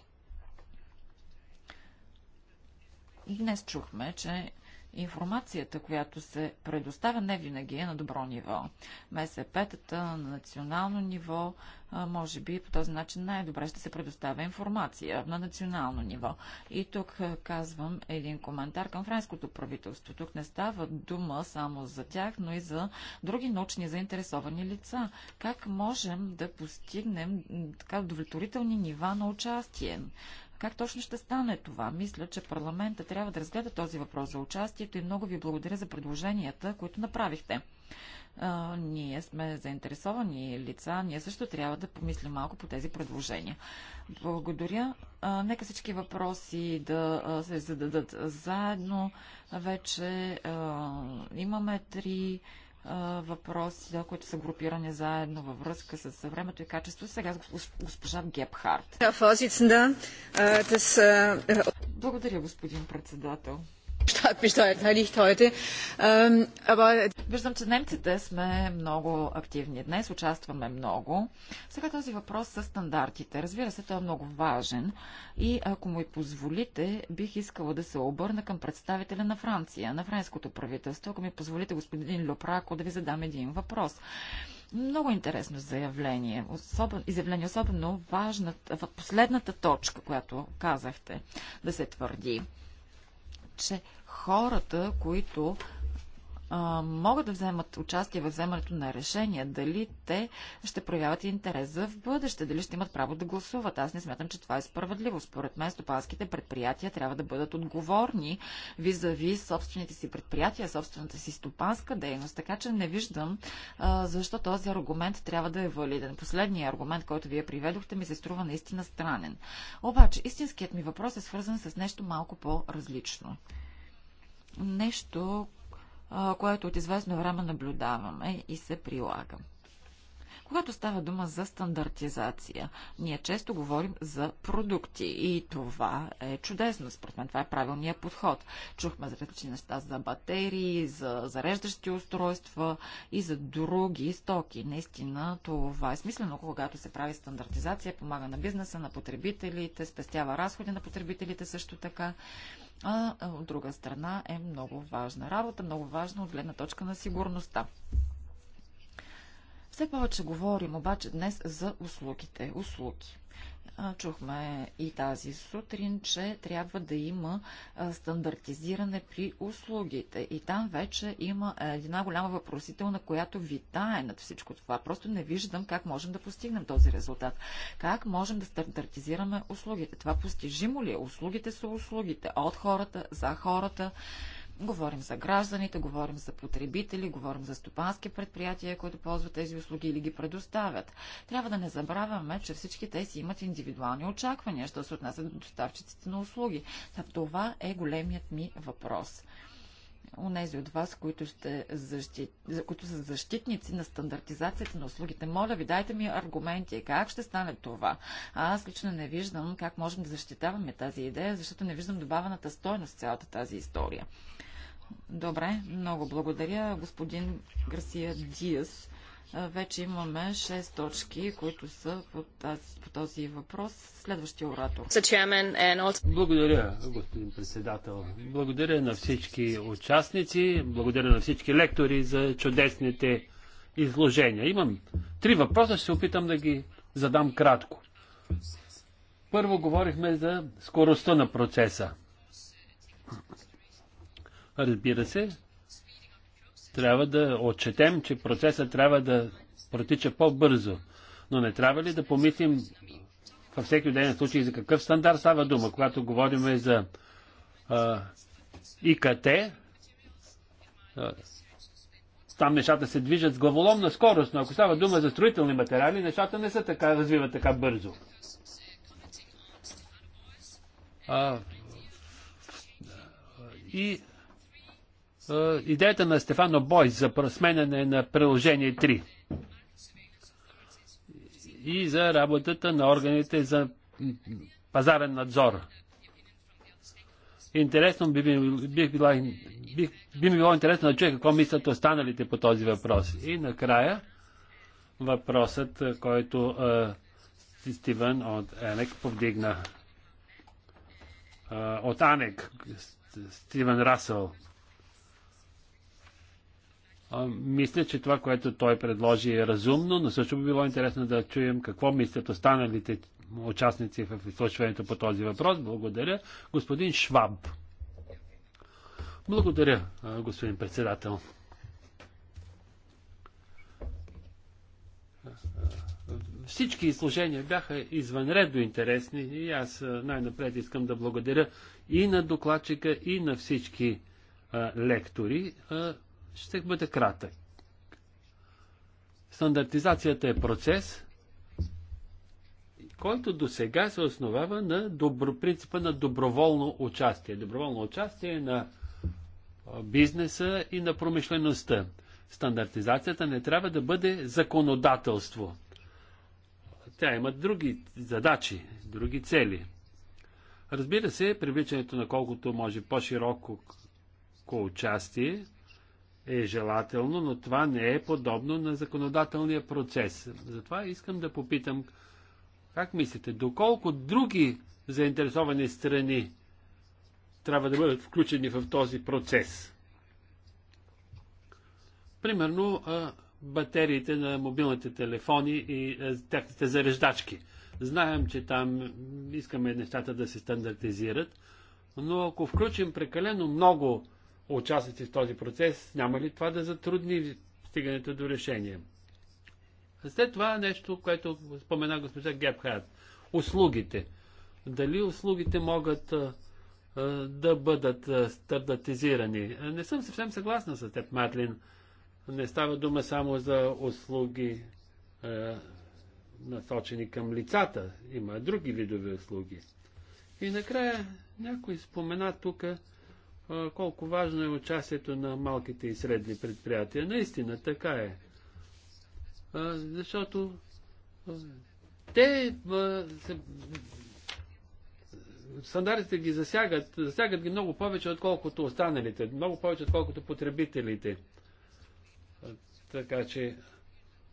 Днес чухме, че информацията, която се предоставя, не винаги е на добро ниво. МСП-тата на национално ниво, може би по този начин най-добре ще се предоставя информация на национално ниво. И тук казвам един коментар към френското правителство. Тук не става дума само за тях, но и за други научни заинтересовани лица. Как можем да постигнем така удовлетворителни нива на участие? Как точно ще стане това? Мисля, че парламента трябва да разгледа този въпрос за участието и много ви благодаря за предложенията, които направихте. А, ние сме заинтересовани лица, ние също трябва да помислим малко по тези предложения. Благодаря. А, нека всички въпроси да а, се зададат заедно. Вече а, имаме три. 3 въпроси, които са групирани заедно във връзка с времето и качество. Сега с госпожа Гепхарт. Благодаря, господин председател. Ähm, Виждам, че немците сме много активни днес, участваме много. Сега този въпрос с стандартите. Разбира се, той е много важен и ако му и позволите, бих искала да се обърна към представителя на Франция, на френското правителство. Ако ми позволите, господин Лопрако, да ви задам един въпрос. Много интересно заявление, особен, изявление, особено важната, последната точка, която казахте да се твърди, че хората, които а, могат да вземат участие в вземането на решения, дали те ще проявяват интерес за в бъдеще, дали ще имат право да гласуват. Аз не смятам, че това е справедливо. Според мен стопанските предприятия трябва да бъдат отговорни визави собствените си предприятия, собствената си стопанска дейност. Така че не виждам а, защо този аргумент трябва да е валиден. Последният аргумент, който вие приведохте, ми се струва наистина странен. Обаче, истинският ми въпрос е свързан с нещо малко по-различно нещо, което от известно време наблюдаваме и се прилага. Когато става дума за стандартизация, ние често говорим за продукти и това е чудесно. Според мен това е правилният подход. Чухме за различни неща за батерии, за зареждащи устройства и за други стоки. Наистина това е смислено, когато се прави стандартизация, помага на бизнеса, на потребителите, спестява разходи на потребителите също така а от друга страна е много важна работа, много важна от гледна точка на сигурността. Все повече говорим обаче днес за услугите. Услуги. Чухме и тази сутрин, че трябва да има стандартизиране при услугите. И там вече има е, една голяма въпросителна, която витае над всичко това. Просто не виждам как можем да постигнем този резултат. Как можем да стандартизираме услугите? Това постижимо ли е? Услугите са услугите. От хората, за хората. Говорим за гражданите, говорим за потребители, говорим за стопански предприятия, които ползват тези услуги или ги предоставят. Трябва да не забравяме, че всички те си имат индивидуални очаквания, що се отнася до доставчиците на услуги. Това е големият ми въпрос онези от вас, които, ще защит... които са защитници на стандартизацията на услугите. Моля ви, дайте ми аргументи. Как ще стане това? А аз лично не виждам как можем да защитаваме тази идея, защото не виждам добавената стойност в цялата тази история. Добре, много благодаря. Господин Гарсия Диас, вече имаме 6 точки, които са по, по този въпрос. Следващия оратор. Благодаря, господин председател. Благодаря на всички участници, благодаря на всички лектори за чудесните изложения. Имам три въпроса, ще се опитам да ги задам кратко. Първо говорихме за скоростта на процеса. Разбира се, трябва да отчетем, че процесът трябва да протича по-бързо. Но не трябва ли да помислим във всеки ден случай за какъв стандарт става дума, когато говорим за а, ИКТ, а, там нещата се движат с главоломна скорост, но ако става дума за строителни материали, нещата не се така, развиват така бързо. А, и идеята на Стефано Бой за просменяне на приложение 3 и за работата на органите за пазарен надзор. Интересно би, би, би, била, би, би ми било интересно да чуя какво мислят останалите по този въпрос. И накрая въпросът, който е, Стивен от Анек повдигна. Е, от Анек, Стивен Расъл мисля, че това, което той предложи е разумно, но също би било интересно да чуем какво мислят останалите участници в изслушването по този въпрос. Благодаря. Господин Шваб. Благодаря, господин председател. Всички изложения бяха извънредно интересни и аз най-напред искам да благодаря и на докладчика, и на всички а, лектори. А, ще бъде кратък. Стандартизацията е процес, който до сега се основава на добро, принципа на доброволно участие. Доброволно участие на бизнеса и на промишлеността. Стандартизацията не трябва да бъде законодателство. Тя има други задачи, други цели. Разбира се, привличането на колкото може по-широко участие е желателно, но това не е подобно на законодателния процес. Затова искам да попитам, как мислите, доколко други заинтересовани страни трябва да бъдат включени в този процес? Примерно, батериите на мобилните телефони и техните зареждачки. Знаем, че там искаме нещата да се стандартизират, но ако включим прекалено много участвате в този процес, няма ли това да затрудни стигането до решение? След това нещо, което спомена госпожа Гепхард. Услугите. Дали услугите могат да бъдат стандартизирани? Не съм съвсем съгласна с теб, Матлин. Не става дума само за услуги насочени към лицата. Има други видове услуги. И накрая някой спомена тук колко важно е участието на малките и средни предприятия. Наистина така е. Защото те стандартите ги засягат, засягат ги много повече, отколкото останалите, много повече, отколкото потребителите. Така че,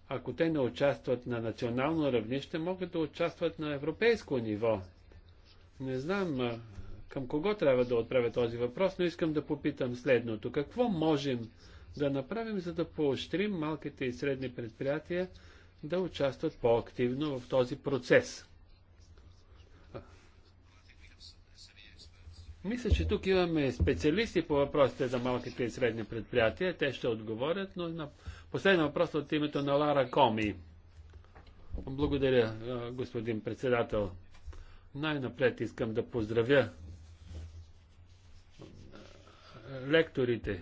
ако те не участват на национално равнище, могат да участват на европейско ниво. Не знам към кого трябва да отправя този въпрос, но искам да попитам следното. Какво можем да направим, за да поощрим малките и средни предприятия да участват по-активно в този процес? Мисля, че тук имаме специалисти по въпросите за малките и средни предприятия. Те ще отговорят, но на последния въпрос от името на Лара Коми. Благодаря, господин председател. Най-напред искам да поздравя лекторите.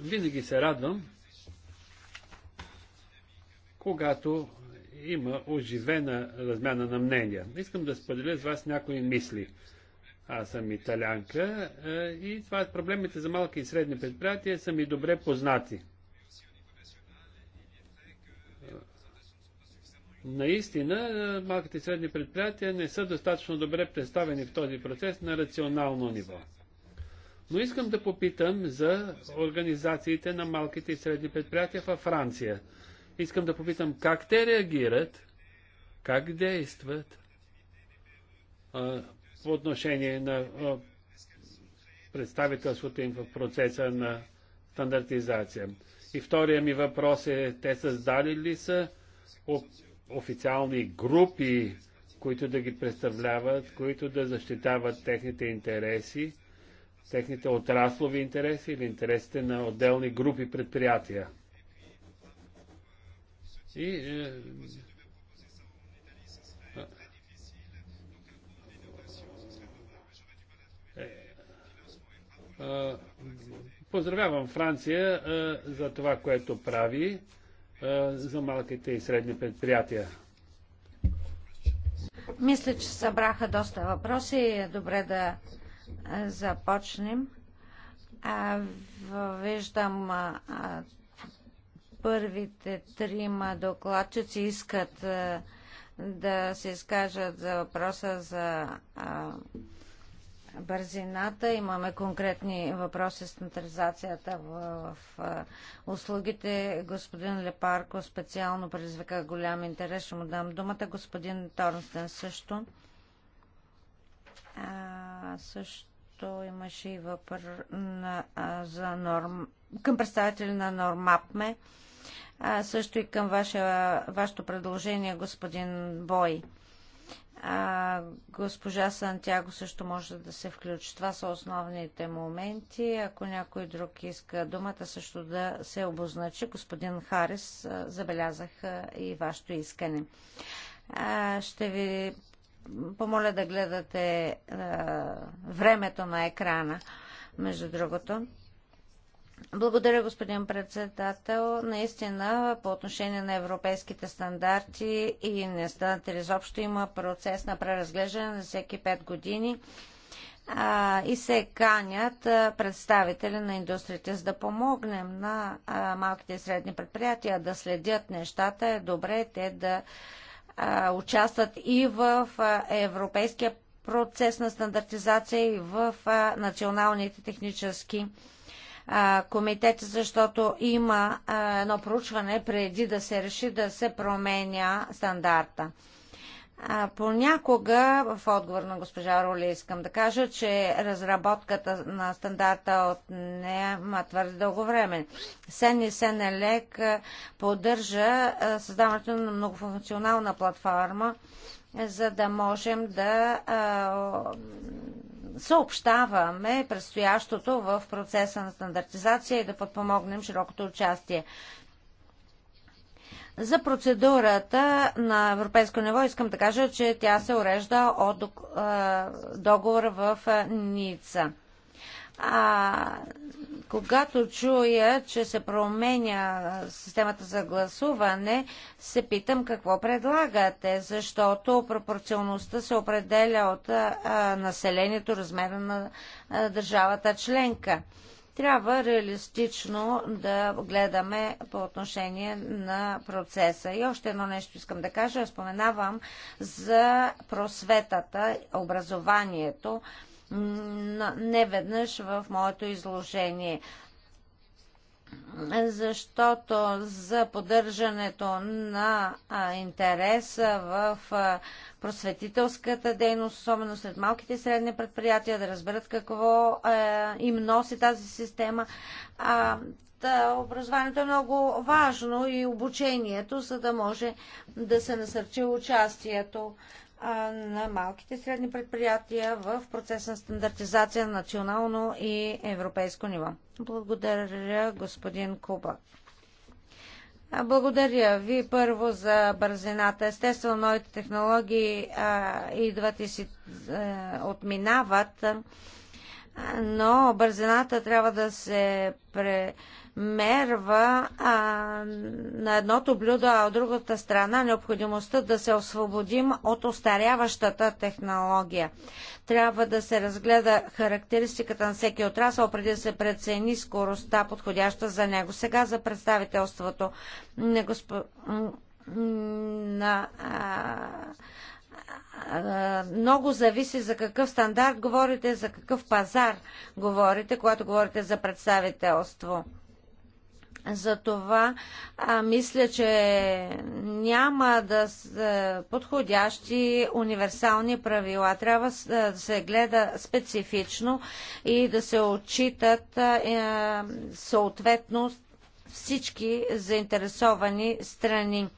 Винаги се радвам, когато има оживена размяна на мнения. Искам да споделя с вас някои мисли. Аз съм италянка и това проблемите за малки и средни предприятия са ми добре познати. Наистина, е, малките и средни предприятия не са достатъчно добре представени в този процес на рационално ниво. Но искам да попитам за организациите на малките и средни предприятия във Франция. Искам да попитам как те реагират, как действат а, по отношение на а, представителството им в процеса на стандартизация. И втория ми въпрос е, те създали ли са официални групи, които да ги представляват, които да защитават техните интереси, техните отраслови интереси или интересите на отделни групи предприятия. И е, е, е, е Поздравявам Франция за това, което прави. Е, за малките и средни предприятия. Мисля, че събраха доста въпроси. е Добре да е, започнем. Виждам първите трима докладчици искат е, да се изкажат за въпроса за бързината. Имаме конкретни въпроси с централизацията в, в услугите. Господин Лепарко специално предизвика голям интерес. Ще му дам думата. Господин Торнстен също. А, също имаше и въпрос за норм... към представители на Нормапме, а, също и към ваше, вашето предложение, господин Бой. А, госпожа Сантяго също може да се включи. Това са основните моменти. Ако някой друг иска думата, също да се обозначи. Господин Харис, забелязах и вашето искане. А, ще ви помоля да гледате а, времето на екрана, между другото. Благодаря, господин председател. Наистина, по отношение на европейските стандарти и не стандарти изобщо има процес на преразглеждане на всеки 5 години а, и се канят представители на индустрията. За да помогнем на а, малките и средни предприятия да следят нещата, е добре те да а, участват и в а, европейския процес на стандартизация и в а, националните технически а, комитет, защото има едно проучване преди да се реши да се променя стандарта. Понякога, в отговор на госпожа Роли, искам да кажа, че разработката на стандарта от нея има твърде дълго време. Сен и Сенелек поддържа създаването на многофункционална платформа, за да можем да съобщаваме предстоящото в процеса на стандартизация и да подпомогнем широкото участие. За процедурата на европейско ниво искам да кажа, че тя се урежда от договора в Ница. А, когато чуя, че се променя системата за гласуване, се питам какво предлагате, защото пропорционалността се определя от а, населението, размера на а, държавата членка. Трябва реалистично да гледаме по отношение на процеса. И още едно нещо искам да кажа. Споменавам за просветата, образованието. Не веднъж в моето изложение защото за поддържането на интереса в просветителската дейност, особено след малките и средни предприятия, да разберат какво им носи тази система. да, образованието е много важно и обучението, за да може да се насърчи участието на малките и средни предприятия в процес на стандартизация на национално и европейско ниво. Благодаря, господин Куба. Благодаря ви първо за бързината. Естествено, новите технологии а, идват и си а, отминават, но бързината трябва да се пре, мерва а, на едното блюдо, а от другата страна необходимостта да се освободим от остаряващата технология. Трябва да се разгледа характеристиката на всеки отрасъл, преди да се прецени скоростта, подходяща за него. Сега за представителството на, госп... на а, много зависи за какъв стандарт говорите, за какъв пазар говорите, когато говорите за представителство. Затова а, мисля, че няма да са е, подходящи универсални правила. Трябва е, да се гледа специфично и да се отчитат а, е, съответно всички заинтересовани страни.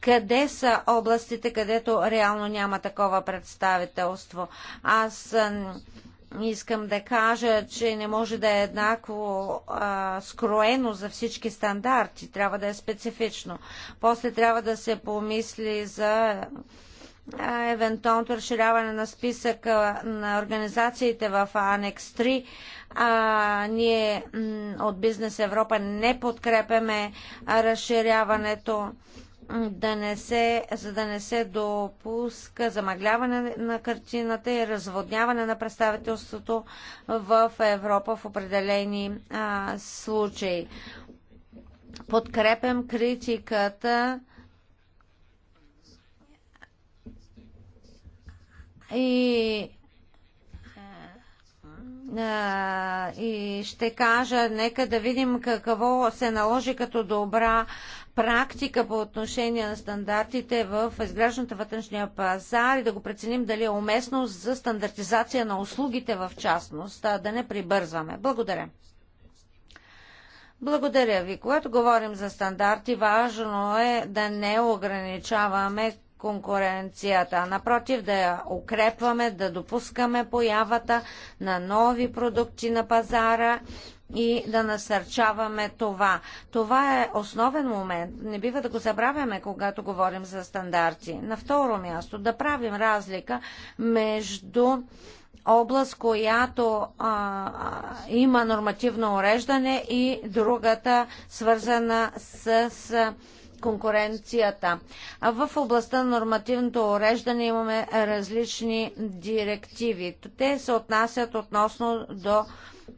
Къде са областите, където реално няма такова представителство? Аз Искам да кажа, че не може да е еднакво а, скроено за всички стандарти. Трябва да е специфично. После трябва да се помисли за а, евентуалното разширяване на списъка на организациите в Анекс 3. А, ние от Бизнес Европа не подкрепяме разширяването да не се, за да не се допуска замъгляване на картината и разводняване на представителството в Европа в определени а, случаи. Подкрепям критиката и и ще кажа, нека да видим какво се наложи като добра практика по отношение на стандартите в изграждането вътрешния пазар и да го преценим дали е уместно за стандартизация на услугите в частност, да не прибързваме. Благодаря. Благодаря ви. Когато говорим за стандарти, важно е да не ограничаваме конкуренцията, а напротив да я укрепваме, да допускаме появата на нови продукти на пазара и да насърчаваме това. Това е основен момент. Не бива да го забравяме, когато говорим за стандарти. На второ място, да правим разлика между област, която а, има нормативно уреждане и другата, свързана с а, конкуренцията. А в областта на нормативното уреждане имаме различни директиви. Те се отнасят относно до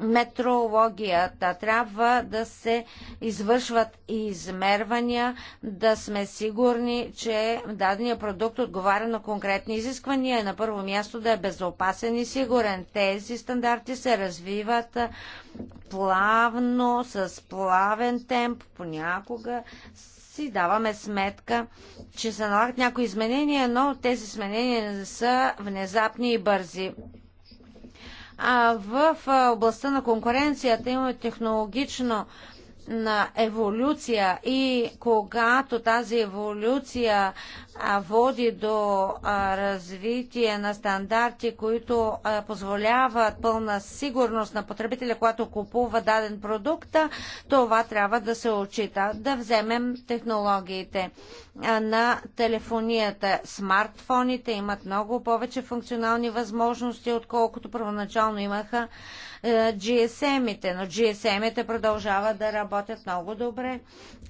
метрологията. Трябва да се извършват измервания, да сме сигурни, че дадения продукт отговаря на конкретни изисквания. На първо място да е безопасен и сигурен. Тези стандарти се развиват плавно, с плавен темп, понякога с си даваме сметка, че се налагат някои изменения, но тези изменения не са внезапни и бързи. А в областта на конкуренцията има технологично на еволюция и когато тази еволюция води до развитие на стандарти, които позволяват пълна сигурност на потребителя, когато купува даден продукт, това трябва да се очита. Да вземем технологиите на телефонията. Смартфоните имат много повече функционални възможности, отколкото първоначално имаха GSM-ите, но GSM-ите продължават да работят много добре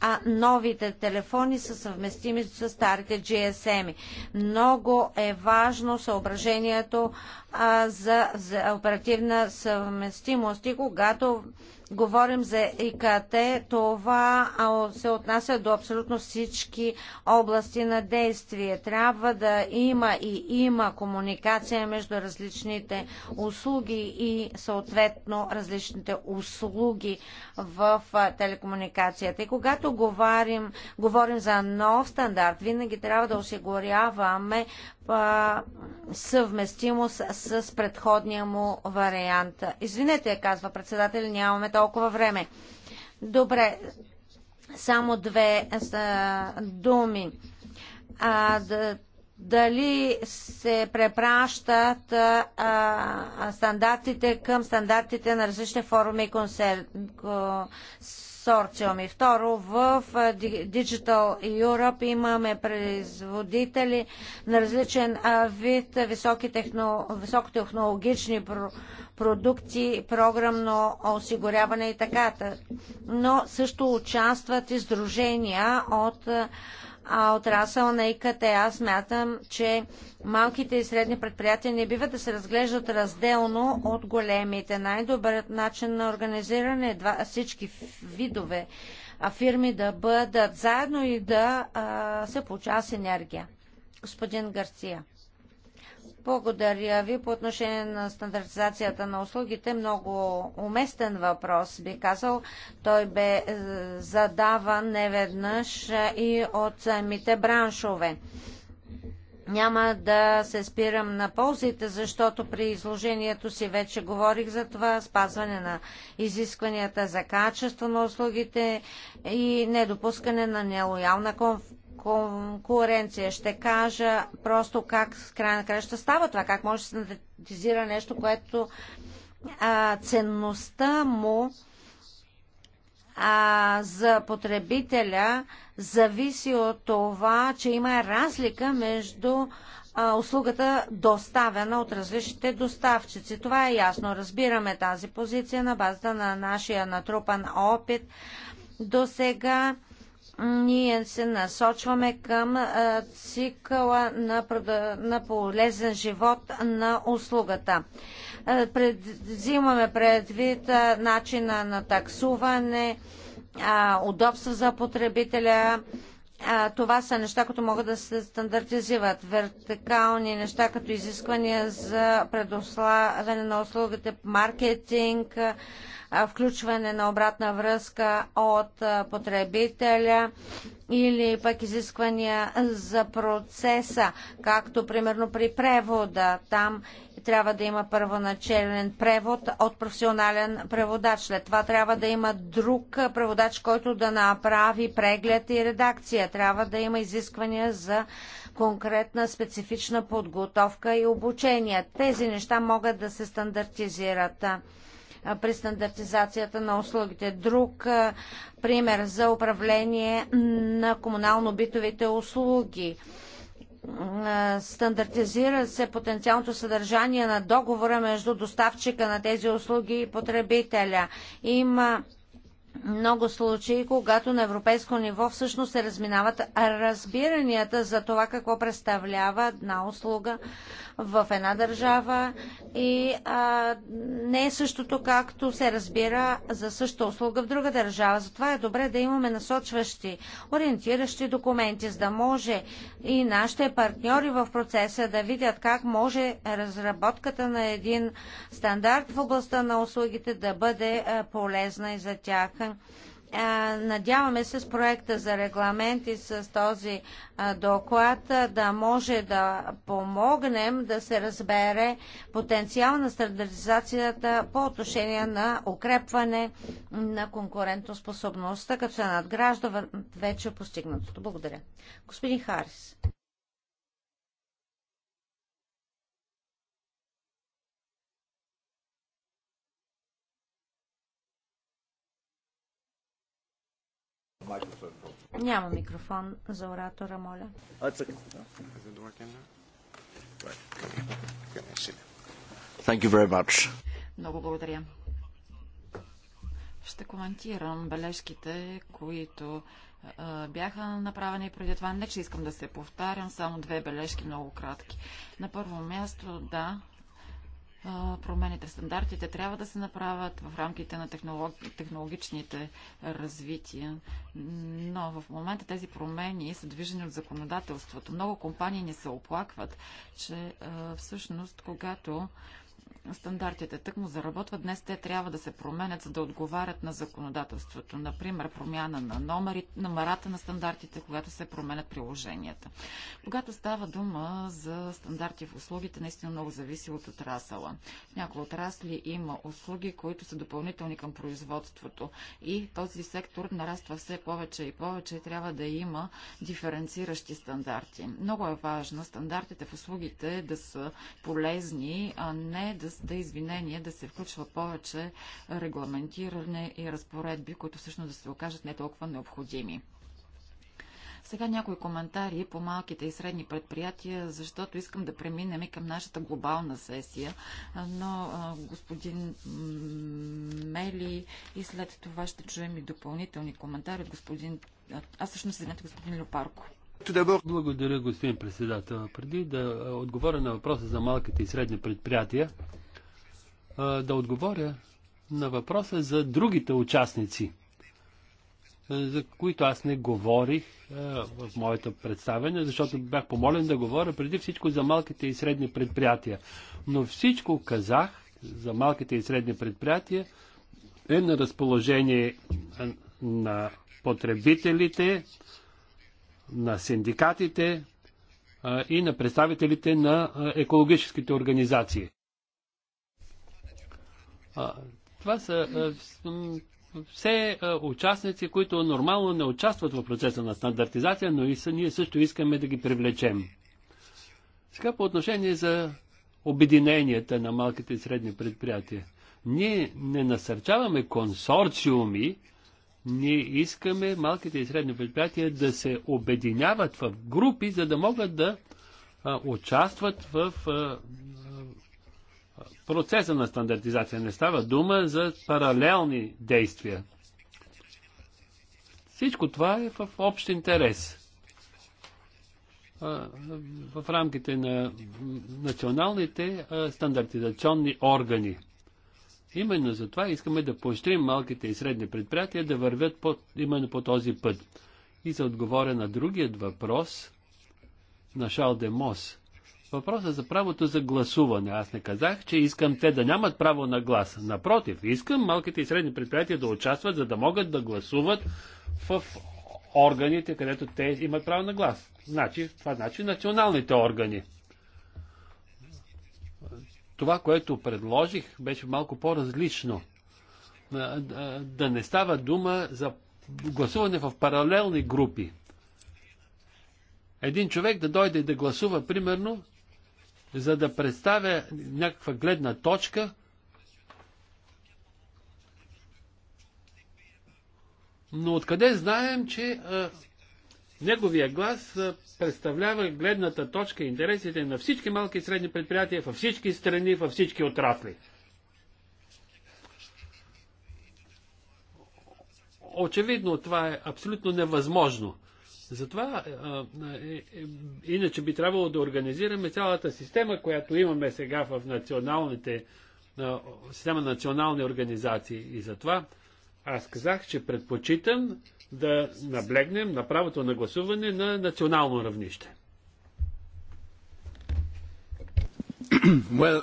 а новите телефони са съвместими с старите GSM. -и. Много е важно съображението а, за, за оперативна съвместимост и когато говорим за ИКТ, това се отнася до абсолютно всички области на действие. Трябва да има и има комуникация между различните услуги и съответно различните услуги в телекомуникацията. И когато говорим, говорим за нов стандарт, винаги трябва да осигуряваме съвместимост с предходния му вариант. Извинете, казва председател, нямаме толкова време. Добре, само две а, думи. А, да, дали се препращат а, стандартите към стандартите на различни форуми и консенсус? консорциуми. Второ, в Digital Europe имаме производители на различен вид високи техно, високотехнологични продукти, програмно осигуряване и така. Но също участват издружения от а, отрасъл на ИКТ. Аз смятам, че малките и средни предприятия не бива да се разглеждат разделно от големите. Най-добрият начин на организиране е два, всички видове а фирми да бъдат заедно и да а, се получава синергия. енергия. Господин Гарсия. Благодаря ви по отношение на стандартизацията на услугите. Много уместен въпрос, би казал. Той бе е, задаван неведнъж и от самите браншове. Няма да се спирам на ползите, защото при изложението си вече говорих за това, спазване на изискванията за качество на услугите и недопускане на нелоялна конкуренция конкуренция. Ще кажа просто как с край на края ще става това, как може да се синтетизира нещо, което а, ценността му а, за потребителя зависи от това, че има разлика между а, услугата доставена от различните доставчици. Това е ясно. Разбираме тази позиция на базата на нашия натрупан опит до сега ние се насочваме към цикъла на, на полезен живот на услугата. Пред, взимаме предвид начина на таксуване, удобство за потребителя. Това са неща, които могат да се стандартизират. Вертикални неща, като изисквания за предоставяне на услугите, маркетинг, включване на обратна връзка от потребителя или пък изисквания за процеса, както примерно при превода. Там трябва да има първоначален превод от професионален преводач. След това трябва да има друг преводач, който да направи преглед и редакция. Трябва да има изисквания за конкретна специфична подготовка и обучение. Тези неща могат да се стандартизират при стандартизацията на услугите. Друг пример за управление на комунално-битовите услуги стандартизира се потенциалното съдържание на договора между доставчика на тези услуги и потребителя. Има много случаи, когато на европейско ниво всъщност се разминават разбиранията за това какво представлява една услуга в една държава и а, не е същото както се разбира за същата услуга в друга държава. Затова е добре да имаме насочващи, ориентиращи документи, за да може и нашите партньори в процеса да видят как може разработката на един стандарт в областта на услугите да бъде полезна и за тях. Е, надяваме се с проекта за регламент и с този е, доклад е, да може да помогнем да се разбере потенциал на стандартизацията по отношение на укрепване на конкурентоспособността, като се надгражда вече постигнатото. Благодаря. Господин Харис. Няма микрофон за оратора, моля. Много благодаря. Ще коментирам бележките, които бяха направени преди това. Не, че искам да се повтарям, само две бележки много кратки. На първо място, да, промените в стандартите трябва да се направят в рамките на технолог... технологичните развития. Но в момента тези промени са движени от законодателството. Много компании ни се оплакват, че всъщност когато стандартите тъкмо заработват, днес те трябва да се променят, за да отговарят на законодателството. Например, промяна на номери, номерата на стандартите, когато се променят приложенията. Когато става дума за стандарти в услугите, наистина много зависи от отрасала. В някои отрасли има услуги, които са допълнителни към производството и този сектор нараства все повече и повече и трябва да има диференциращи стандарти. Много е важно стандартите в услугите да са полезни, а не да да е извинение да се включва повече регламентиране и разпоредби, които всъщност да се окажат не толкова необходими. Сега някои коментари по малките и средни предприятия, защото искам да преминем и към нашата глобална сесия, но господин Мели и след това ще чуем и допълнителни коментари господин... Аз всъщност извинете господин Люпарко. Благодаря, господин председател. Преди да отговоря на въпроса за малките и средни предприятия, да отговоря на въпроса за другите участници, за които аз не говорих в моето представяне, защото бях помолен да говоря преди всичко за малките и средни предприятия. Но всичко казах за малките и средни предприятия е на разположение на потребителите, на синдикатите и на представителите на екологическите организации. Това са все участници, които нормално не участват в процеса на стандартизация, но и са, ние също искаме да ги привлечем. Сега по отношение за обединенията на малките и средни предприятия. Ние не насърчаваме консорциуми, ние искаме малките и средни предприятия да се обединяват в групи, за да могат да а, участват в а, процеса на стандартизация. Не става дума за паралелни действия. Всичко това е в общ интерес. В рамките на националните стандартизационни органи. Именно за това искаме да поощрим малките и средни предприятия да вървят по, именно по този път. И за отговоря на другият въпрос на Шал Мос въпроса за правото за гласуване. Аз не казах, че искам те да нямат право на глас. Напротив, искам малките и средни предприятия да участват, за да могат да гласуват в органите, където те имат право на глас. Значи, това значи националните органи. Това, което предложих, беше малко по-различно. Да не става дума за гласуване в паралелни групи. Един човек да дойде и да гласува, примерно, за да представя някаква гледна точка, но откъде знаем, че а, неговия глас а, представлява гледната точка и интересите на всички малки и средни предприятия във всички страни, във всички отрасли. Очевидно това е абсолютно невъзможно. Затова, е, е, иначе би трябвало да организираме цялата система, която имаме сега в националните, система на национални организации. И затова аз казах, че предпочитам да наблегнем на правото на гласуване на национално равнище.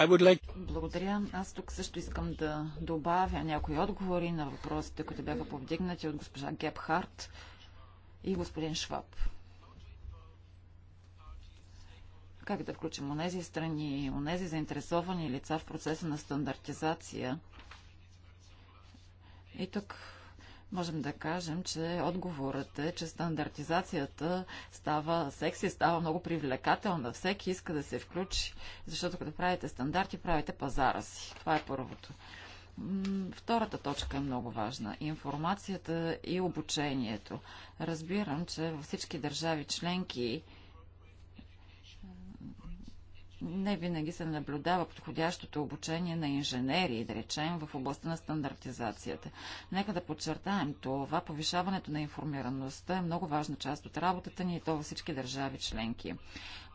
Well, like... Благодаря. Аз тук също искам да добавя някои отговори на въпросите, които бяха повдигнати от госпожа Гебхарт. Харт и господин Шваб. Как да включим онези страни, онези заинтересовани лица в процеса на стандартизация? И тук можем да кажем, че отговорът е, че стандартизацията става секси, става много привлекателна. Всеки иска да се включи, защото като правите стандарти, правите пазара си. Това е първото. Втората точка е много важна. Информацията и обучението. Разбирам, че във всички държави членки не винаги се наблюдава подходящото обучение на инженери, да речем, в областта на стандартизацията. Нека да подчертаем това. Повишаването на информираността е много важна част от работата ни и то във всички държави членки.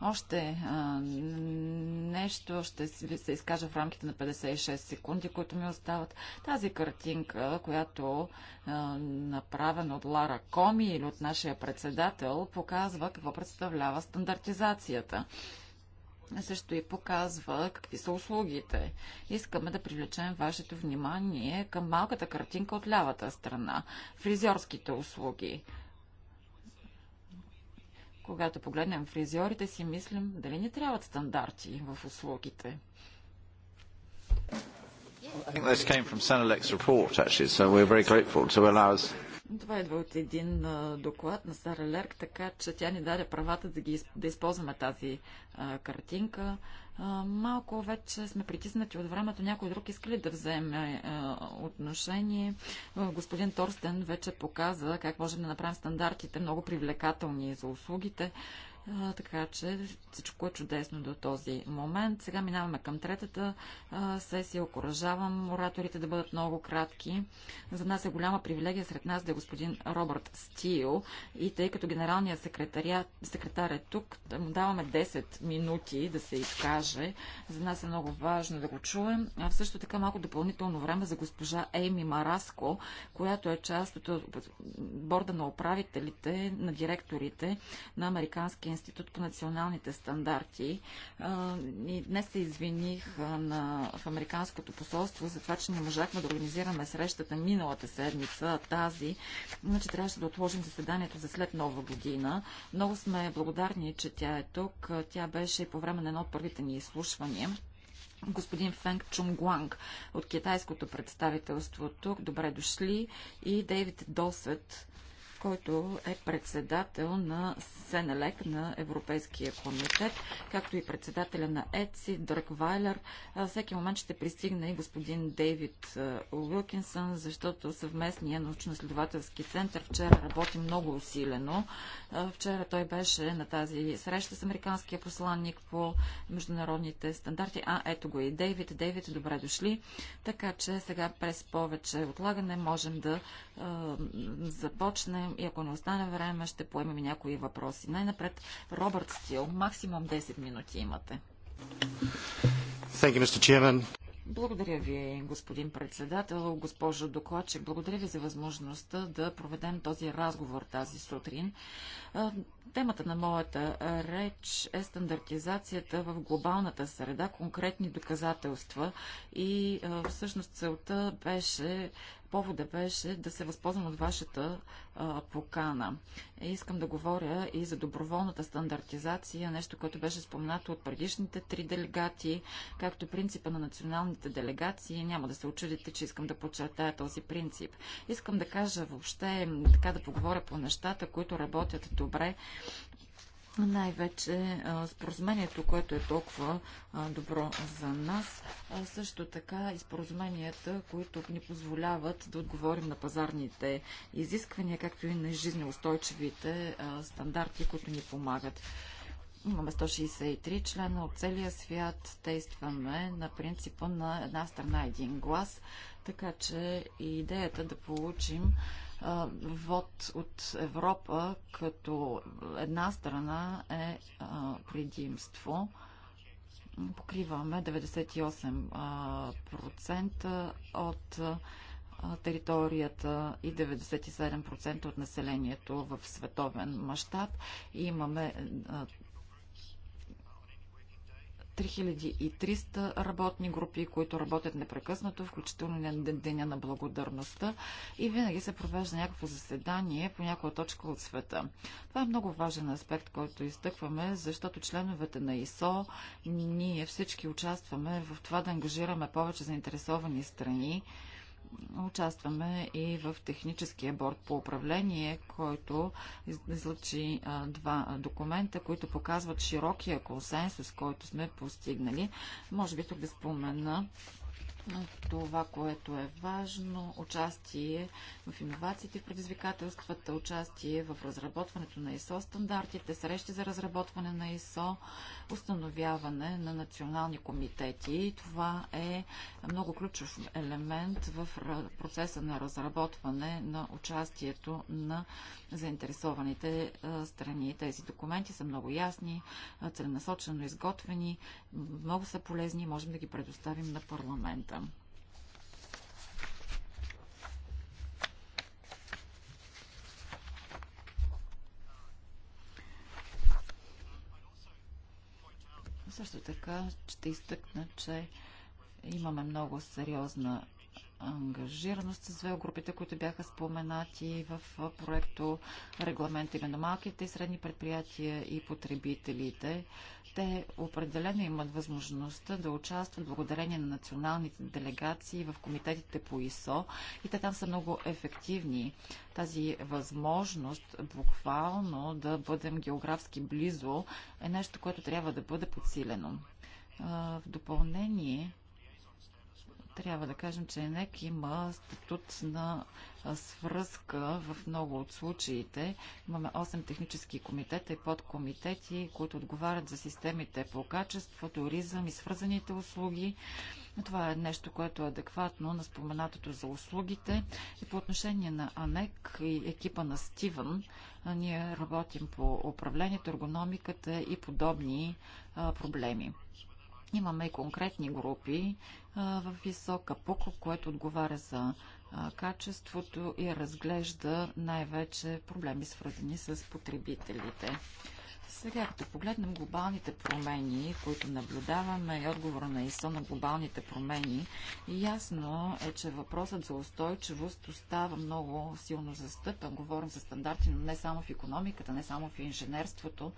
Още а, нещо ще се изкажа в рамките на 56 секунди, които ми остават. Тази картинка, която а, направена от Лара Коми или от нашия председател, показва какво представлява стандартизацията също и показва какви са услугите. Искаме да привлечем вашето внимание към малката картинка от лявата страна фризьорските услуги. Когато погледнем фризьорите, си мислим дали ни трябват стандарти в услугите. I think this came from Senelec's report actually, so we're very grateful to allow us това идва от един доклад на Сара Лерк, така че тя ни даде правата да, ги, да използваме тази а, картинка. А, малко вече сме притиснати от времето. Някой друг иска ли да вземе а, отношение? А, господин Торстен вече показа как можем да направим стандартите много привлекателни за услугите. А, така че всичко е чудесно до този момент. Сега минаваме към третата а, сесия. Окоръжавам ораторите да бъдат много кратки. За нас е голяма привилегия сред нас да е господин Робърт Стил. И тъй като генералният секретар е тук, да му даваме 10 минути да се изкаже. За нас е много важно да го чуем. А също така малко допълнително време за госпожа Ейми Мараско, която е част от борда на управителите, на директорите на Американския институт по националните стандарти. И днес се извиних на, в Американското посолство за това, че не можахме да организираме срещата миналата седмица, тази, Значи трябваше да отложим заседанието за след нова година. Много сме благодарни, че тя е тук. Тя беше по време на едно от първите ни изслушвания господин Фенг Чунгуанг от китайското представителство тук. Добре дошли. И Дейвид Досет който е председател на Сенелек на Европейския комитет, както и председателя на ЕЦИ, Дръг Вайлер. Всеки момент ще пристигне и господин Дейвид Уилкинсън, защото съвместния научно-следователски център вчера работи много усилено. Вчера той беше на тази среща с американския посланник по международните стандарти. А, ето го и Дейвид. Дейвид, добре дошли. Така че сега през повече отлагане можем да започнем можем и ако не остане време, ще поемем и някои въпроси. Най-напред Робърт Стил. Максимум 10 минути имате. Thank you, Mr. Chairman. Благодаря ви, господин председател, госпожо докладчик. Благодаря ви за възможността да проведем този разговор тази сутрин. Темата на моята реч е стандартизацията в глобалната среда, конкретни доказателства и всъщност целта беше, повода беше да се възползвам от вашата покана. Искам да говоря и за доброволната стандартизация, нещо, което беше споменато от предишните три делегати, както принципа на националните делегации. Няма да се очудите, че искам да подчертая този принцип. Искам да кажа въобще, така да поговоря по нещата, които работят добре най-вече споразумението, което е толкова добро за нас, а също така и споразуменията, които ни позволяват да отговорим на пазарните изисквания, както и на жизнеустойчивите стандарти, които ни помагат. Имаме 163 члена от целия свят, действаме на принципа на една страна един глас, така че и идеята да получим вод от Европа като една страна е предимство. Покриваме 98% от територията и 97% от населението в световен мащаб. Имаме 3300 работни групи, които работят непрекъснато, включително на Деня на благодарността и винаги се провежда някакво заседание по някоя точка от света. Това е много важен аспект, който изтъкваме, защото членовете на ИСО, ние всички участваме в това да ангажираме повече заинтересовани страни, участваме и в техническия борт по управление, който излъчи два документа, които показват широкия консенсус, който сме постигнали. Може би тук да спомена това, което е важно, участие в иновациите, в предизвикателствата, участие в разработването на ИСО стандартите, срещи за разработване на ИСО, установяване на национални комитети. Това е много ключов елемент в процеса на разработване на участието на заинтересованите страни. Тези документи са много ясни, целенасочено изготвени, много са полезни и можем да ги предоставим на парламента. Също така ще изтъкна, че имаме много сериозна ангажираност с две групите, които бяха споменати в проекто регламент именно на малките и средни предприятия и потребителите. Те определено имат възможността да участват благодарение на националните делегации в комитетите по ИСО и те там са много ефективни. Тази възможност буквално да бъдем географски близо е нещо, което трябва да бъде подсилено. В допълнение, трябва да кажем, че ЕНЕК има статут на свръзка в много от случаите. Имаме 8 технически комитета и подкомитети, които отговарят за системите по качество, туризъм и свързаните услуги. Това е нещо, което е адекватно на споменатото за услугите. И по отношение на АНЕК и екипа на Стивън, ние работим по управлението, ергономиката и подобни проблеми. Имаме и конкретни групи в висока пуко, което отговаря за качеството и разглежда най-вече проблеми, свързани с потребителите. Сега, като погледнем глобалните промени, които наблюдаваме и отговора на ИСО на глобалните промени, ясно е, че въпросът за устойчивост остава много силно застъпен. Говорим за стандарти, но не само в економиката, не само в инженерството,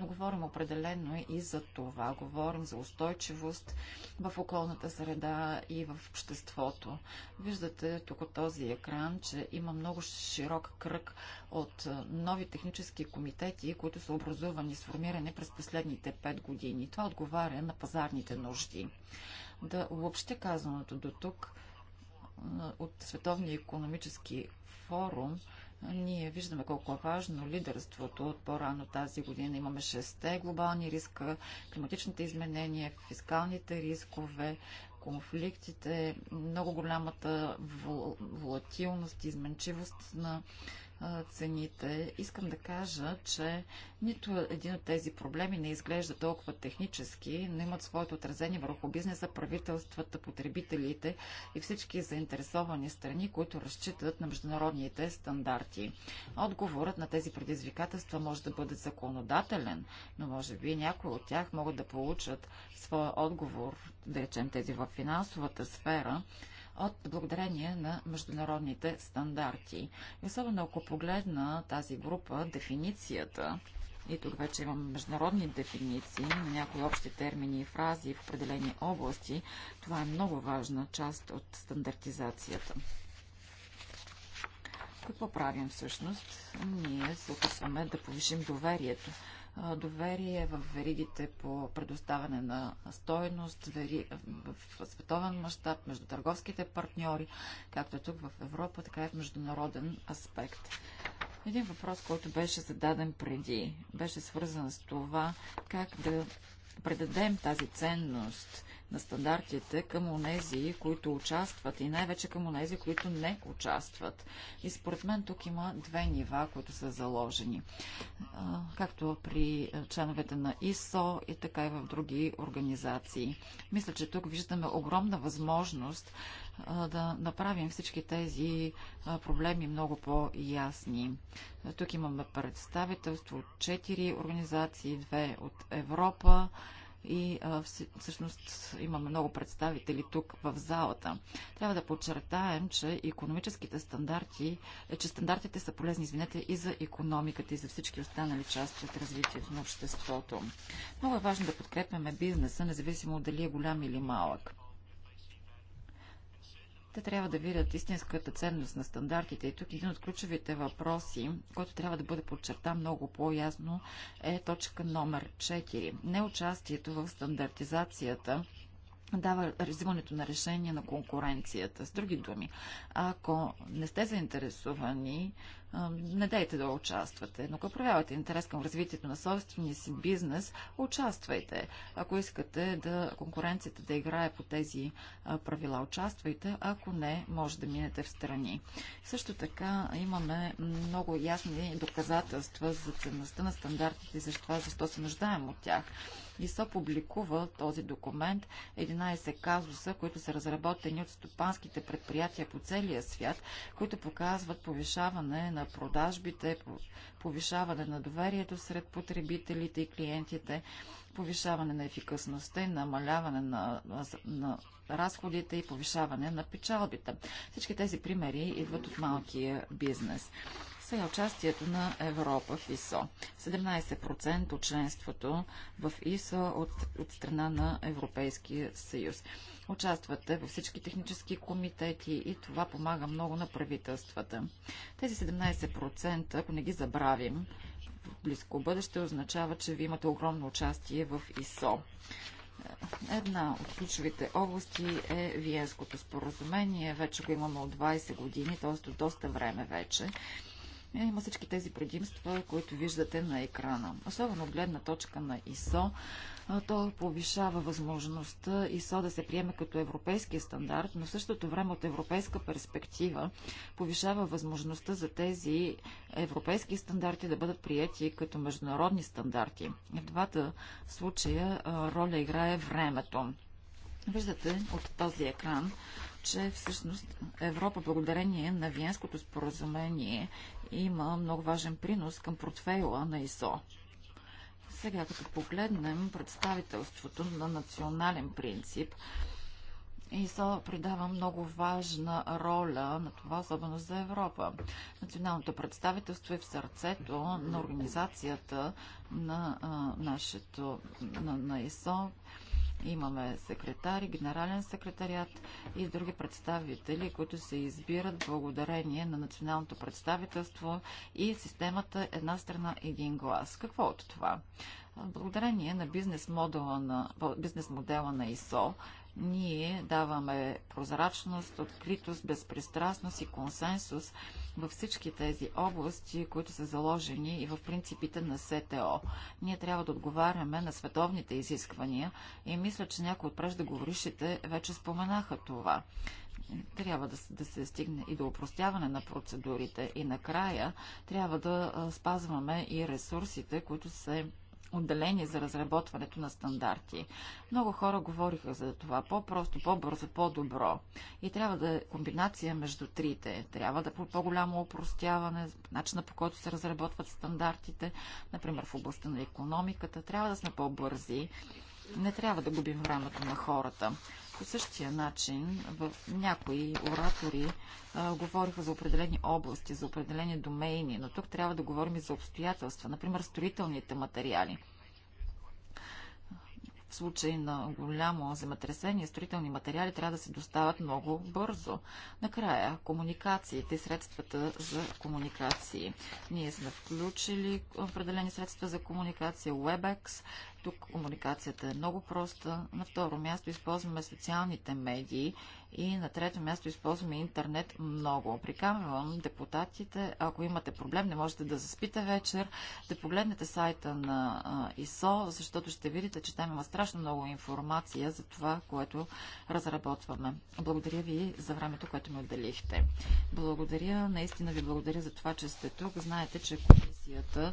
но говорим определено и за това. Говорим за устойчивост в околната среда и в обществото. Виждате тук от този екран, че има много широк кръг от нови технически комитети, които са образувани, сформирани през последните 5 години. Това отговаря на пазарните нужди. Да въобще казаното до тук от Световния економически форум, ние виждаме колко е важно лидерството от по-рано тази година. Имаме шесте глобални риска, климатичните изменения, фискалните рискове, конфликтите, много голямата волатилност, изменчивост на цените, искам да кажа, че нито един от тези проблеми не изглежда толкова технически, но имат своето отразение върху бизнеса, правителствата, потребителите и всички заинтересовани страни, които разчитат на международните стандарти. Отговорът на тези предизвикателства може да бъде законодателен, но може би някои от тях могат да получат своя отговор, да речем тези в финансовата сфера, от благодарение на международните стандарти. И особено ако погледна тази група, дефиницията, и тук вече имам международни дефиниции на някои общи термини и фрази в определени области, това е много важна част от стандартизацията. Какво правим всъщност? Ние се опитваме да повишим доверието доверие в веригите по предоставяне на стойност в световен мащаб между търговските партньори, както е тук в Европа, така и в международен аспект. Един въпрос, който беше зададен преди, беше свързан с това как да предадем тази ценност на стандартите към онези, които участват и най-вече към онези, които не участват. И според мен тук има две нива, които са заложени. Както при членовете на ИСО и така и в други организации. Мисля, че тук виждаме огромна възможност да направим всички тези проблеми много по-ясни. Тук имаме представителство от четири организации, две от Европа, и а, всъщност имаме много представители тук в залата. Трябва да подчертаем, че економическите стандарти, е, че стандартите са полезни, извинете, и за економиката, и за всички останали части от развитието на обществото. Много е важно да подкрепяме бизнеса, независимо дали е голям или малък. Те трябва да видят истинската ценност на стандартите. И тук един от ключовите въпроси, който трябва да бъде подчертан много по-ясно, е точка номер 4. Неучастието в стандартизацията дава взимането на решение на конкуренцията. С други думи, ако не сте заинтересувани, не дайте да участвате, но ако проявявате интерес към развитието на собствения си бизнес, участвайте. Ако искате да конкуренцията да играе по тези правила, участвайте. Ако не, може да минете в страни. Също така имаме много ясни доказателства за ценността на стандартите и защо, защо се нуждаем от тях и се публикува този документ 11 казуса, които са разработени от стопанските предприятия по целия свят, които показват повишаване на продажбите, повишаване на доверието сред потребителите и клиентите, повишаване на ефикасността и намаляване на, на, на разходите и повишаване на печалбите. Всички тези примери идват от малкия бизнес въпроса е участието на Европа в ИСО. 17% от членството в ИСО от, от страна на Европейския съюз. Участвате във всички технически комитети и това помага много на правителствата. Тези 17%, ако не ги забравим, в близко бъдеще означава, че ви имате огромно участие в ИСО. Една от ключовите области е Виенското споразумение. Вече го имаме от 20 години, т.е. доста време вече. Е, има всички тези предимства, които виждате на екрана. Особено от гледна точка на ИСО, то повишава възможността ИСО да се приеме като европейски стандарт, но в същото време от европейска перспектива повишава възможността за тези европейски стандарти да бъдат прияти като международни стандарти. В двата случая роля играе времето. Виждате от този екран че всъщност Европа благодарение на Виенското споразумение има много важен принос към портфейла на ИСО. Сега, като погледнем представителството на национален принцип, ИСО придава много важна роля на това, особено за Европа. Националното представителство е в сърцето на организацията на а, нашето на, на ИСО Имаме секретари, генерален секретариат и други представители, които се избират благодарение на националното представителство и системата една страна един глас. Какво от това? Благодарение на бизнес модела на, бизнес модела на ИСО ние даваме прозрачност, откритост, безпристрастност и консенсус във всички тези области, които са заложени и в принципите на СТО. Ние трябва да отговаряме на световните изисквания и мисля, че някои от преждеговорившите вече споменаха това трябва да, да се стигне и до упростяване на процедурите. И накрая трябва да спазваме и ресурсите, които се отделение за разработването на стандарти. Много хора говориха за това. По-просто, по-бързо, по-добро. И трябва да е комбинация между трите. Трябва да по-голямо упростяване, начина по който се разработват стандартите, например в областта на економиката. Трябва да сме по-бързи. Не трябва да губим времето на хората по същия начин в някои оратори а, говориха за определени области, за определени домейни, но тук трябва да говорим и за обстоятелства, например строителните материали – в случай на голямо земетресение, строителни материали трябва да се доставят много бързо. Накрая, комуникациите, средствата за комуникации. Ние сме включили определени средства за комуникация, WebEx. Тук комуникацията е много проста. На второ място използваме социалните медии и на трето място използваме интернет много. Прикамвам депутатите, ако имате проблем, не можете да заспите вечер, да погледнете сайта на ИСО, защото ще видите, че там има страшно много информация за това, което разработваме. Благодаря ви за времето, което ми отделихте. Благодаря, наистина ви благодаря за това, че сте тук. Знаете, че комисията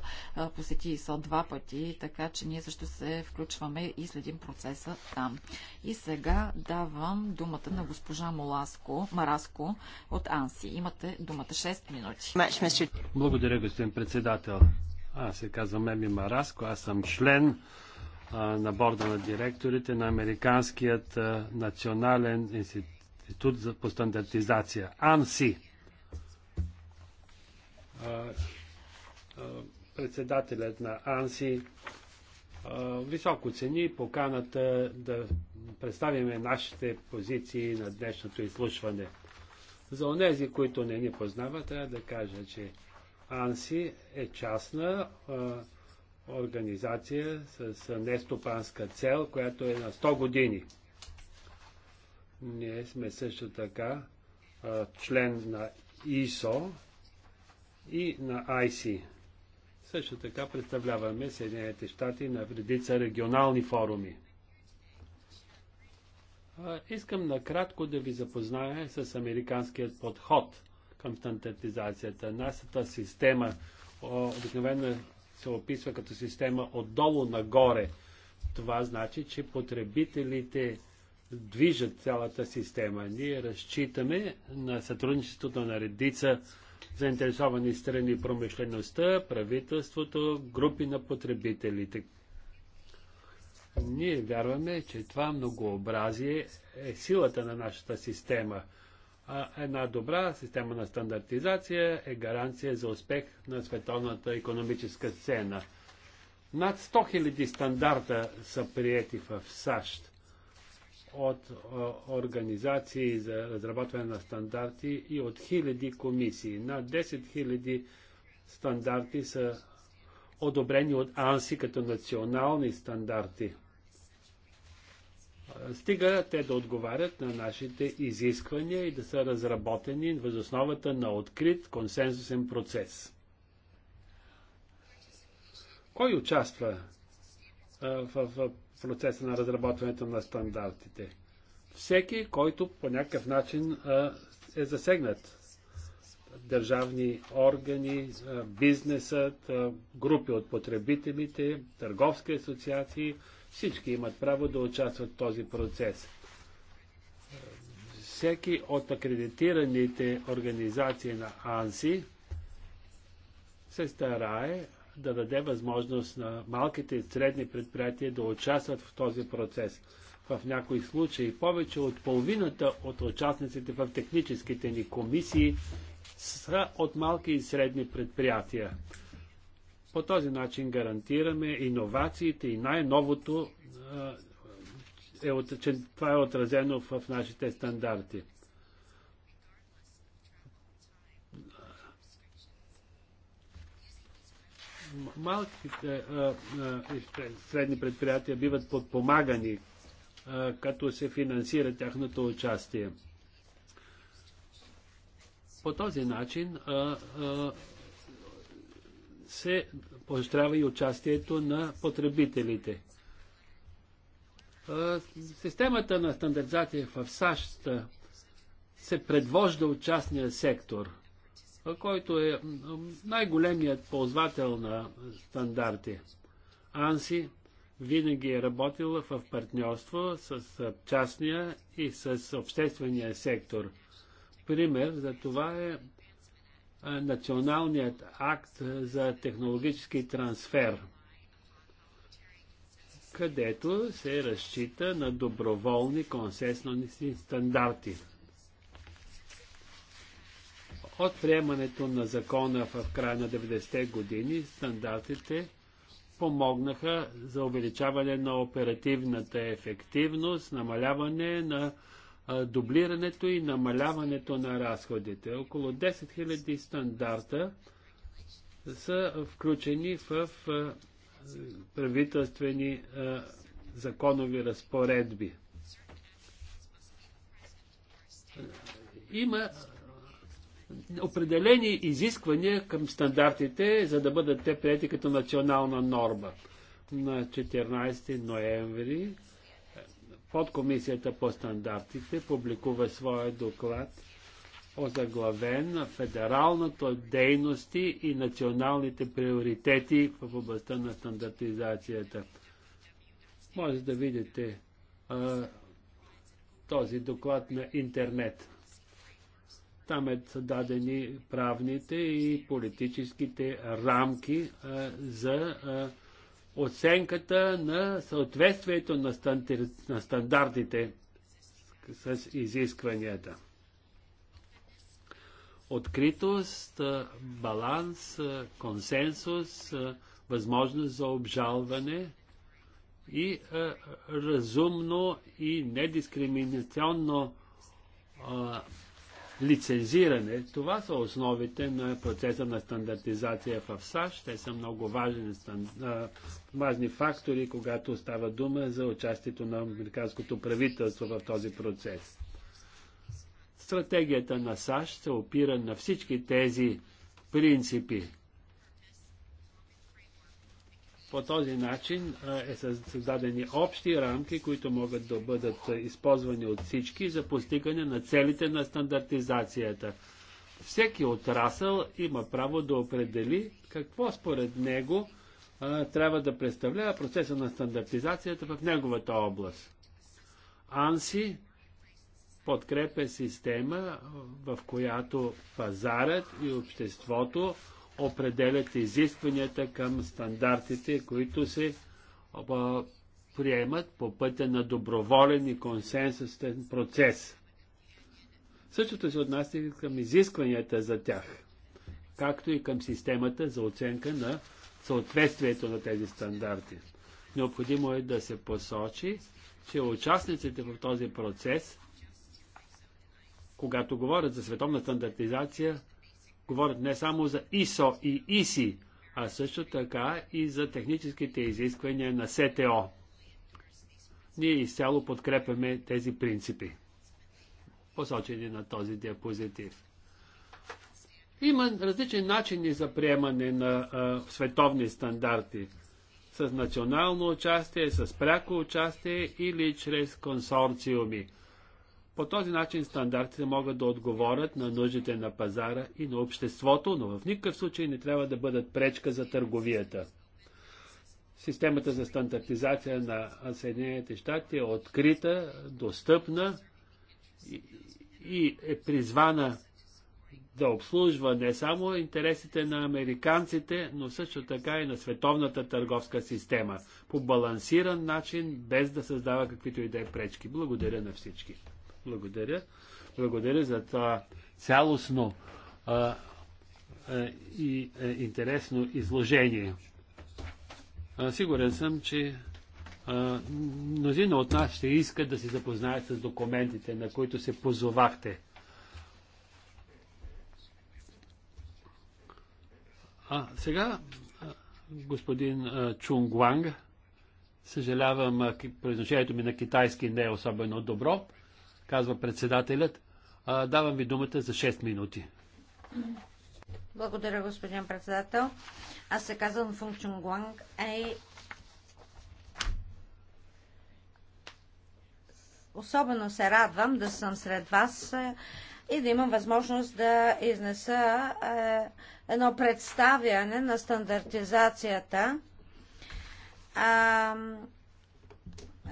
посети ИСО два пъти, така че ние също се включваме и следим процеса там. И сега давам думата на господин госпожа Моласко, Мараско от АНСИ. Имате думата 6 минути. Благодаря, господин председател. Аз се казвам Еми Мараско, аз съм член а, на борда на директорите на Американският а, национален институт за, по стандартизация, АНСИ. председателят на АНСИ високо цени поканата да представиме нашите позиции на днешното изслушване. За онези, които не ни познават, трябва да кажа, че АНСИ е частна организация с нестопанска цел, която е на 100 години. Ние сме също така член на ИСО и на ICI. Също така представляваме Съединените щати на редица регионални форуми. Искам накратко да ви запозная с американският подход към стандартизацията. Нашата система обикновено се описва като система отдолу нагоре. Това значи, че потребителите движат цялата система. Ние разчитаме на сътрудничеството на редица заинтересовани страни промишлеността, правителството, групи на потребителите. Ние вярваме, че това многообразие е силата на нашата система. А една добра система на стандартизация е гаранция за успех на световната економическа сцена. Над 100 000 стандарта са приети в САЩ от е, организации за разработване на стандарти и от хиляди комисии. Над 10 000 стандарти са одобрени от АНСИ като национални стандарти. Е, стига те да отговарят на нашите изисквания и да са разработени въз основата на открит консенсусен процес. Кой участва е, в процеса на разработването на стандартите. Всеки, който по някакъв начин е засегнат. Държавни органи, бизнесът, групи от потребителите, търговски асоциации, всички имат право да участват в този процес. Всеки от акредитираните организации на АНСИ се старае да даде възможност на малките и средни предприятия да участват в този процес. В някои случаи повече от половината от участниците в техническите ни комисии са от малки и средни предприятия. По този начин гарантираме иновациите и най-новото е, че това е отразено в нашите стандарти. малките а, средни предприятия биват подпомагани, като се финансира тяхното участие. По този начин се поощрява и участието на потребителите. системата на стандартизация в САЩ се предвожда от частния сектор – който е най-големият ползвател на стандарти. Анси винаги е работила в партньорство с частния и с обществения сектор. Пример за това е националният акт за технологически трансфер, където се разчита на доброволни консесионни стандарти. От приемането на закона в края на 90-те години стандартите помогнаха за увеличаване на оперативната ефективност, намаляване на дублирането и намаляването на разходите. Около 10 000 стандарта са включени в правителствени законови разпоредби. Има определени изисквания към стандартите, за да бъдат те прияти като национална норма. На 14 ноември е, подкомисията по стандартите публикува своя доклад озаглавен Федералната дейности и националните приоритети в областта на стандартизацията. Може да видите а, е, този доклад на интернет. Там е са дадени правните и политическите рамки а, за а, оценката на съответствието на, стандар... на стандартите с изискванията. Откритост, баланс, консенсус, възможност за обжалване и разумно и недискриминационно лицензиране. Това са основите на процеса на стандартизация в САЩ. Те са много важни, важни фактори, когато става дума за участието на американското правителство в този процес. Стратегията на САЩ се опира на всички тези принципи, по този начин е създадени общи рамки, които могат да бъдат използвани от всички за постигане на целите на стандартизацията. Всеки отрасъл има право да определи какво според него трябва да представлява процеса на стандартизацията в неговата област. АНСИ подкрепя система, в която пазарът и обществото определят изискванията към стандартите, които се приемат по пътя на доброволен и консенсусен процес. Същото се отнася и към изискванията за тях, както и към системата за оценка на съответствието на тези стандарти. Необходимо е да се посочи, че участниците в този процес, когато говорят за световна стандартизация, говорят не само за ИСО и ИСИ, а също така и за техническите изисквания на СТО. Ние изцяло подкрепяме тези принципи, посочени на този диапозитив. Има различни начини за приемане на а, световни стандарти. С национално участие, с пряко участие или чрез консорциуми – по този начин стандартите могат да отговорят на нуждите на пазара и на обществото, но в никакъв случай не трябва да бъдат пречка за търговията. Системата за стандартизация на Съединените щати е открита, достъпна и е призвана да обслужва не само интересите на американците, но също така и на световната търговска система по балансиран начин, без да създава каквито и да е пречки. Благодаря на всички. Благодаря. Благодаря за това цялостно а, а, и а, интересно изложение. А, сигурен съм, че а, мнозина от нас ще искат да се запознаят с документите, на които се позовахте. А, сега господин Чунгуанг. Съжалявам, произношението ми на китайски не е особено добро казва председателят. Давам ви думата за 6 минути. Благодаря, господин председател. Аз се казвам Функчун Гуанг и е, особено се радвам да съм сред вас е, и да имам възможност да изнеса е, едно представяне на стандартизацията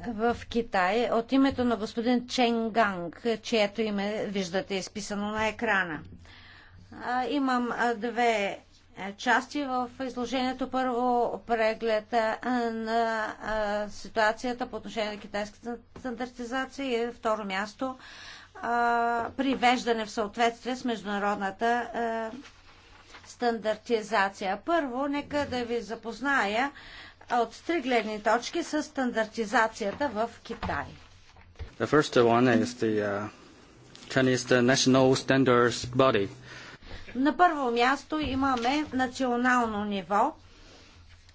в Китай от името на господин Чен Ганг, чието име виждате изписано на екрана. Имам две части в изложението. Първо преглед на ситуацията по отношение на китайската стандартизация и второ място привеждане в съответствие с международната стандартизация. Първо, нека да ви запозная от три гледни точки с стандартизацията в Китай. The first one is the uh, Chinese uh, National Standards Body. На първо място имаме национално ниво,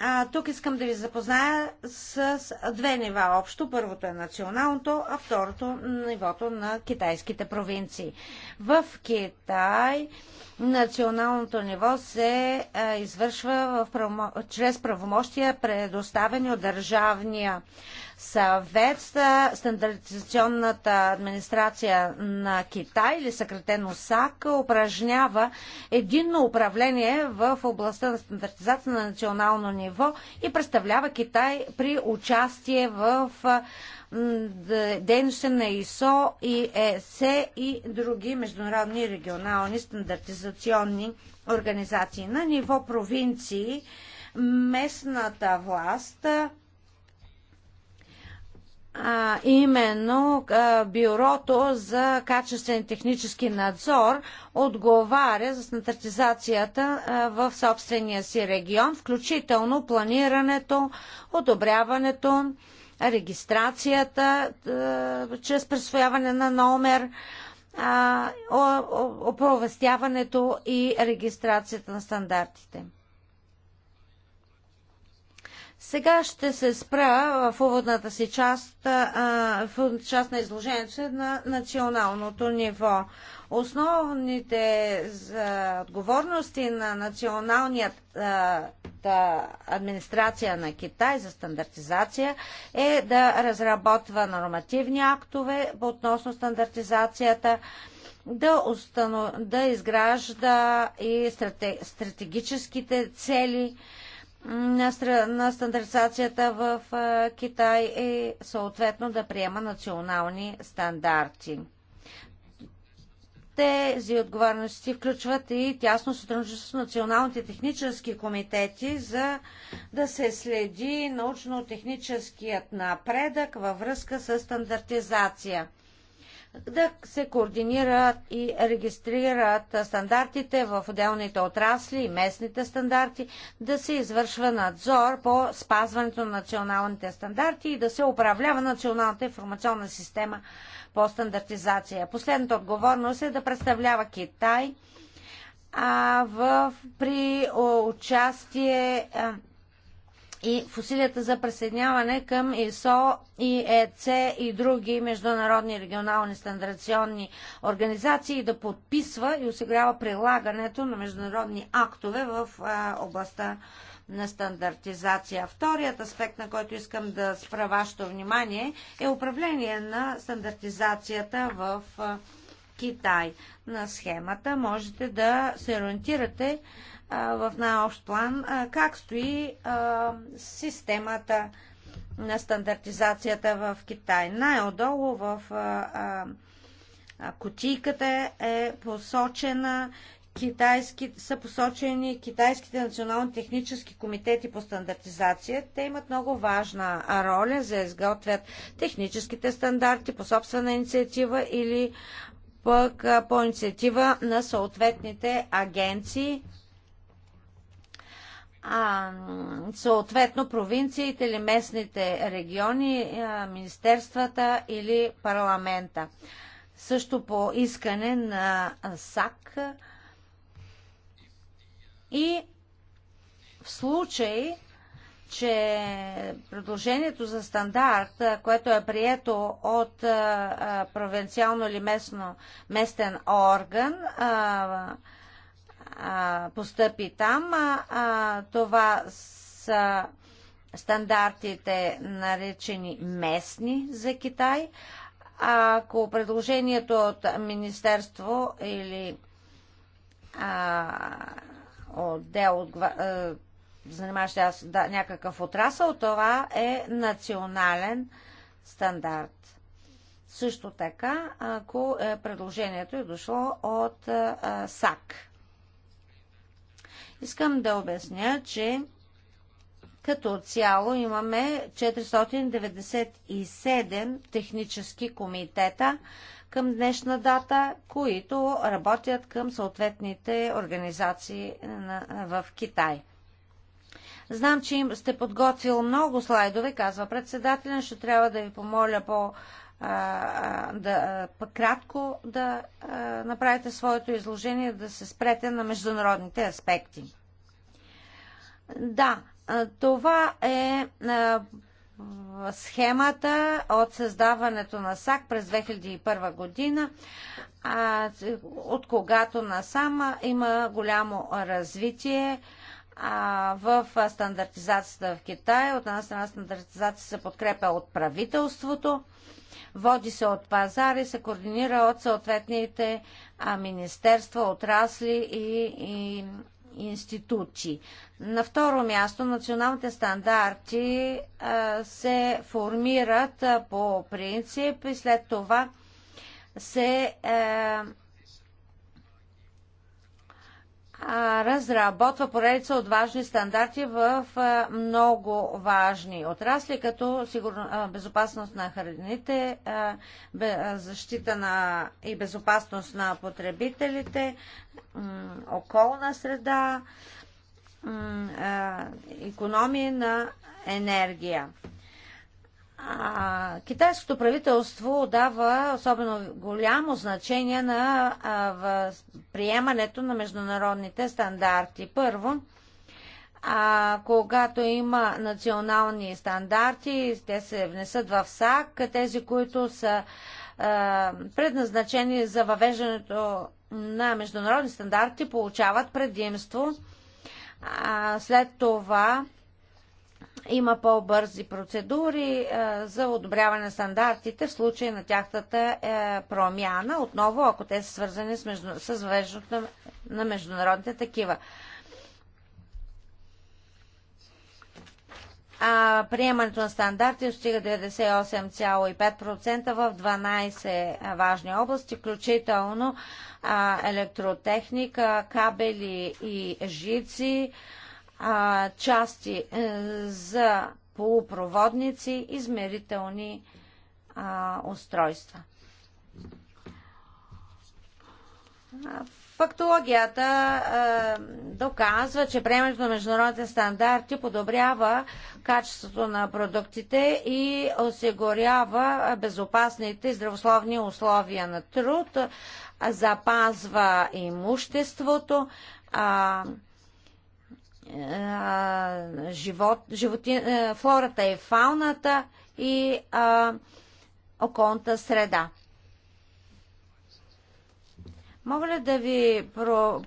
а, тук искам да ви запозная с, с две нива общо. Първото е националното, а второто нивото на китайските провинции. В Китай националното ниво се а, извършва в, чрез правомощия, предоставени от държавния съвет, стандартизационната администрация на Китай или съкратено САК упражнява единно управление в областта на стандартизация на национално ниво и представлява Китай при участие в дейности на ИСО и ЕСЕ и други международни регионални стандартизационни организации. На ниво провинции местната власт а, именно а, Бюрото за качествен технически надзор отговаря за стандартизацията в собствения си регион, включително планирането, одобряването, регистрацията а, чрез присвояване на номер, оповестяването и регистрацията на стандартите. Сега ще се спра в уводната си част, в част на изложението си на националното ниво. Основните за отговорности на националната администрация на Китай за стандартизация е да разработва нормативни актове относно стандартизацията, да, установ... да изгражда и стратегическите цели, на, стандартизацията в Китай и съответно да приема национални стандарти. Тези отговорности включват и тясно сътрудничество с националните технически комитети, за да се следи научно-техническият напредък във връзка с стандартизация да се координират и регистрират стандартите в отделните отрасли и местните стандарти, да се извършва надзор по спазването на националните стандарти и да се управлява националната информационна система по стандартизация. Последната отговорност е да представлява Китай а, в, при участие а, и в усилията за присъединяване към ИСО и ЕЦ и други международни регионални стандарционни организации да подписва и осигурява прилагането на международни актове в областта на стандартизация. Вторият аспект, на който искам да спра вашето внимание, е управление на стандартизацията в Китай. На схемата можете да се ориентирате в най-общ план как стои системата на стандартизацията в Китай. Най-отдолу в кутийката е посочена китайски, са посочени китайските национални технически комитети по стандартизация. Те имат много важна роля за да изготвят техническите стандарти по собствена инициатива или пък по инициатива на съответните агенции а, съответно провинциите или местните региони, а, министерствата или парламента. Също по искане на САК и в случай, че предложението за стандарт, което е прието от провинциално или местно, местен орган, а, постъпи там. А, а, това са стандартите наречени местни за Китай. Ако предложението от Министерство или а, отдел от а, занимаващ аз, да, някакъв отрасъл, това е национален стандарт. Също така, ако е, предложението е дошло от а, САК. Искам да обясня, че като цяло имаме 497 технически комитета към днешна дата, които работят към съответните организации в Китай. Знам, че сте подготвил много слайдове, казва председателя. Ще трябва да ви помоля по да, кратко да направите своето изложение, да се спрете на международните аспекти. Да, това е схемата от създаването на САК през 2001 година, от когато насам има голямо развитие в стандартизацията в Китай. От една страна стандартизацията се подкрепя от правителството, Води се от пазар и се координира от съответните министерства, отрасли и, и институции. На второ място, националните стандарти а, се формират а, по принцип и след това се а, е, разработва поредица от важни стандарти в много важни отрасли, като сигурно, безопасност на храните, защита на и безопасност на потребителите, околна среда, економия на енергия. А, китайското правителство дава особено голямо значение на а, приемането на международните стандарти. Първо, а, когато има национални стандарти, те се внесат в САК, тези, които са а, предназначени за въвеждането на международни стандарти, получават предимство. А, след това има по-бързи процедури е, за одобряване на стандартите в случай на тяхната е, промяна, отново ако те са свързани с, въвеждането на, международните такива. А, приемането на стандарти достига 98,5% в 12 е, важни области, включително електротехника, кабели и жици, а, части а, е, за полупроводници, измерителни а, устройства. Фактологията а, е, доказва, че приемането на международните стандарти подобрява качеството на продуктите и осигурява безопасните и здравословни условия на труд, запазва имуществото, а, живот, животи, флората и фауната и а, околната среда. Мога ли да ви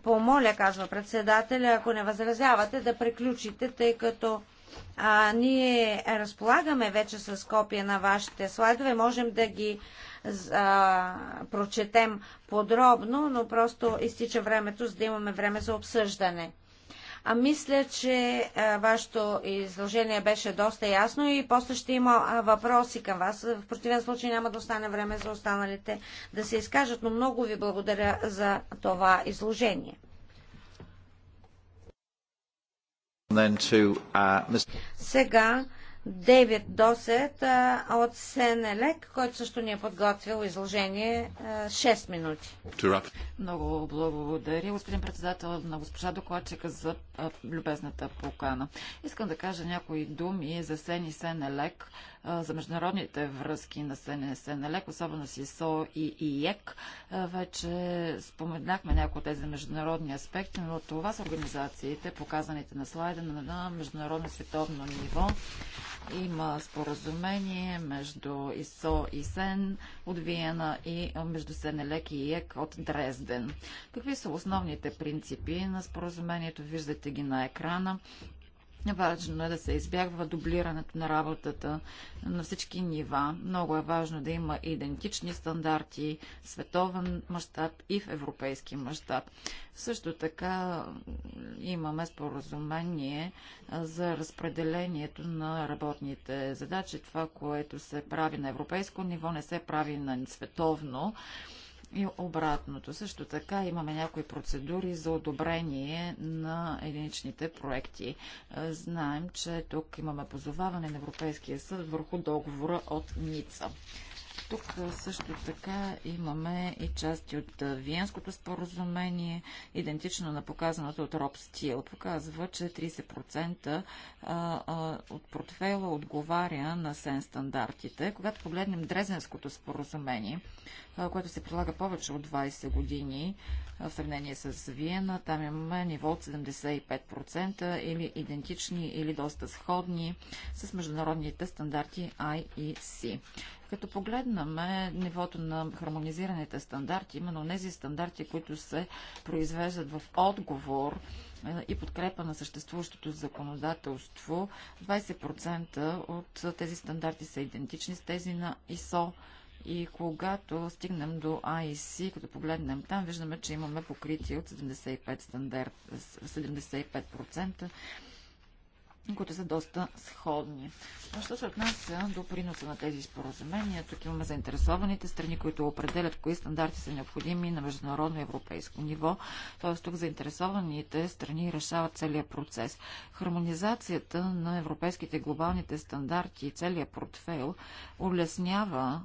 помоля, казва председателя, ако не възразявате, да приключите, тъй като а, ние разполагаме вече с копия на вашите слайдове, можем да ги а, прочетем подробно, но просто изтича времето, за да имаме време за обсъждане. А мисля, че вашето изложение беше доста ясно и после ще има въпроси към вас. В противен случай няма да остане време за останалите да се изкажат, но много ви благодаря за това изложение. Uh, Сега Девид Досет от Сенелек, който също ни е подготвил изложение 6 минути. Много благодаря, господин председател на госпожа докладчика за любезната покана. Искам да кажа някои думи за Сен и Сенелек, за международните връзки на СНС на ЛЕК, особено с ИСО и ИЕК. Вече споменахме някои от тези международни аспекти, но това са организациите, показаните на слайда на международно световно ниво. Има споразумение между ИСО и СЕН от Виена и между СНЛЕК и ИЕК от Дрезден. Какви са основните принципи на споразумението? Виждате ги на екрана. Важно е да се избягва дублирането на работата на всички нива. Много е важно да има идентични стандарти световен мащаб и в европейски мащаб. Също така имаме споразумение за разпределението на работните задачи. Това, което се прави на европейско ниво, не се прави на световно и обратното. Също така имаме някои процедури за одобрение на единичните проекти. Е, знаем, че тук имаме позоваване на Европейския съд върху договора от Ница. Тук също така имаме и части от Виенското споразумение, идентично на показаното от Роб Стил. Показва, че 30% от портфела отговаря на сен стандартите. Когато погледнем Дрезенското споразумение, което се прилага повече от 20 години, в сравнение с Виена. Там имаме ниво от 75% или идентични или доста сходни с международните стандарти IEC. Като погледнем нивото на хармонизираните стандарти, именно тези стандарти, които се произвеждат в отговор е, и подкрепа на съществуващото законодателство, 20% от тези стандарти са идентични с тези на ИСО, и когато стигнем до IC, като погледнем там, виждаме, че имаме покритие от 75%, стандарт, 75% които са доста сходни. Но що се отнася до приноса на тези споразумения, тук имаме заинтересованите страни, които определят кои стандарти са необходими на международно европейско ниво. Т.е. тук заинтересованите страни решават целият процес. Хармонизацията на европейските глобалните стандарти и целият портфейл улеснява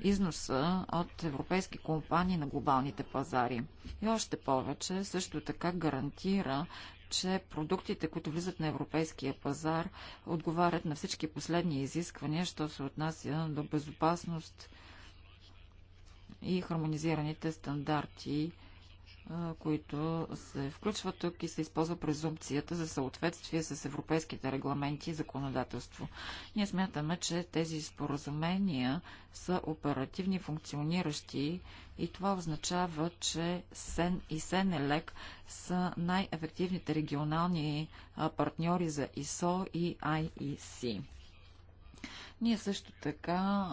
износа от европейски компании на глобалните пазари. И още повече, също така гарантира, че продуктите, които влизат на европейския пазар, отговарят на всички последни изисквания, що се отнася до безопасност и хармонизираните стандарти които се включват тук и се използва презумпцията за съответствие с европейските регламенти и законодателство. Ние смятаме, че тези споразумения са оперативни, функциониращи и това означава, че СЕН и СЕНЕЛЕК са най-ефективните регионални партньори за ИСО и IEC. Ние също така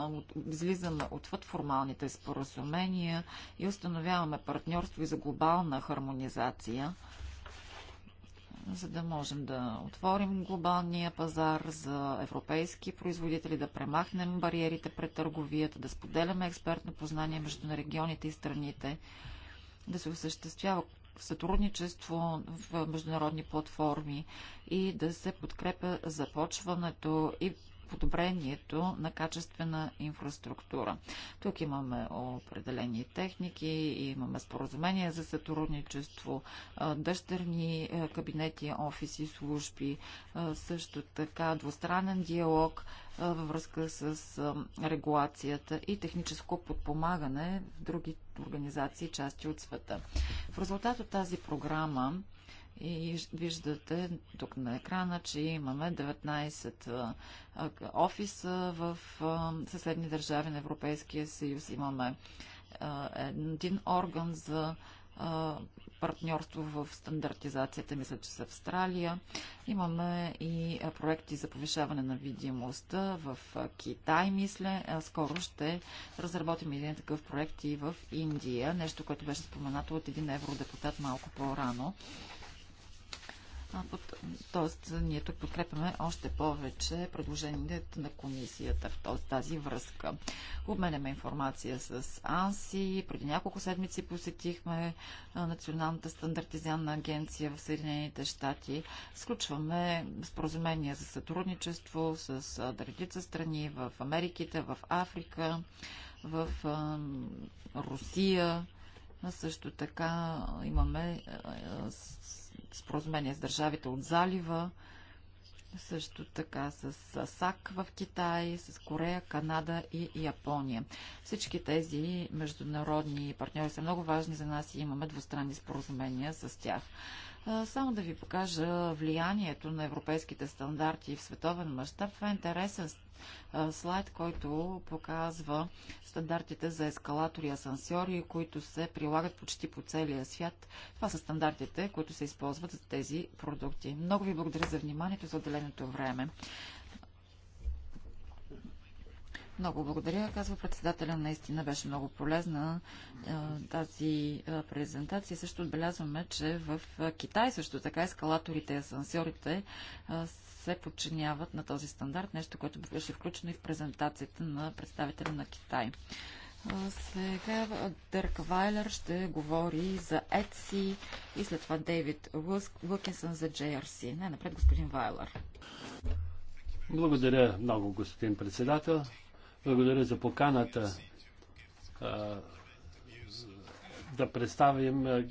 излизаме отвъд формалните споразумения и установяваме партньорство и за глобална хармонизация за да можем да отворим глобалния пазар за европейски производители, да премахнем бариерите пред търговията, да споделяме експертно познание между на регионите и страните, да се осъществява сътрудничество в международни платформи и да се подкрепя започването и подобрението на качествена инфраструктура. Тук имаме определени техники, имаме споразумения за сътрудничество, дъщерни кабинети, офиси, служби, също така двустранен диалог във връзка с регулацията и техническо подпомагане в други организации части от света. В резултат от тази програма и виждате тук на екрана, че имаме 19 офиса в съседни държави на Европейския съюз. Имаме един орган за партньорство в стандартизацията, мисля, че с Австралия. Имаме и проекти за повишаване на видимостта в Китай, мисля. Скоро ще разработим един такъв проект и в Индия, нещо, което беше споменато от един евродепутат малко по-рано. Тоест, ние тук подкрепяме още повече предложението на комисията в тази връзка. Обменяме информация с АНСИ. Преди няколко седмици посетихме Националната стандартизанна агенция в Съединените щати. Сключваме споразумения за сътрудничество с редица страни в Америките, в Африка, в Русия. Също така имаме споразумение с държавите от залива, също така с САК в Китай, с Корея, Канада и Япония. Всички тези международни партньори са много важни за нас и имаме двустранни споразумения с тях. Само да ви покажа влиянието на европейските стандарти в световен мащаб. Това е интересен слайд, който показва стандартите за ескалатори и асансьори, които се прилагат почти по целия свят. Това са стандартите, които се използват за тези продукти. Много ви благодаря за вниманието, за отделеното време. Много благодаря, казва председателя. Наистина беше много полезна тази презентация. Също отбелязваме, че в Китай също така ескалаторите и асансьорите се подчиняват на този стандарт, нещо, което беше включено и в презентацията на представителя на Китай. Сега Дърк Вайлер ще говори за Etsy и след това Дейвид Лукинсън за JRC. Не, напред господин Вайлер. Благодаря много, господин председател. Благодаря за поканата а, да представим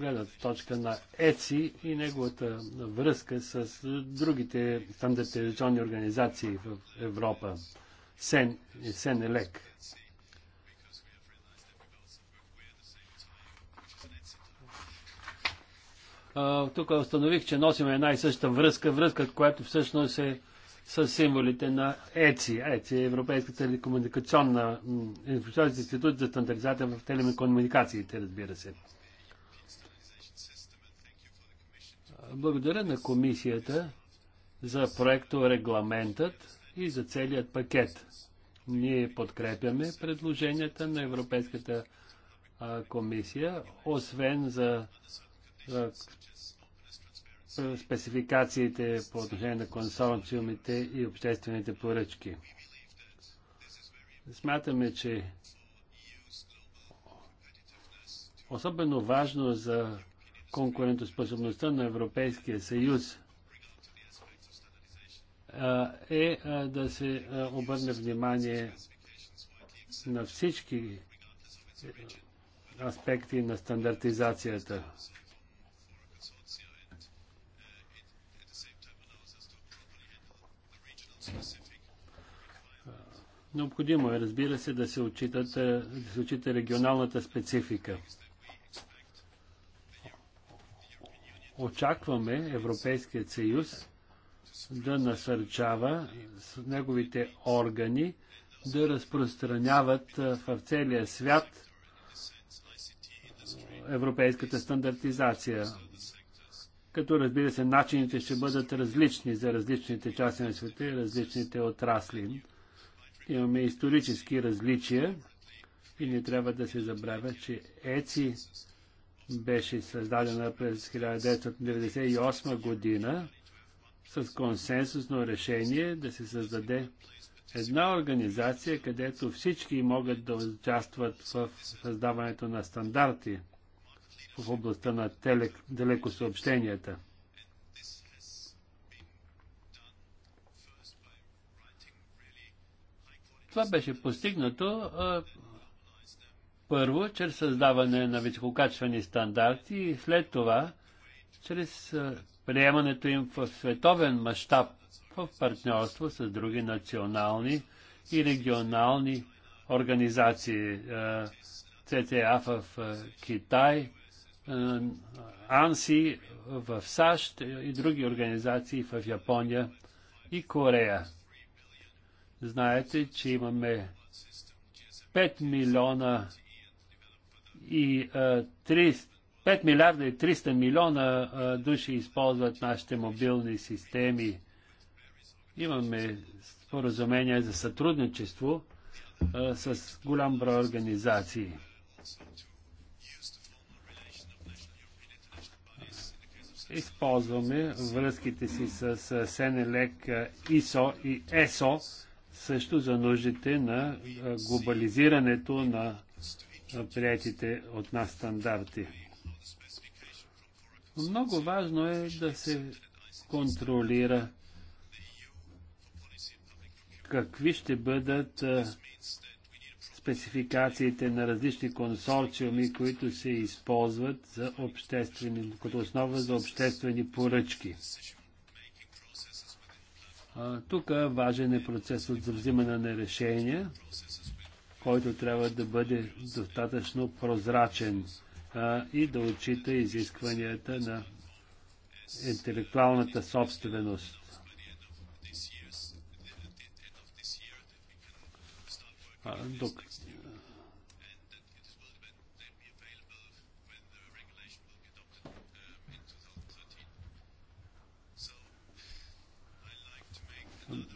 гледна точка на ЕЦИ и неговата връзка с другите стандартизационни организации в Европа, СЕН и СЕНЕЛЕК. Тук установих, че носим една и съща връзка, връзка, която всъщност е с символите на ЕЦИ. ЕЦИ е Европейската телекомуникационна институт за стандартизация в телекомуникациите, разбира се. Благодаря на комисията за проекто регламентът и за целият пакет. Ние подкрепяме предложенията на Европейската комисия, освен за, за спецификациите по отношение на консорциумите и обществените поръчки. Смятаме, че особено важно за конкурентоспособността на Европейския съюз е да се обърне внимание на всички е, аспекти на стандартизацията. Необходимо е, разбира се, да се отчитат, е, да се отчита регионалната специфика. очакваме Европейският съюз да насърчава с неговите органи да разпространяват в целия свят европейската стандартизация. Като разбира се, начините ще бъдат различни за различните части на света и различните отрасли. Имаме исторически различия и не трябва да се забравя, че ЕЦИ беше създадена през 1998 година с консенсусно решение да се създаде една организация, където всички могат да участват в създаването на стандарти в областта на телек, далекосъобщенията. Това беше постигнато първо, чрез създаване на висококачвани стандарти и след това, чрез приемането им в световен мащаб в партньорство с други национални и регионални организации. ЦТА в Китай, АНСИ в САЩ и други организации в Япония и Корея. Знаете, че имаме 5 милиона и 3, 5 милиарда и 300 милиона души използват нашите мобилни системи. Имаме споразумение за сътрудничество с голям брой организации. Използваме връзките си с Сенелек, ИСО и ЕСО също за нуждите на глобализирането на приятите от нас стандарти. Много важно е да се контролира какви ще бъдат спецификациите на различни консорциуми, които се използват за обществени, като основа за обществени поръчки. Тук важен е процесът за взимане на решения, който трябва да бъде достатъчно прозрачен а, и да отчита изискванията на интелектуалната собственост. А, док...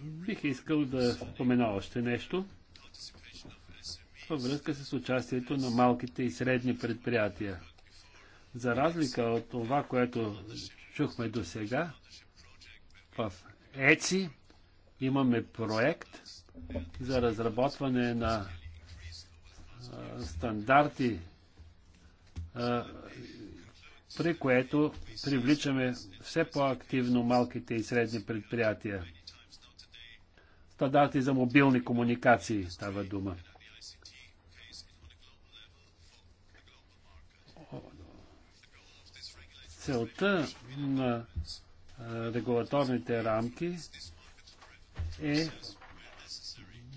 Бих искал да спомена още нещо във връзка с участието на малките и средни предприятия. За разлика от това, което чухме до сега, в ЕЦИ имаме проект за разработване на стандарти, при което привличаме все по-активно малките и средни предприятия стандарти за мобилни комуникации става дума. целта на регулаторните рамки е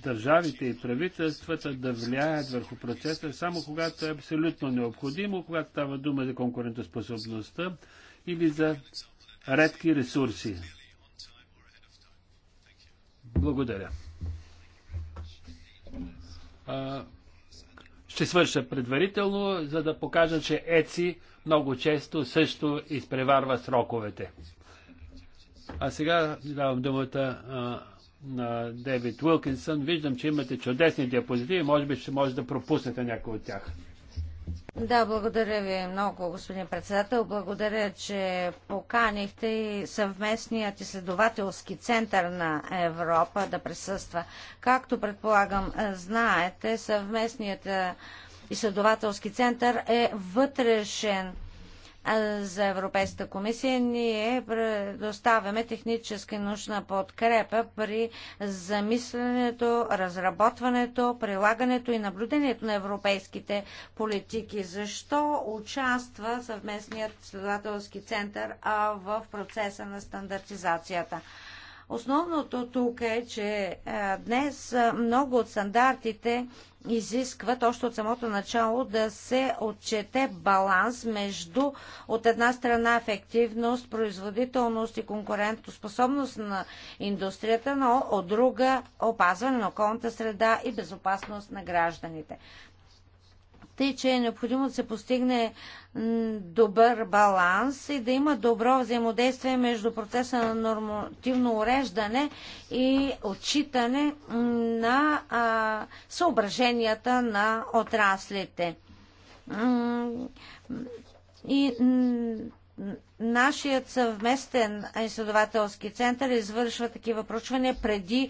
държавите и правителствата да влияят върху процеса само когато е абсолютно необходимо, когато става дума за конкурентоспособността или за редки ресурси. Благодаря. ще свърша предварително, за да покажа, че ЕЦИ много често също изпреварва сроковете. А сега давам думата а, на Девид Уилкинсън. Виждам, че имате чудесни диапозитиви. Може би ще може да пропуснете някои от тях. Да, благодаря ви много, господин председател. Благодаря, че поканихте и съвместният изследователски център на Европа да присъства. Както предполагам, знаете, съвместният изследователски център е вътрешен за Европейската комисия. Ние предоставяме техническа и научна подкрепа при замисленето, разработването, прилагането и наблюдението на европейските политики. Защо участва съвместният следователски център в процеса на стандартизацията? Основното тук е, че е, днес е, много от стандартите изискват още от самото начало да се отчете баланс между от една страна ефективност, производителност и конкурентоспособност на индустрията, но от друга опазване на околната среда и безопасност на гражданите. Тъй, че е необходимо да се постигне добър баланс и да има добро взаимодействие между процеса на нормативно уреждане и отчитане на а, съображенията на отраслите. И нашият съвместен изследователски център извършва такива проучвания преди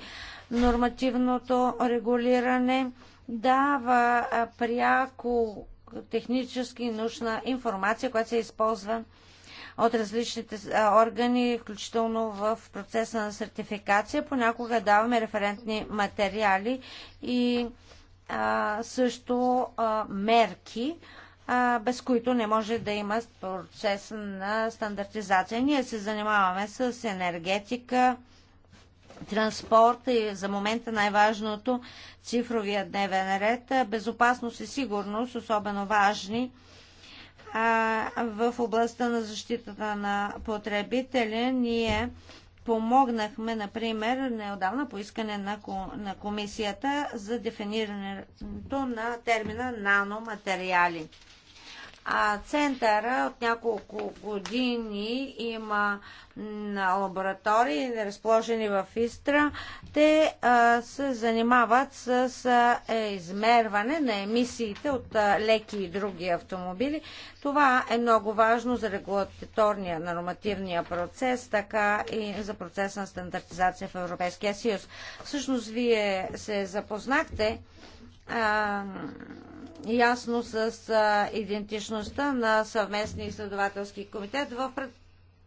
нормативното регулиране дава пряко технически и научна информация, която се използва от различните органи, включително в процеса на сертификация. Понякога даваме референтни материали и а, също а, мерки, а, без които не може да има процес на стандартизация. Ние се занимаваме с енергетика, транспорт е за момента най-важното цифровия дневен ред. Безопасност и сигурност, особено важни а, в областта на защитата на потребителя. Ние помогнахме, например, неодавна по искане на, на комисията за дефинирането на термина наноматериали. А центъра от няколко години има на лаборатории, разположени в Истра. Те а, се занимават с а, е, измерване на емисиите от а, леки и други автомобили. Това е много важно за регулаторния нормативния процес, така и за процес на стандартизация в Европейския съюз. Всъщност, вие се запознахте а, ясно с идентичността на съвместния изследователски комитет. В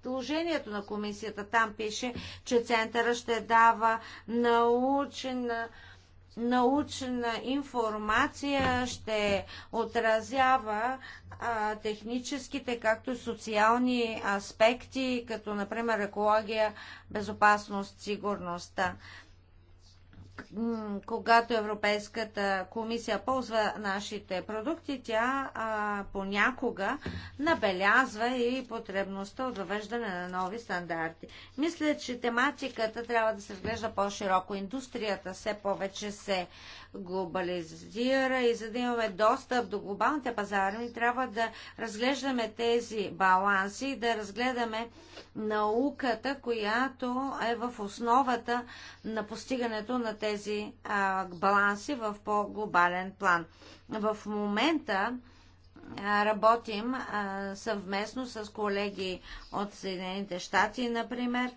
предложението на комисията там пише, че центъра ще дава научена научна информация ще отразява а, техническите, както и социални аспекти, като например екология, безопасност, сигурността когато Европейската комисия ползва нашите продукти, тя а, понякога набелязва и потребността от въвеждане на нови стандарти. Мисля, че тематиката трябва да се вглежда по-широко. Индустрията все повече се глобализира и за да имаме достъп до глобалните пазари, трябва да разглеждаме тези баланси и да разгледаме науката, която е в основата на постигането на тези а, баланси в по-глобален план. В момента работим а, съвместно с колеги от Съединените щати, например,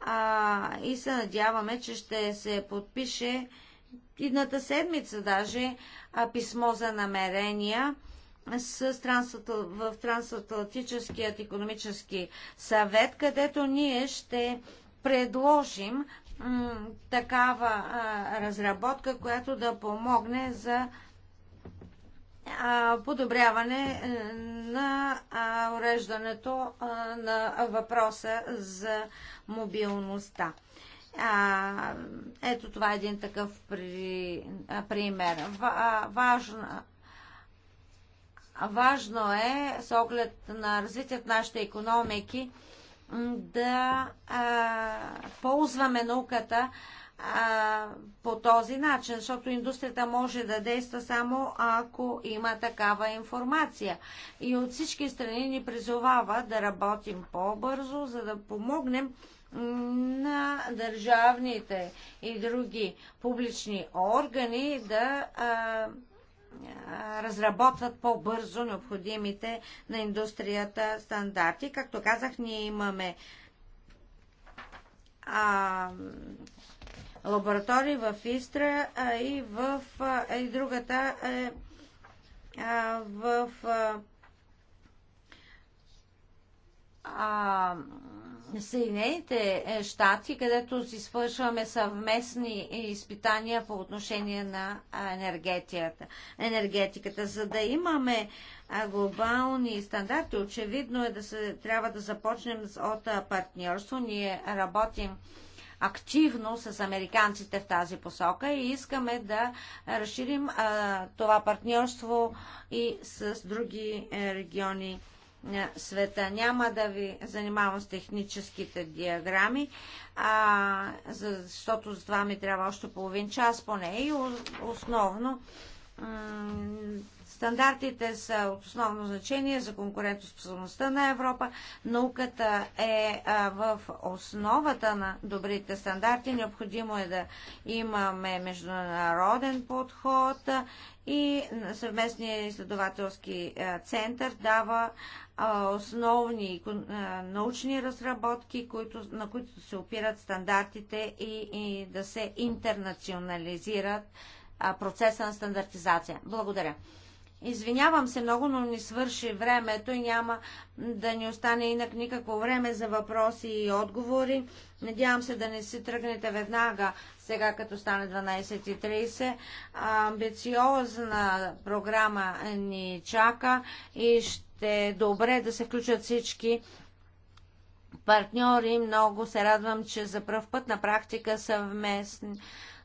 а, и се надяваме, че ще се подпише идната седмица даже а, писмо за намерения с трансата, в Трансатлантическият економически съвет, където ние ще предложим такава а, разработка, която да помогне за а, подобряване е, на а, уреждането на въпроса за мобилността. А, ето това е един такъв при, а, пример. В, важно, важно е, с оглед на развитие в нашите економики, да а, ползваме науката а, по този начин, защото индустрията може да действа само ако има такава информация. И от всички страни ни призовава да работим по-бързо, за да помогнем на държавните и други публични органи да а, разработват по-бързо необходимите на индустрията стандарти. Както казах, ние имаме а, лаборатории в Истра а, и в а, и другата е, а, в а, Съединените е, щати, където си свършваме съвместни изпитания по отношение на енергетиката. енергетиката. За да имаме глобални стандарти, очевидно е да се, трябва да започнем от партньорство. Ние работим активно с американците в тази посока и искаме да разширим а, това партньорство и с други е, региони света. Няма да ви занимавам с техническите диаграми, а, защото с това ми трябва още половин час поне. И основно Стандартите са от основно значение за конкурентоспособността на Европа. Науката е в основата на добрите стандарти. Необходимо е да имаме международен подход и съвместния изследователски център дава основни научни разработки, които, на които се опират стандартите и, и да се интернационализират процеса на стандартизация. Благодаря. Извинявам се много, но ни свърши времето и няма да ни остане инак никакво време за въпроси и отговори. Надявам се да не си тръгнете веднага, сега като стане 12.30. Амбициозна програма ни чака и ще ще е добре да се включат всички партньори. Много се радвам, че за пръв път на практика съвместни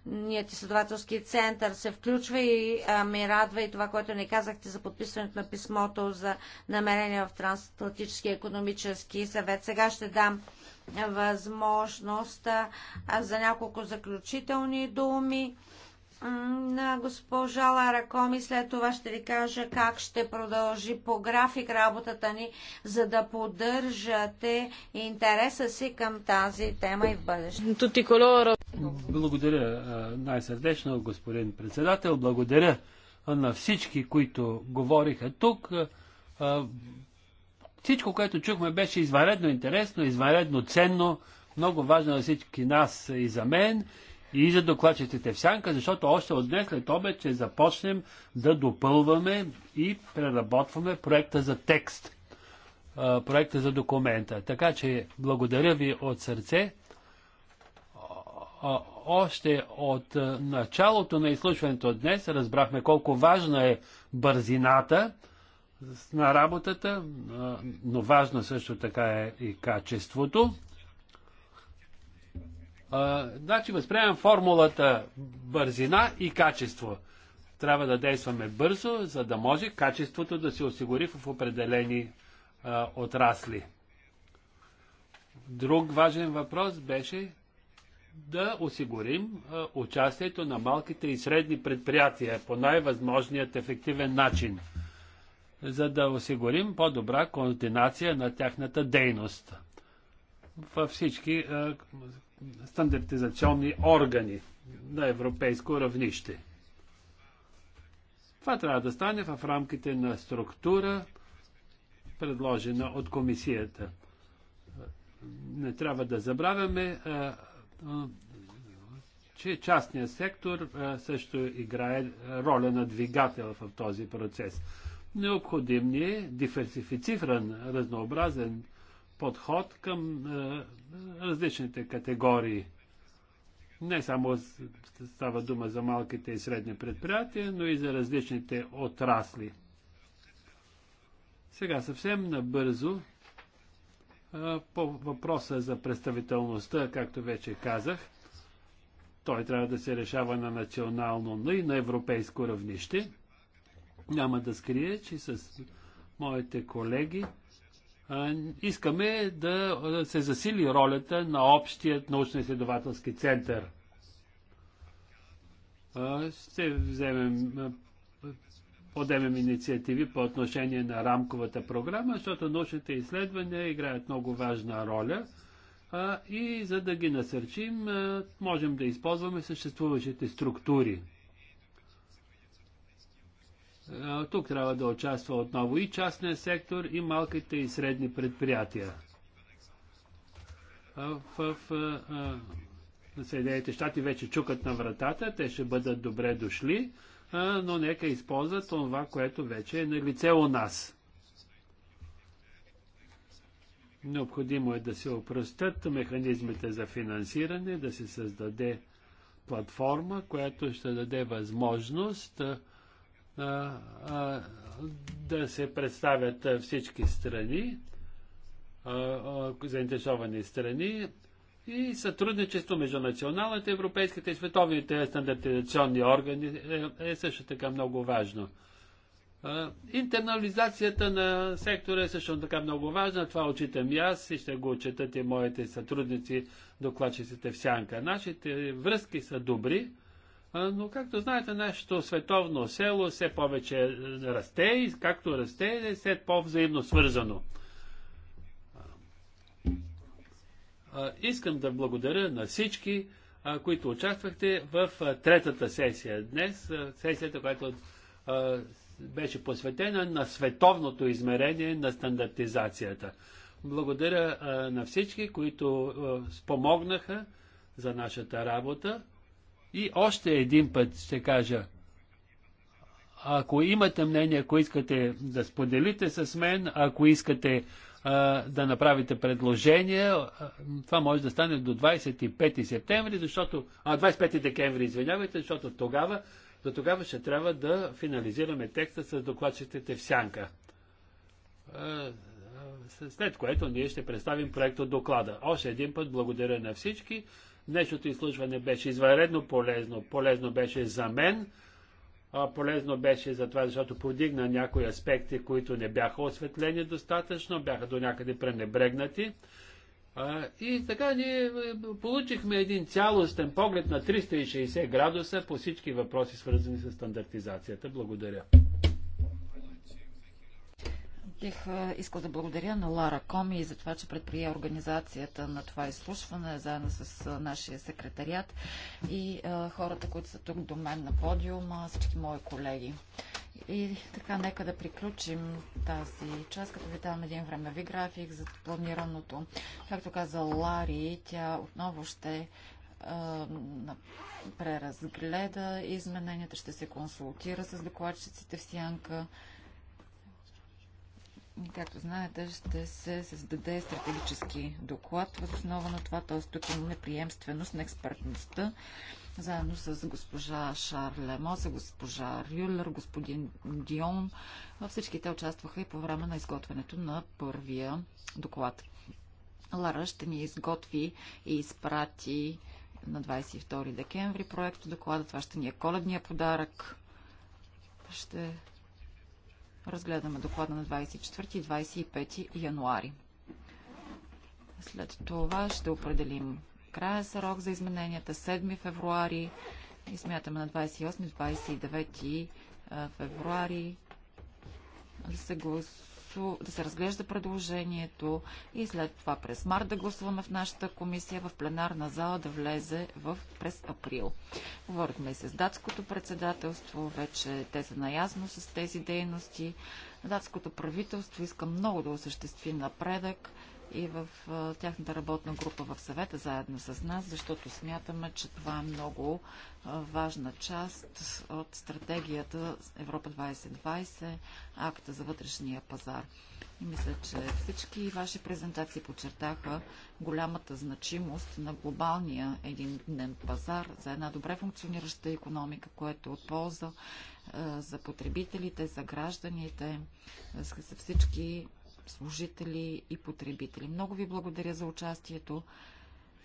Ният изследователски център се включва и а, ми радва и това, което не казахте за подписването на писмото за намерение в Трансатлантически економически съвет. Сега ще дам възможност а, за няколко заключителни думи на госпожа Лара Коми. След това ще ви кажа как ще продължи по график работата ни, за да поддържате интереса си към тази тема и в бъдеще. Благодаря най-сърдечно, господин председател. Благодаря на всички, които говориха тук. Всичко, което чухме, беше изваредно интересно, изваредно ценно, много важно за всички нас и за мен и за докладчиците в сянка, защото още от днес след обед ще започнем да допълваме и преработваме проекта за текст, проекта за документа. Така че благодаря ви от сърце. Още от началото на изслушването днес разбрахме колко важна е бързината на работата, но важно също така е и качеството. А, значи възприемам формулата бързина и качество. Трябва да действаме бързо, за да може качеството да се осигури в определени а, отрасли. Друг важен въпрос беше да осигурим а, участието на малките и средни предприятия по най-възможният ефективен начин, за да осигурим по-добра координация на тяхната дейност във всички а, стандартизационни органи на европейско равнище. Това трябва да стане в рамките на структура, предложена от комисията. Не трябва да забравяме, че частният сектор също играе роля на двигател в този процес. Необходим ни е диверсифициран, разнообразен подход към е, различните категории. Не само става дума за малките и средни предприятия, но и за различните отрасли. Сега съвсем набързо е, по въпроса за представителността, както вече казах, той трябва да се решава на национално, но и на европейско равнище. Няма да скрие, че с моите колеги искаме да се засили ролята на общият научно-изследователски център. Ще вземем, подемем инициативи по отношение на рамковата програма, защото научните изследвания играят много важна роля и за да ги насърчим, можем да използваме съществуващите структури. Тук трябва да участва отново и частния сектор, и малките и средни предприятия. В, в, в Съединените щати вече чукат на вратата, те ще бъдат добре дошли, но нека използват това, което вече е на лице у нас. Необходимо е да се опростят механизмите за финансиране, да се създаде платформа, която ще даде възможност да се представят всички страни, заинтересовани страни и сътрудничество между националните, европейските и световните стандартизационни органи е, е също така много важно. Интернализацията на сектора е също така много важна. Това очитам и аз и ще го отчитат и моите сътрудници, докладчиците в Сянка. Нашите връзки са добри но, както знаете, нашето световно село все повече расте и както расте, е все по-взаимно свързано. Искам да благодаря на всички, които участвахте в третата сесия днес, сесията, която беше посветена на световното измерение на стандартизацията. Благодаря на всички, които спомогнаха за нашата работа. И още един път ще кажа, ако имате мнение, ако искате да споделите с мен, ако искате а, да направите предложение, това може да стане до 25 септември, защото, а, 25 декември, извинявайте, защото тогава, до тогава ще трябва да финализираме текста с докладчетите в сянка. А, след което ние ще представим проект от доклада. Още един път благодаря на всички. Днешното изслушване беше извънредно полезно. Полезно беше за мен, а полезно беше за това, защото подигна някои аспекти, които не бяха осветлени достатъчно, бяха до някъде пренебрегнати. А, и така ние е, получихме един цялостен поглед на 360 градуса по всички въпроси, свързани с стандартизацията. Благодаря. Бих е, искал да благодаря на Лара Коми за това, че предприе организацията на това изслушване, заедно с е, нашия секретарят и е, хората, които са тук до мен на подиума, всички мои колеги. И така, нека да приключим тази част, като ви давам един времеви график за планираното. Както каза Лари, тя отново ще преразгледа измененията, ще се консултира с докладчиците в Сянка Както знаете, ще се създаде стратегически доклад в основа на това, т.е. тук имаме приемственост на експертността, заедно с госпожа Шар Лемоса, госпожа Рюлер, господин Дион. Всички те участваха и по време на изготвянето на първия доклад. Лара ще ни изготви и изпрати на 22 декември проект. доклада. Това ще ни е коледния подарък. Ще Разгледаме доклада на 24 и 25 януари. След това ще определим края срок за измененията 7 февруари и смятаме на 28-29 февруари да се гласува правителство, да се разглежда предложението и след това през март да гласуваме в нашата комисия, в пленарна зала да влезе в през април. Говорихме и с датското председателство, вече те са наясно с тези дейности. Датското правителство иска много да осъществи напредък и в тяхната работна група в съвета заедно с нас, защото смятаме, че това е много важна част от стратегията Европа 2020, акта за вътрешния пазар. И мисля, че всички ваши презентации подчертаха голямата значимост на глобалния единен пазар за една добре функционираща економика, което е от полза за потребителите, за гражданите, за всички служители и потребители. Много ви благодаря за участието.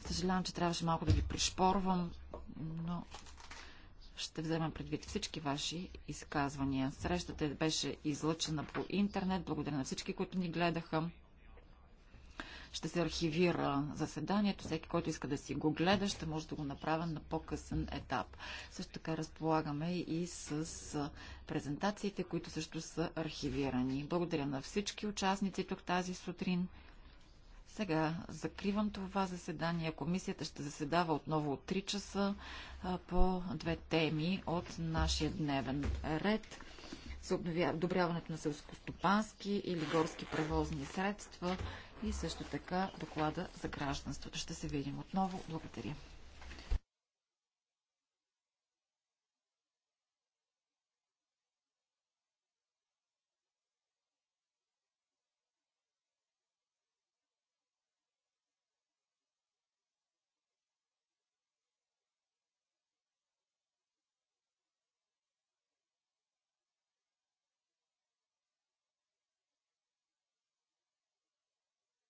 Съжалявам, че трябваше малко да ви пришпорвам, но ще взема предвид всички ваши изказвания. Срещата беше излъчена по интернет. Благодаря на всички, които ни гледаха. Ще се архивира заседанието. Всеки, който иска да си го гледа, ще може да го направя на по-късен етап. Също така разполагаме и с презентациите, които също са архивирани. Благодаря на всички участници тук тази сутрин. Сега закривам това заседание. Комисията ще заседава отново от 3 часа по две теми от нашия дневен ред. За одобряването на селскостопански или горски превозни средства и също така доклада за гражданството. Ще се видим отново. Благодаря.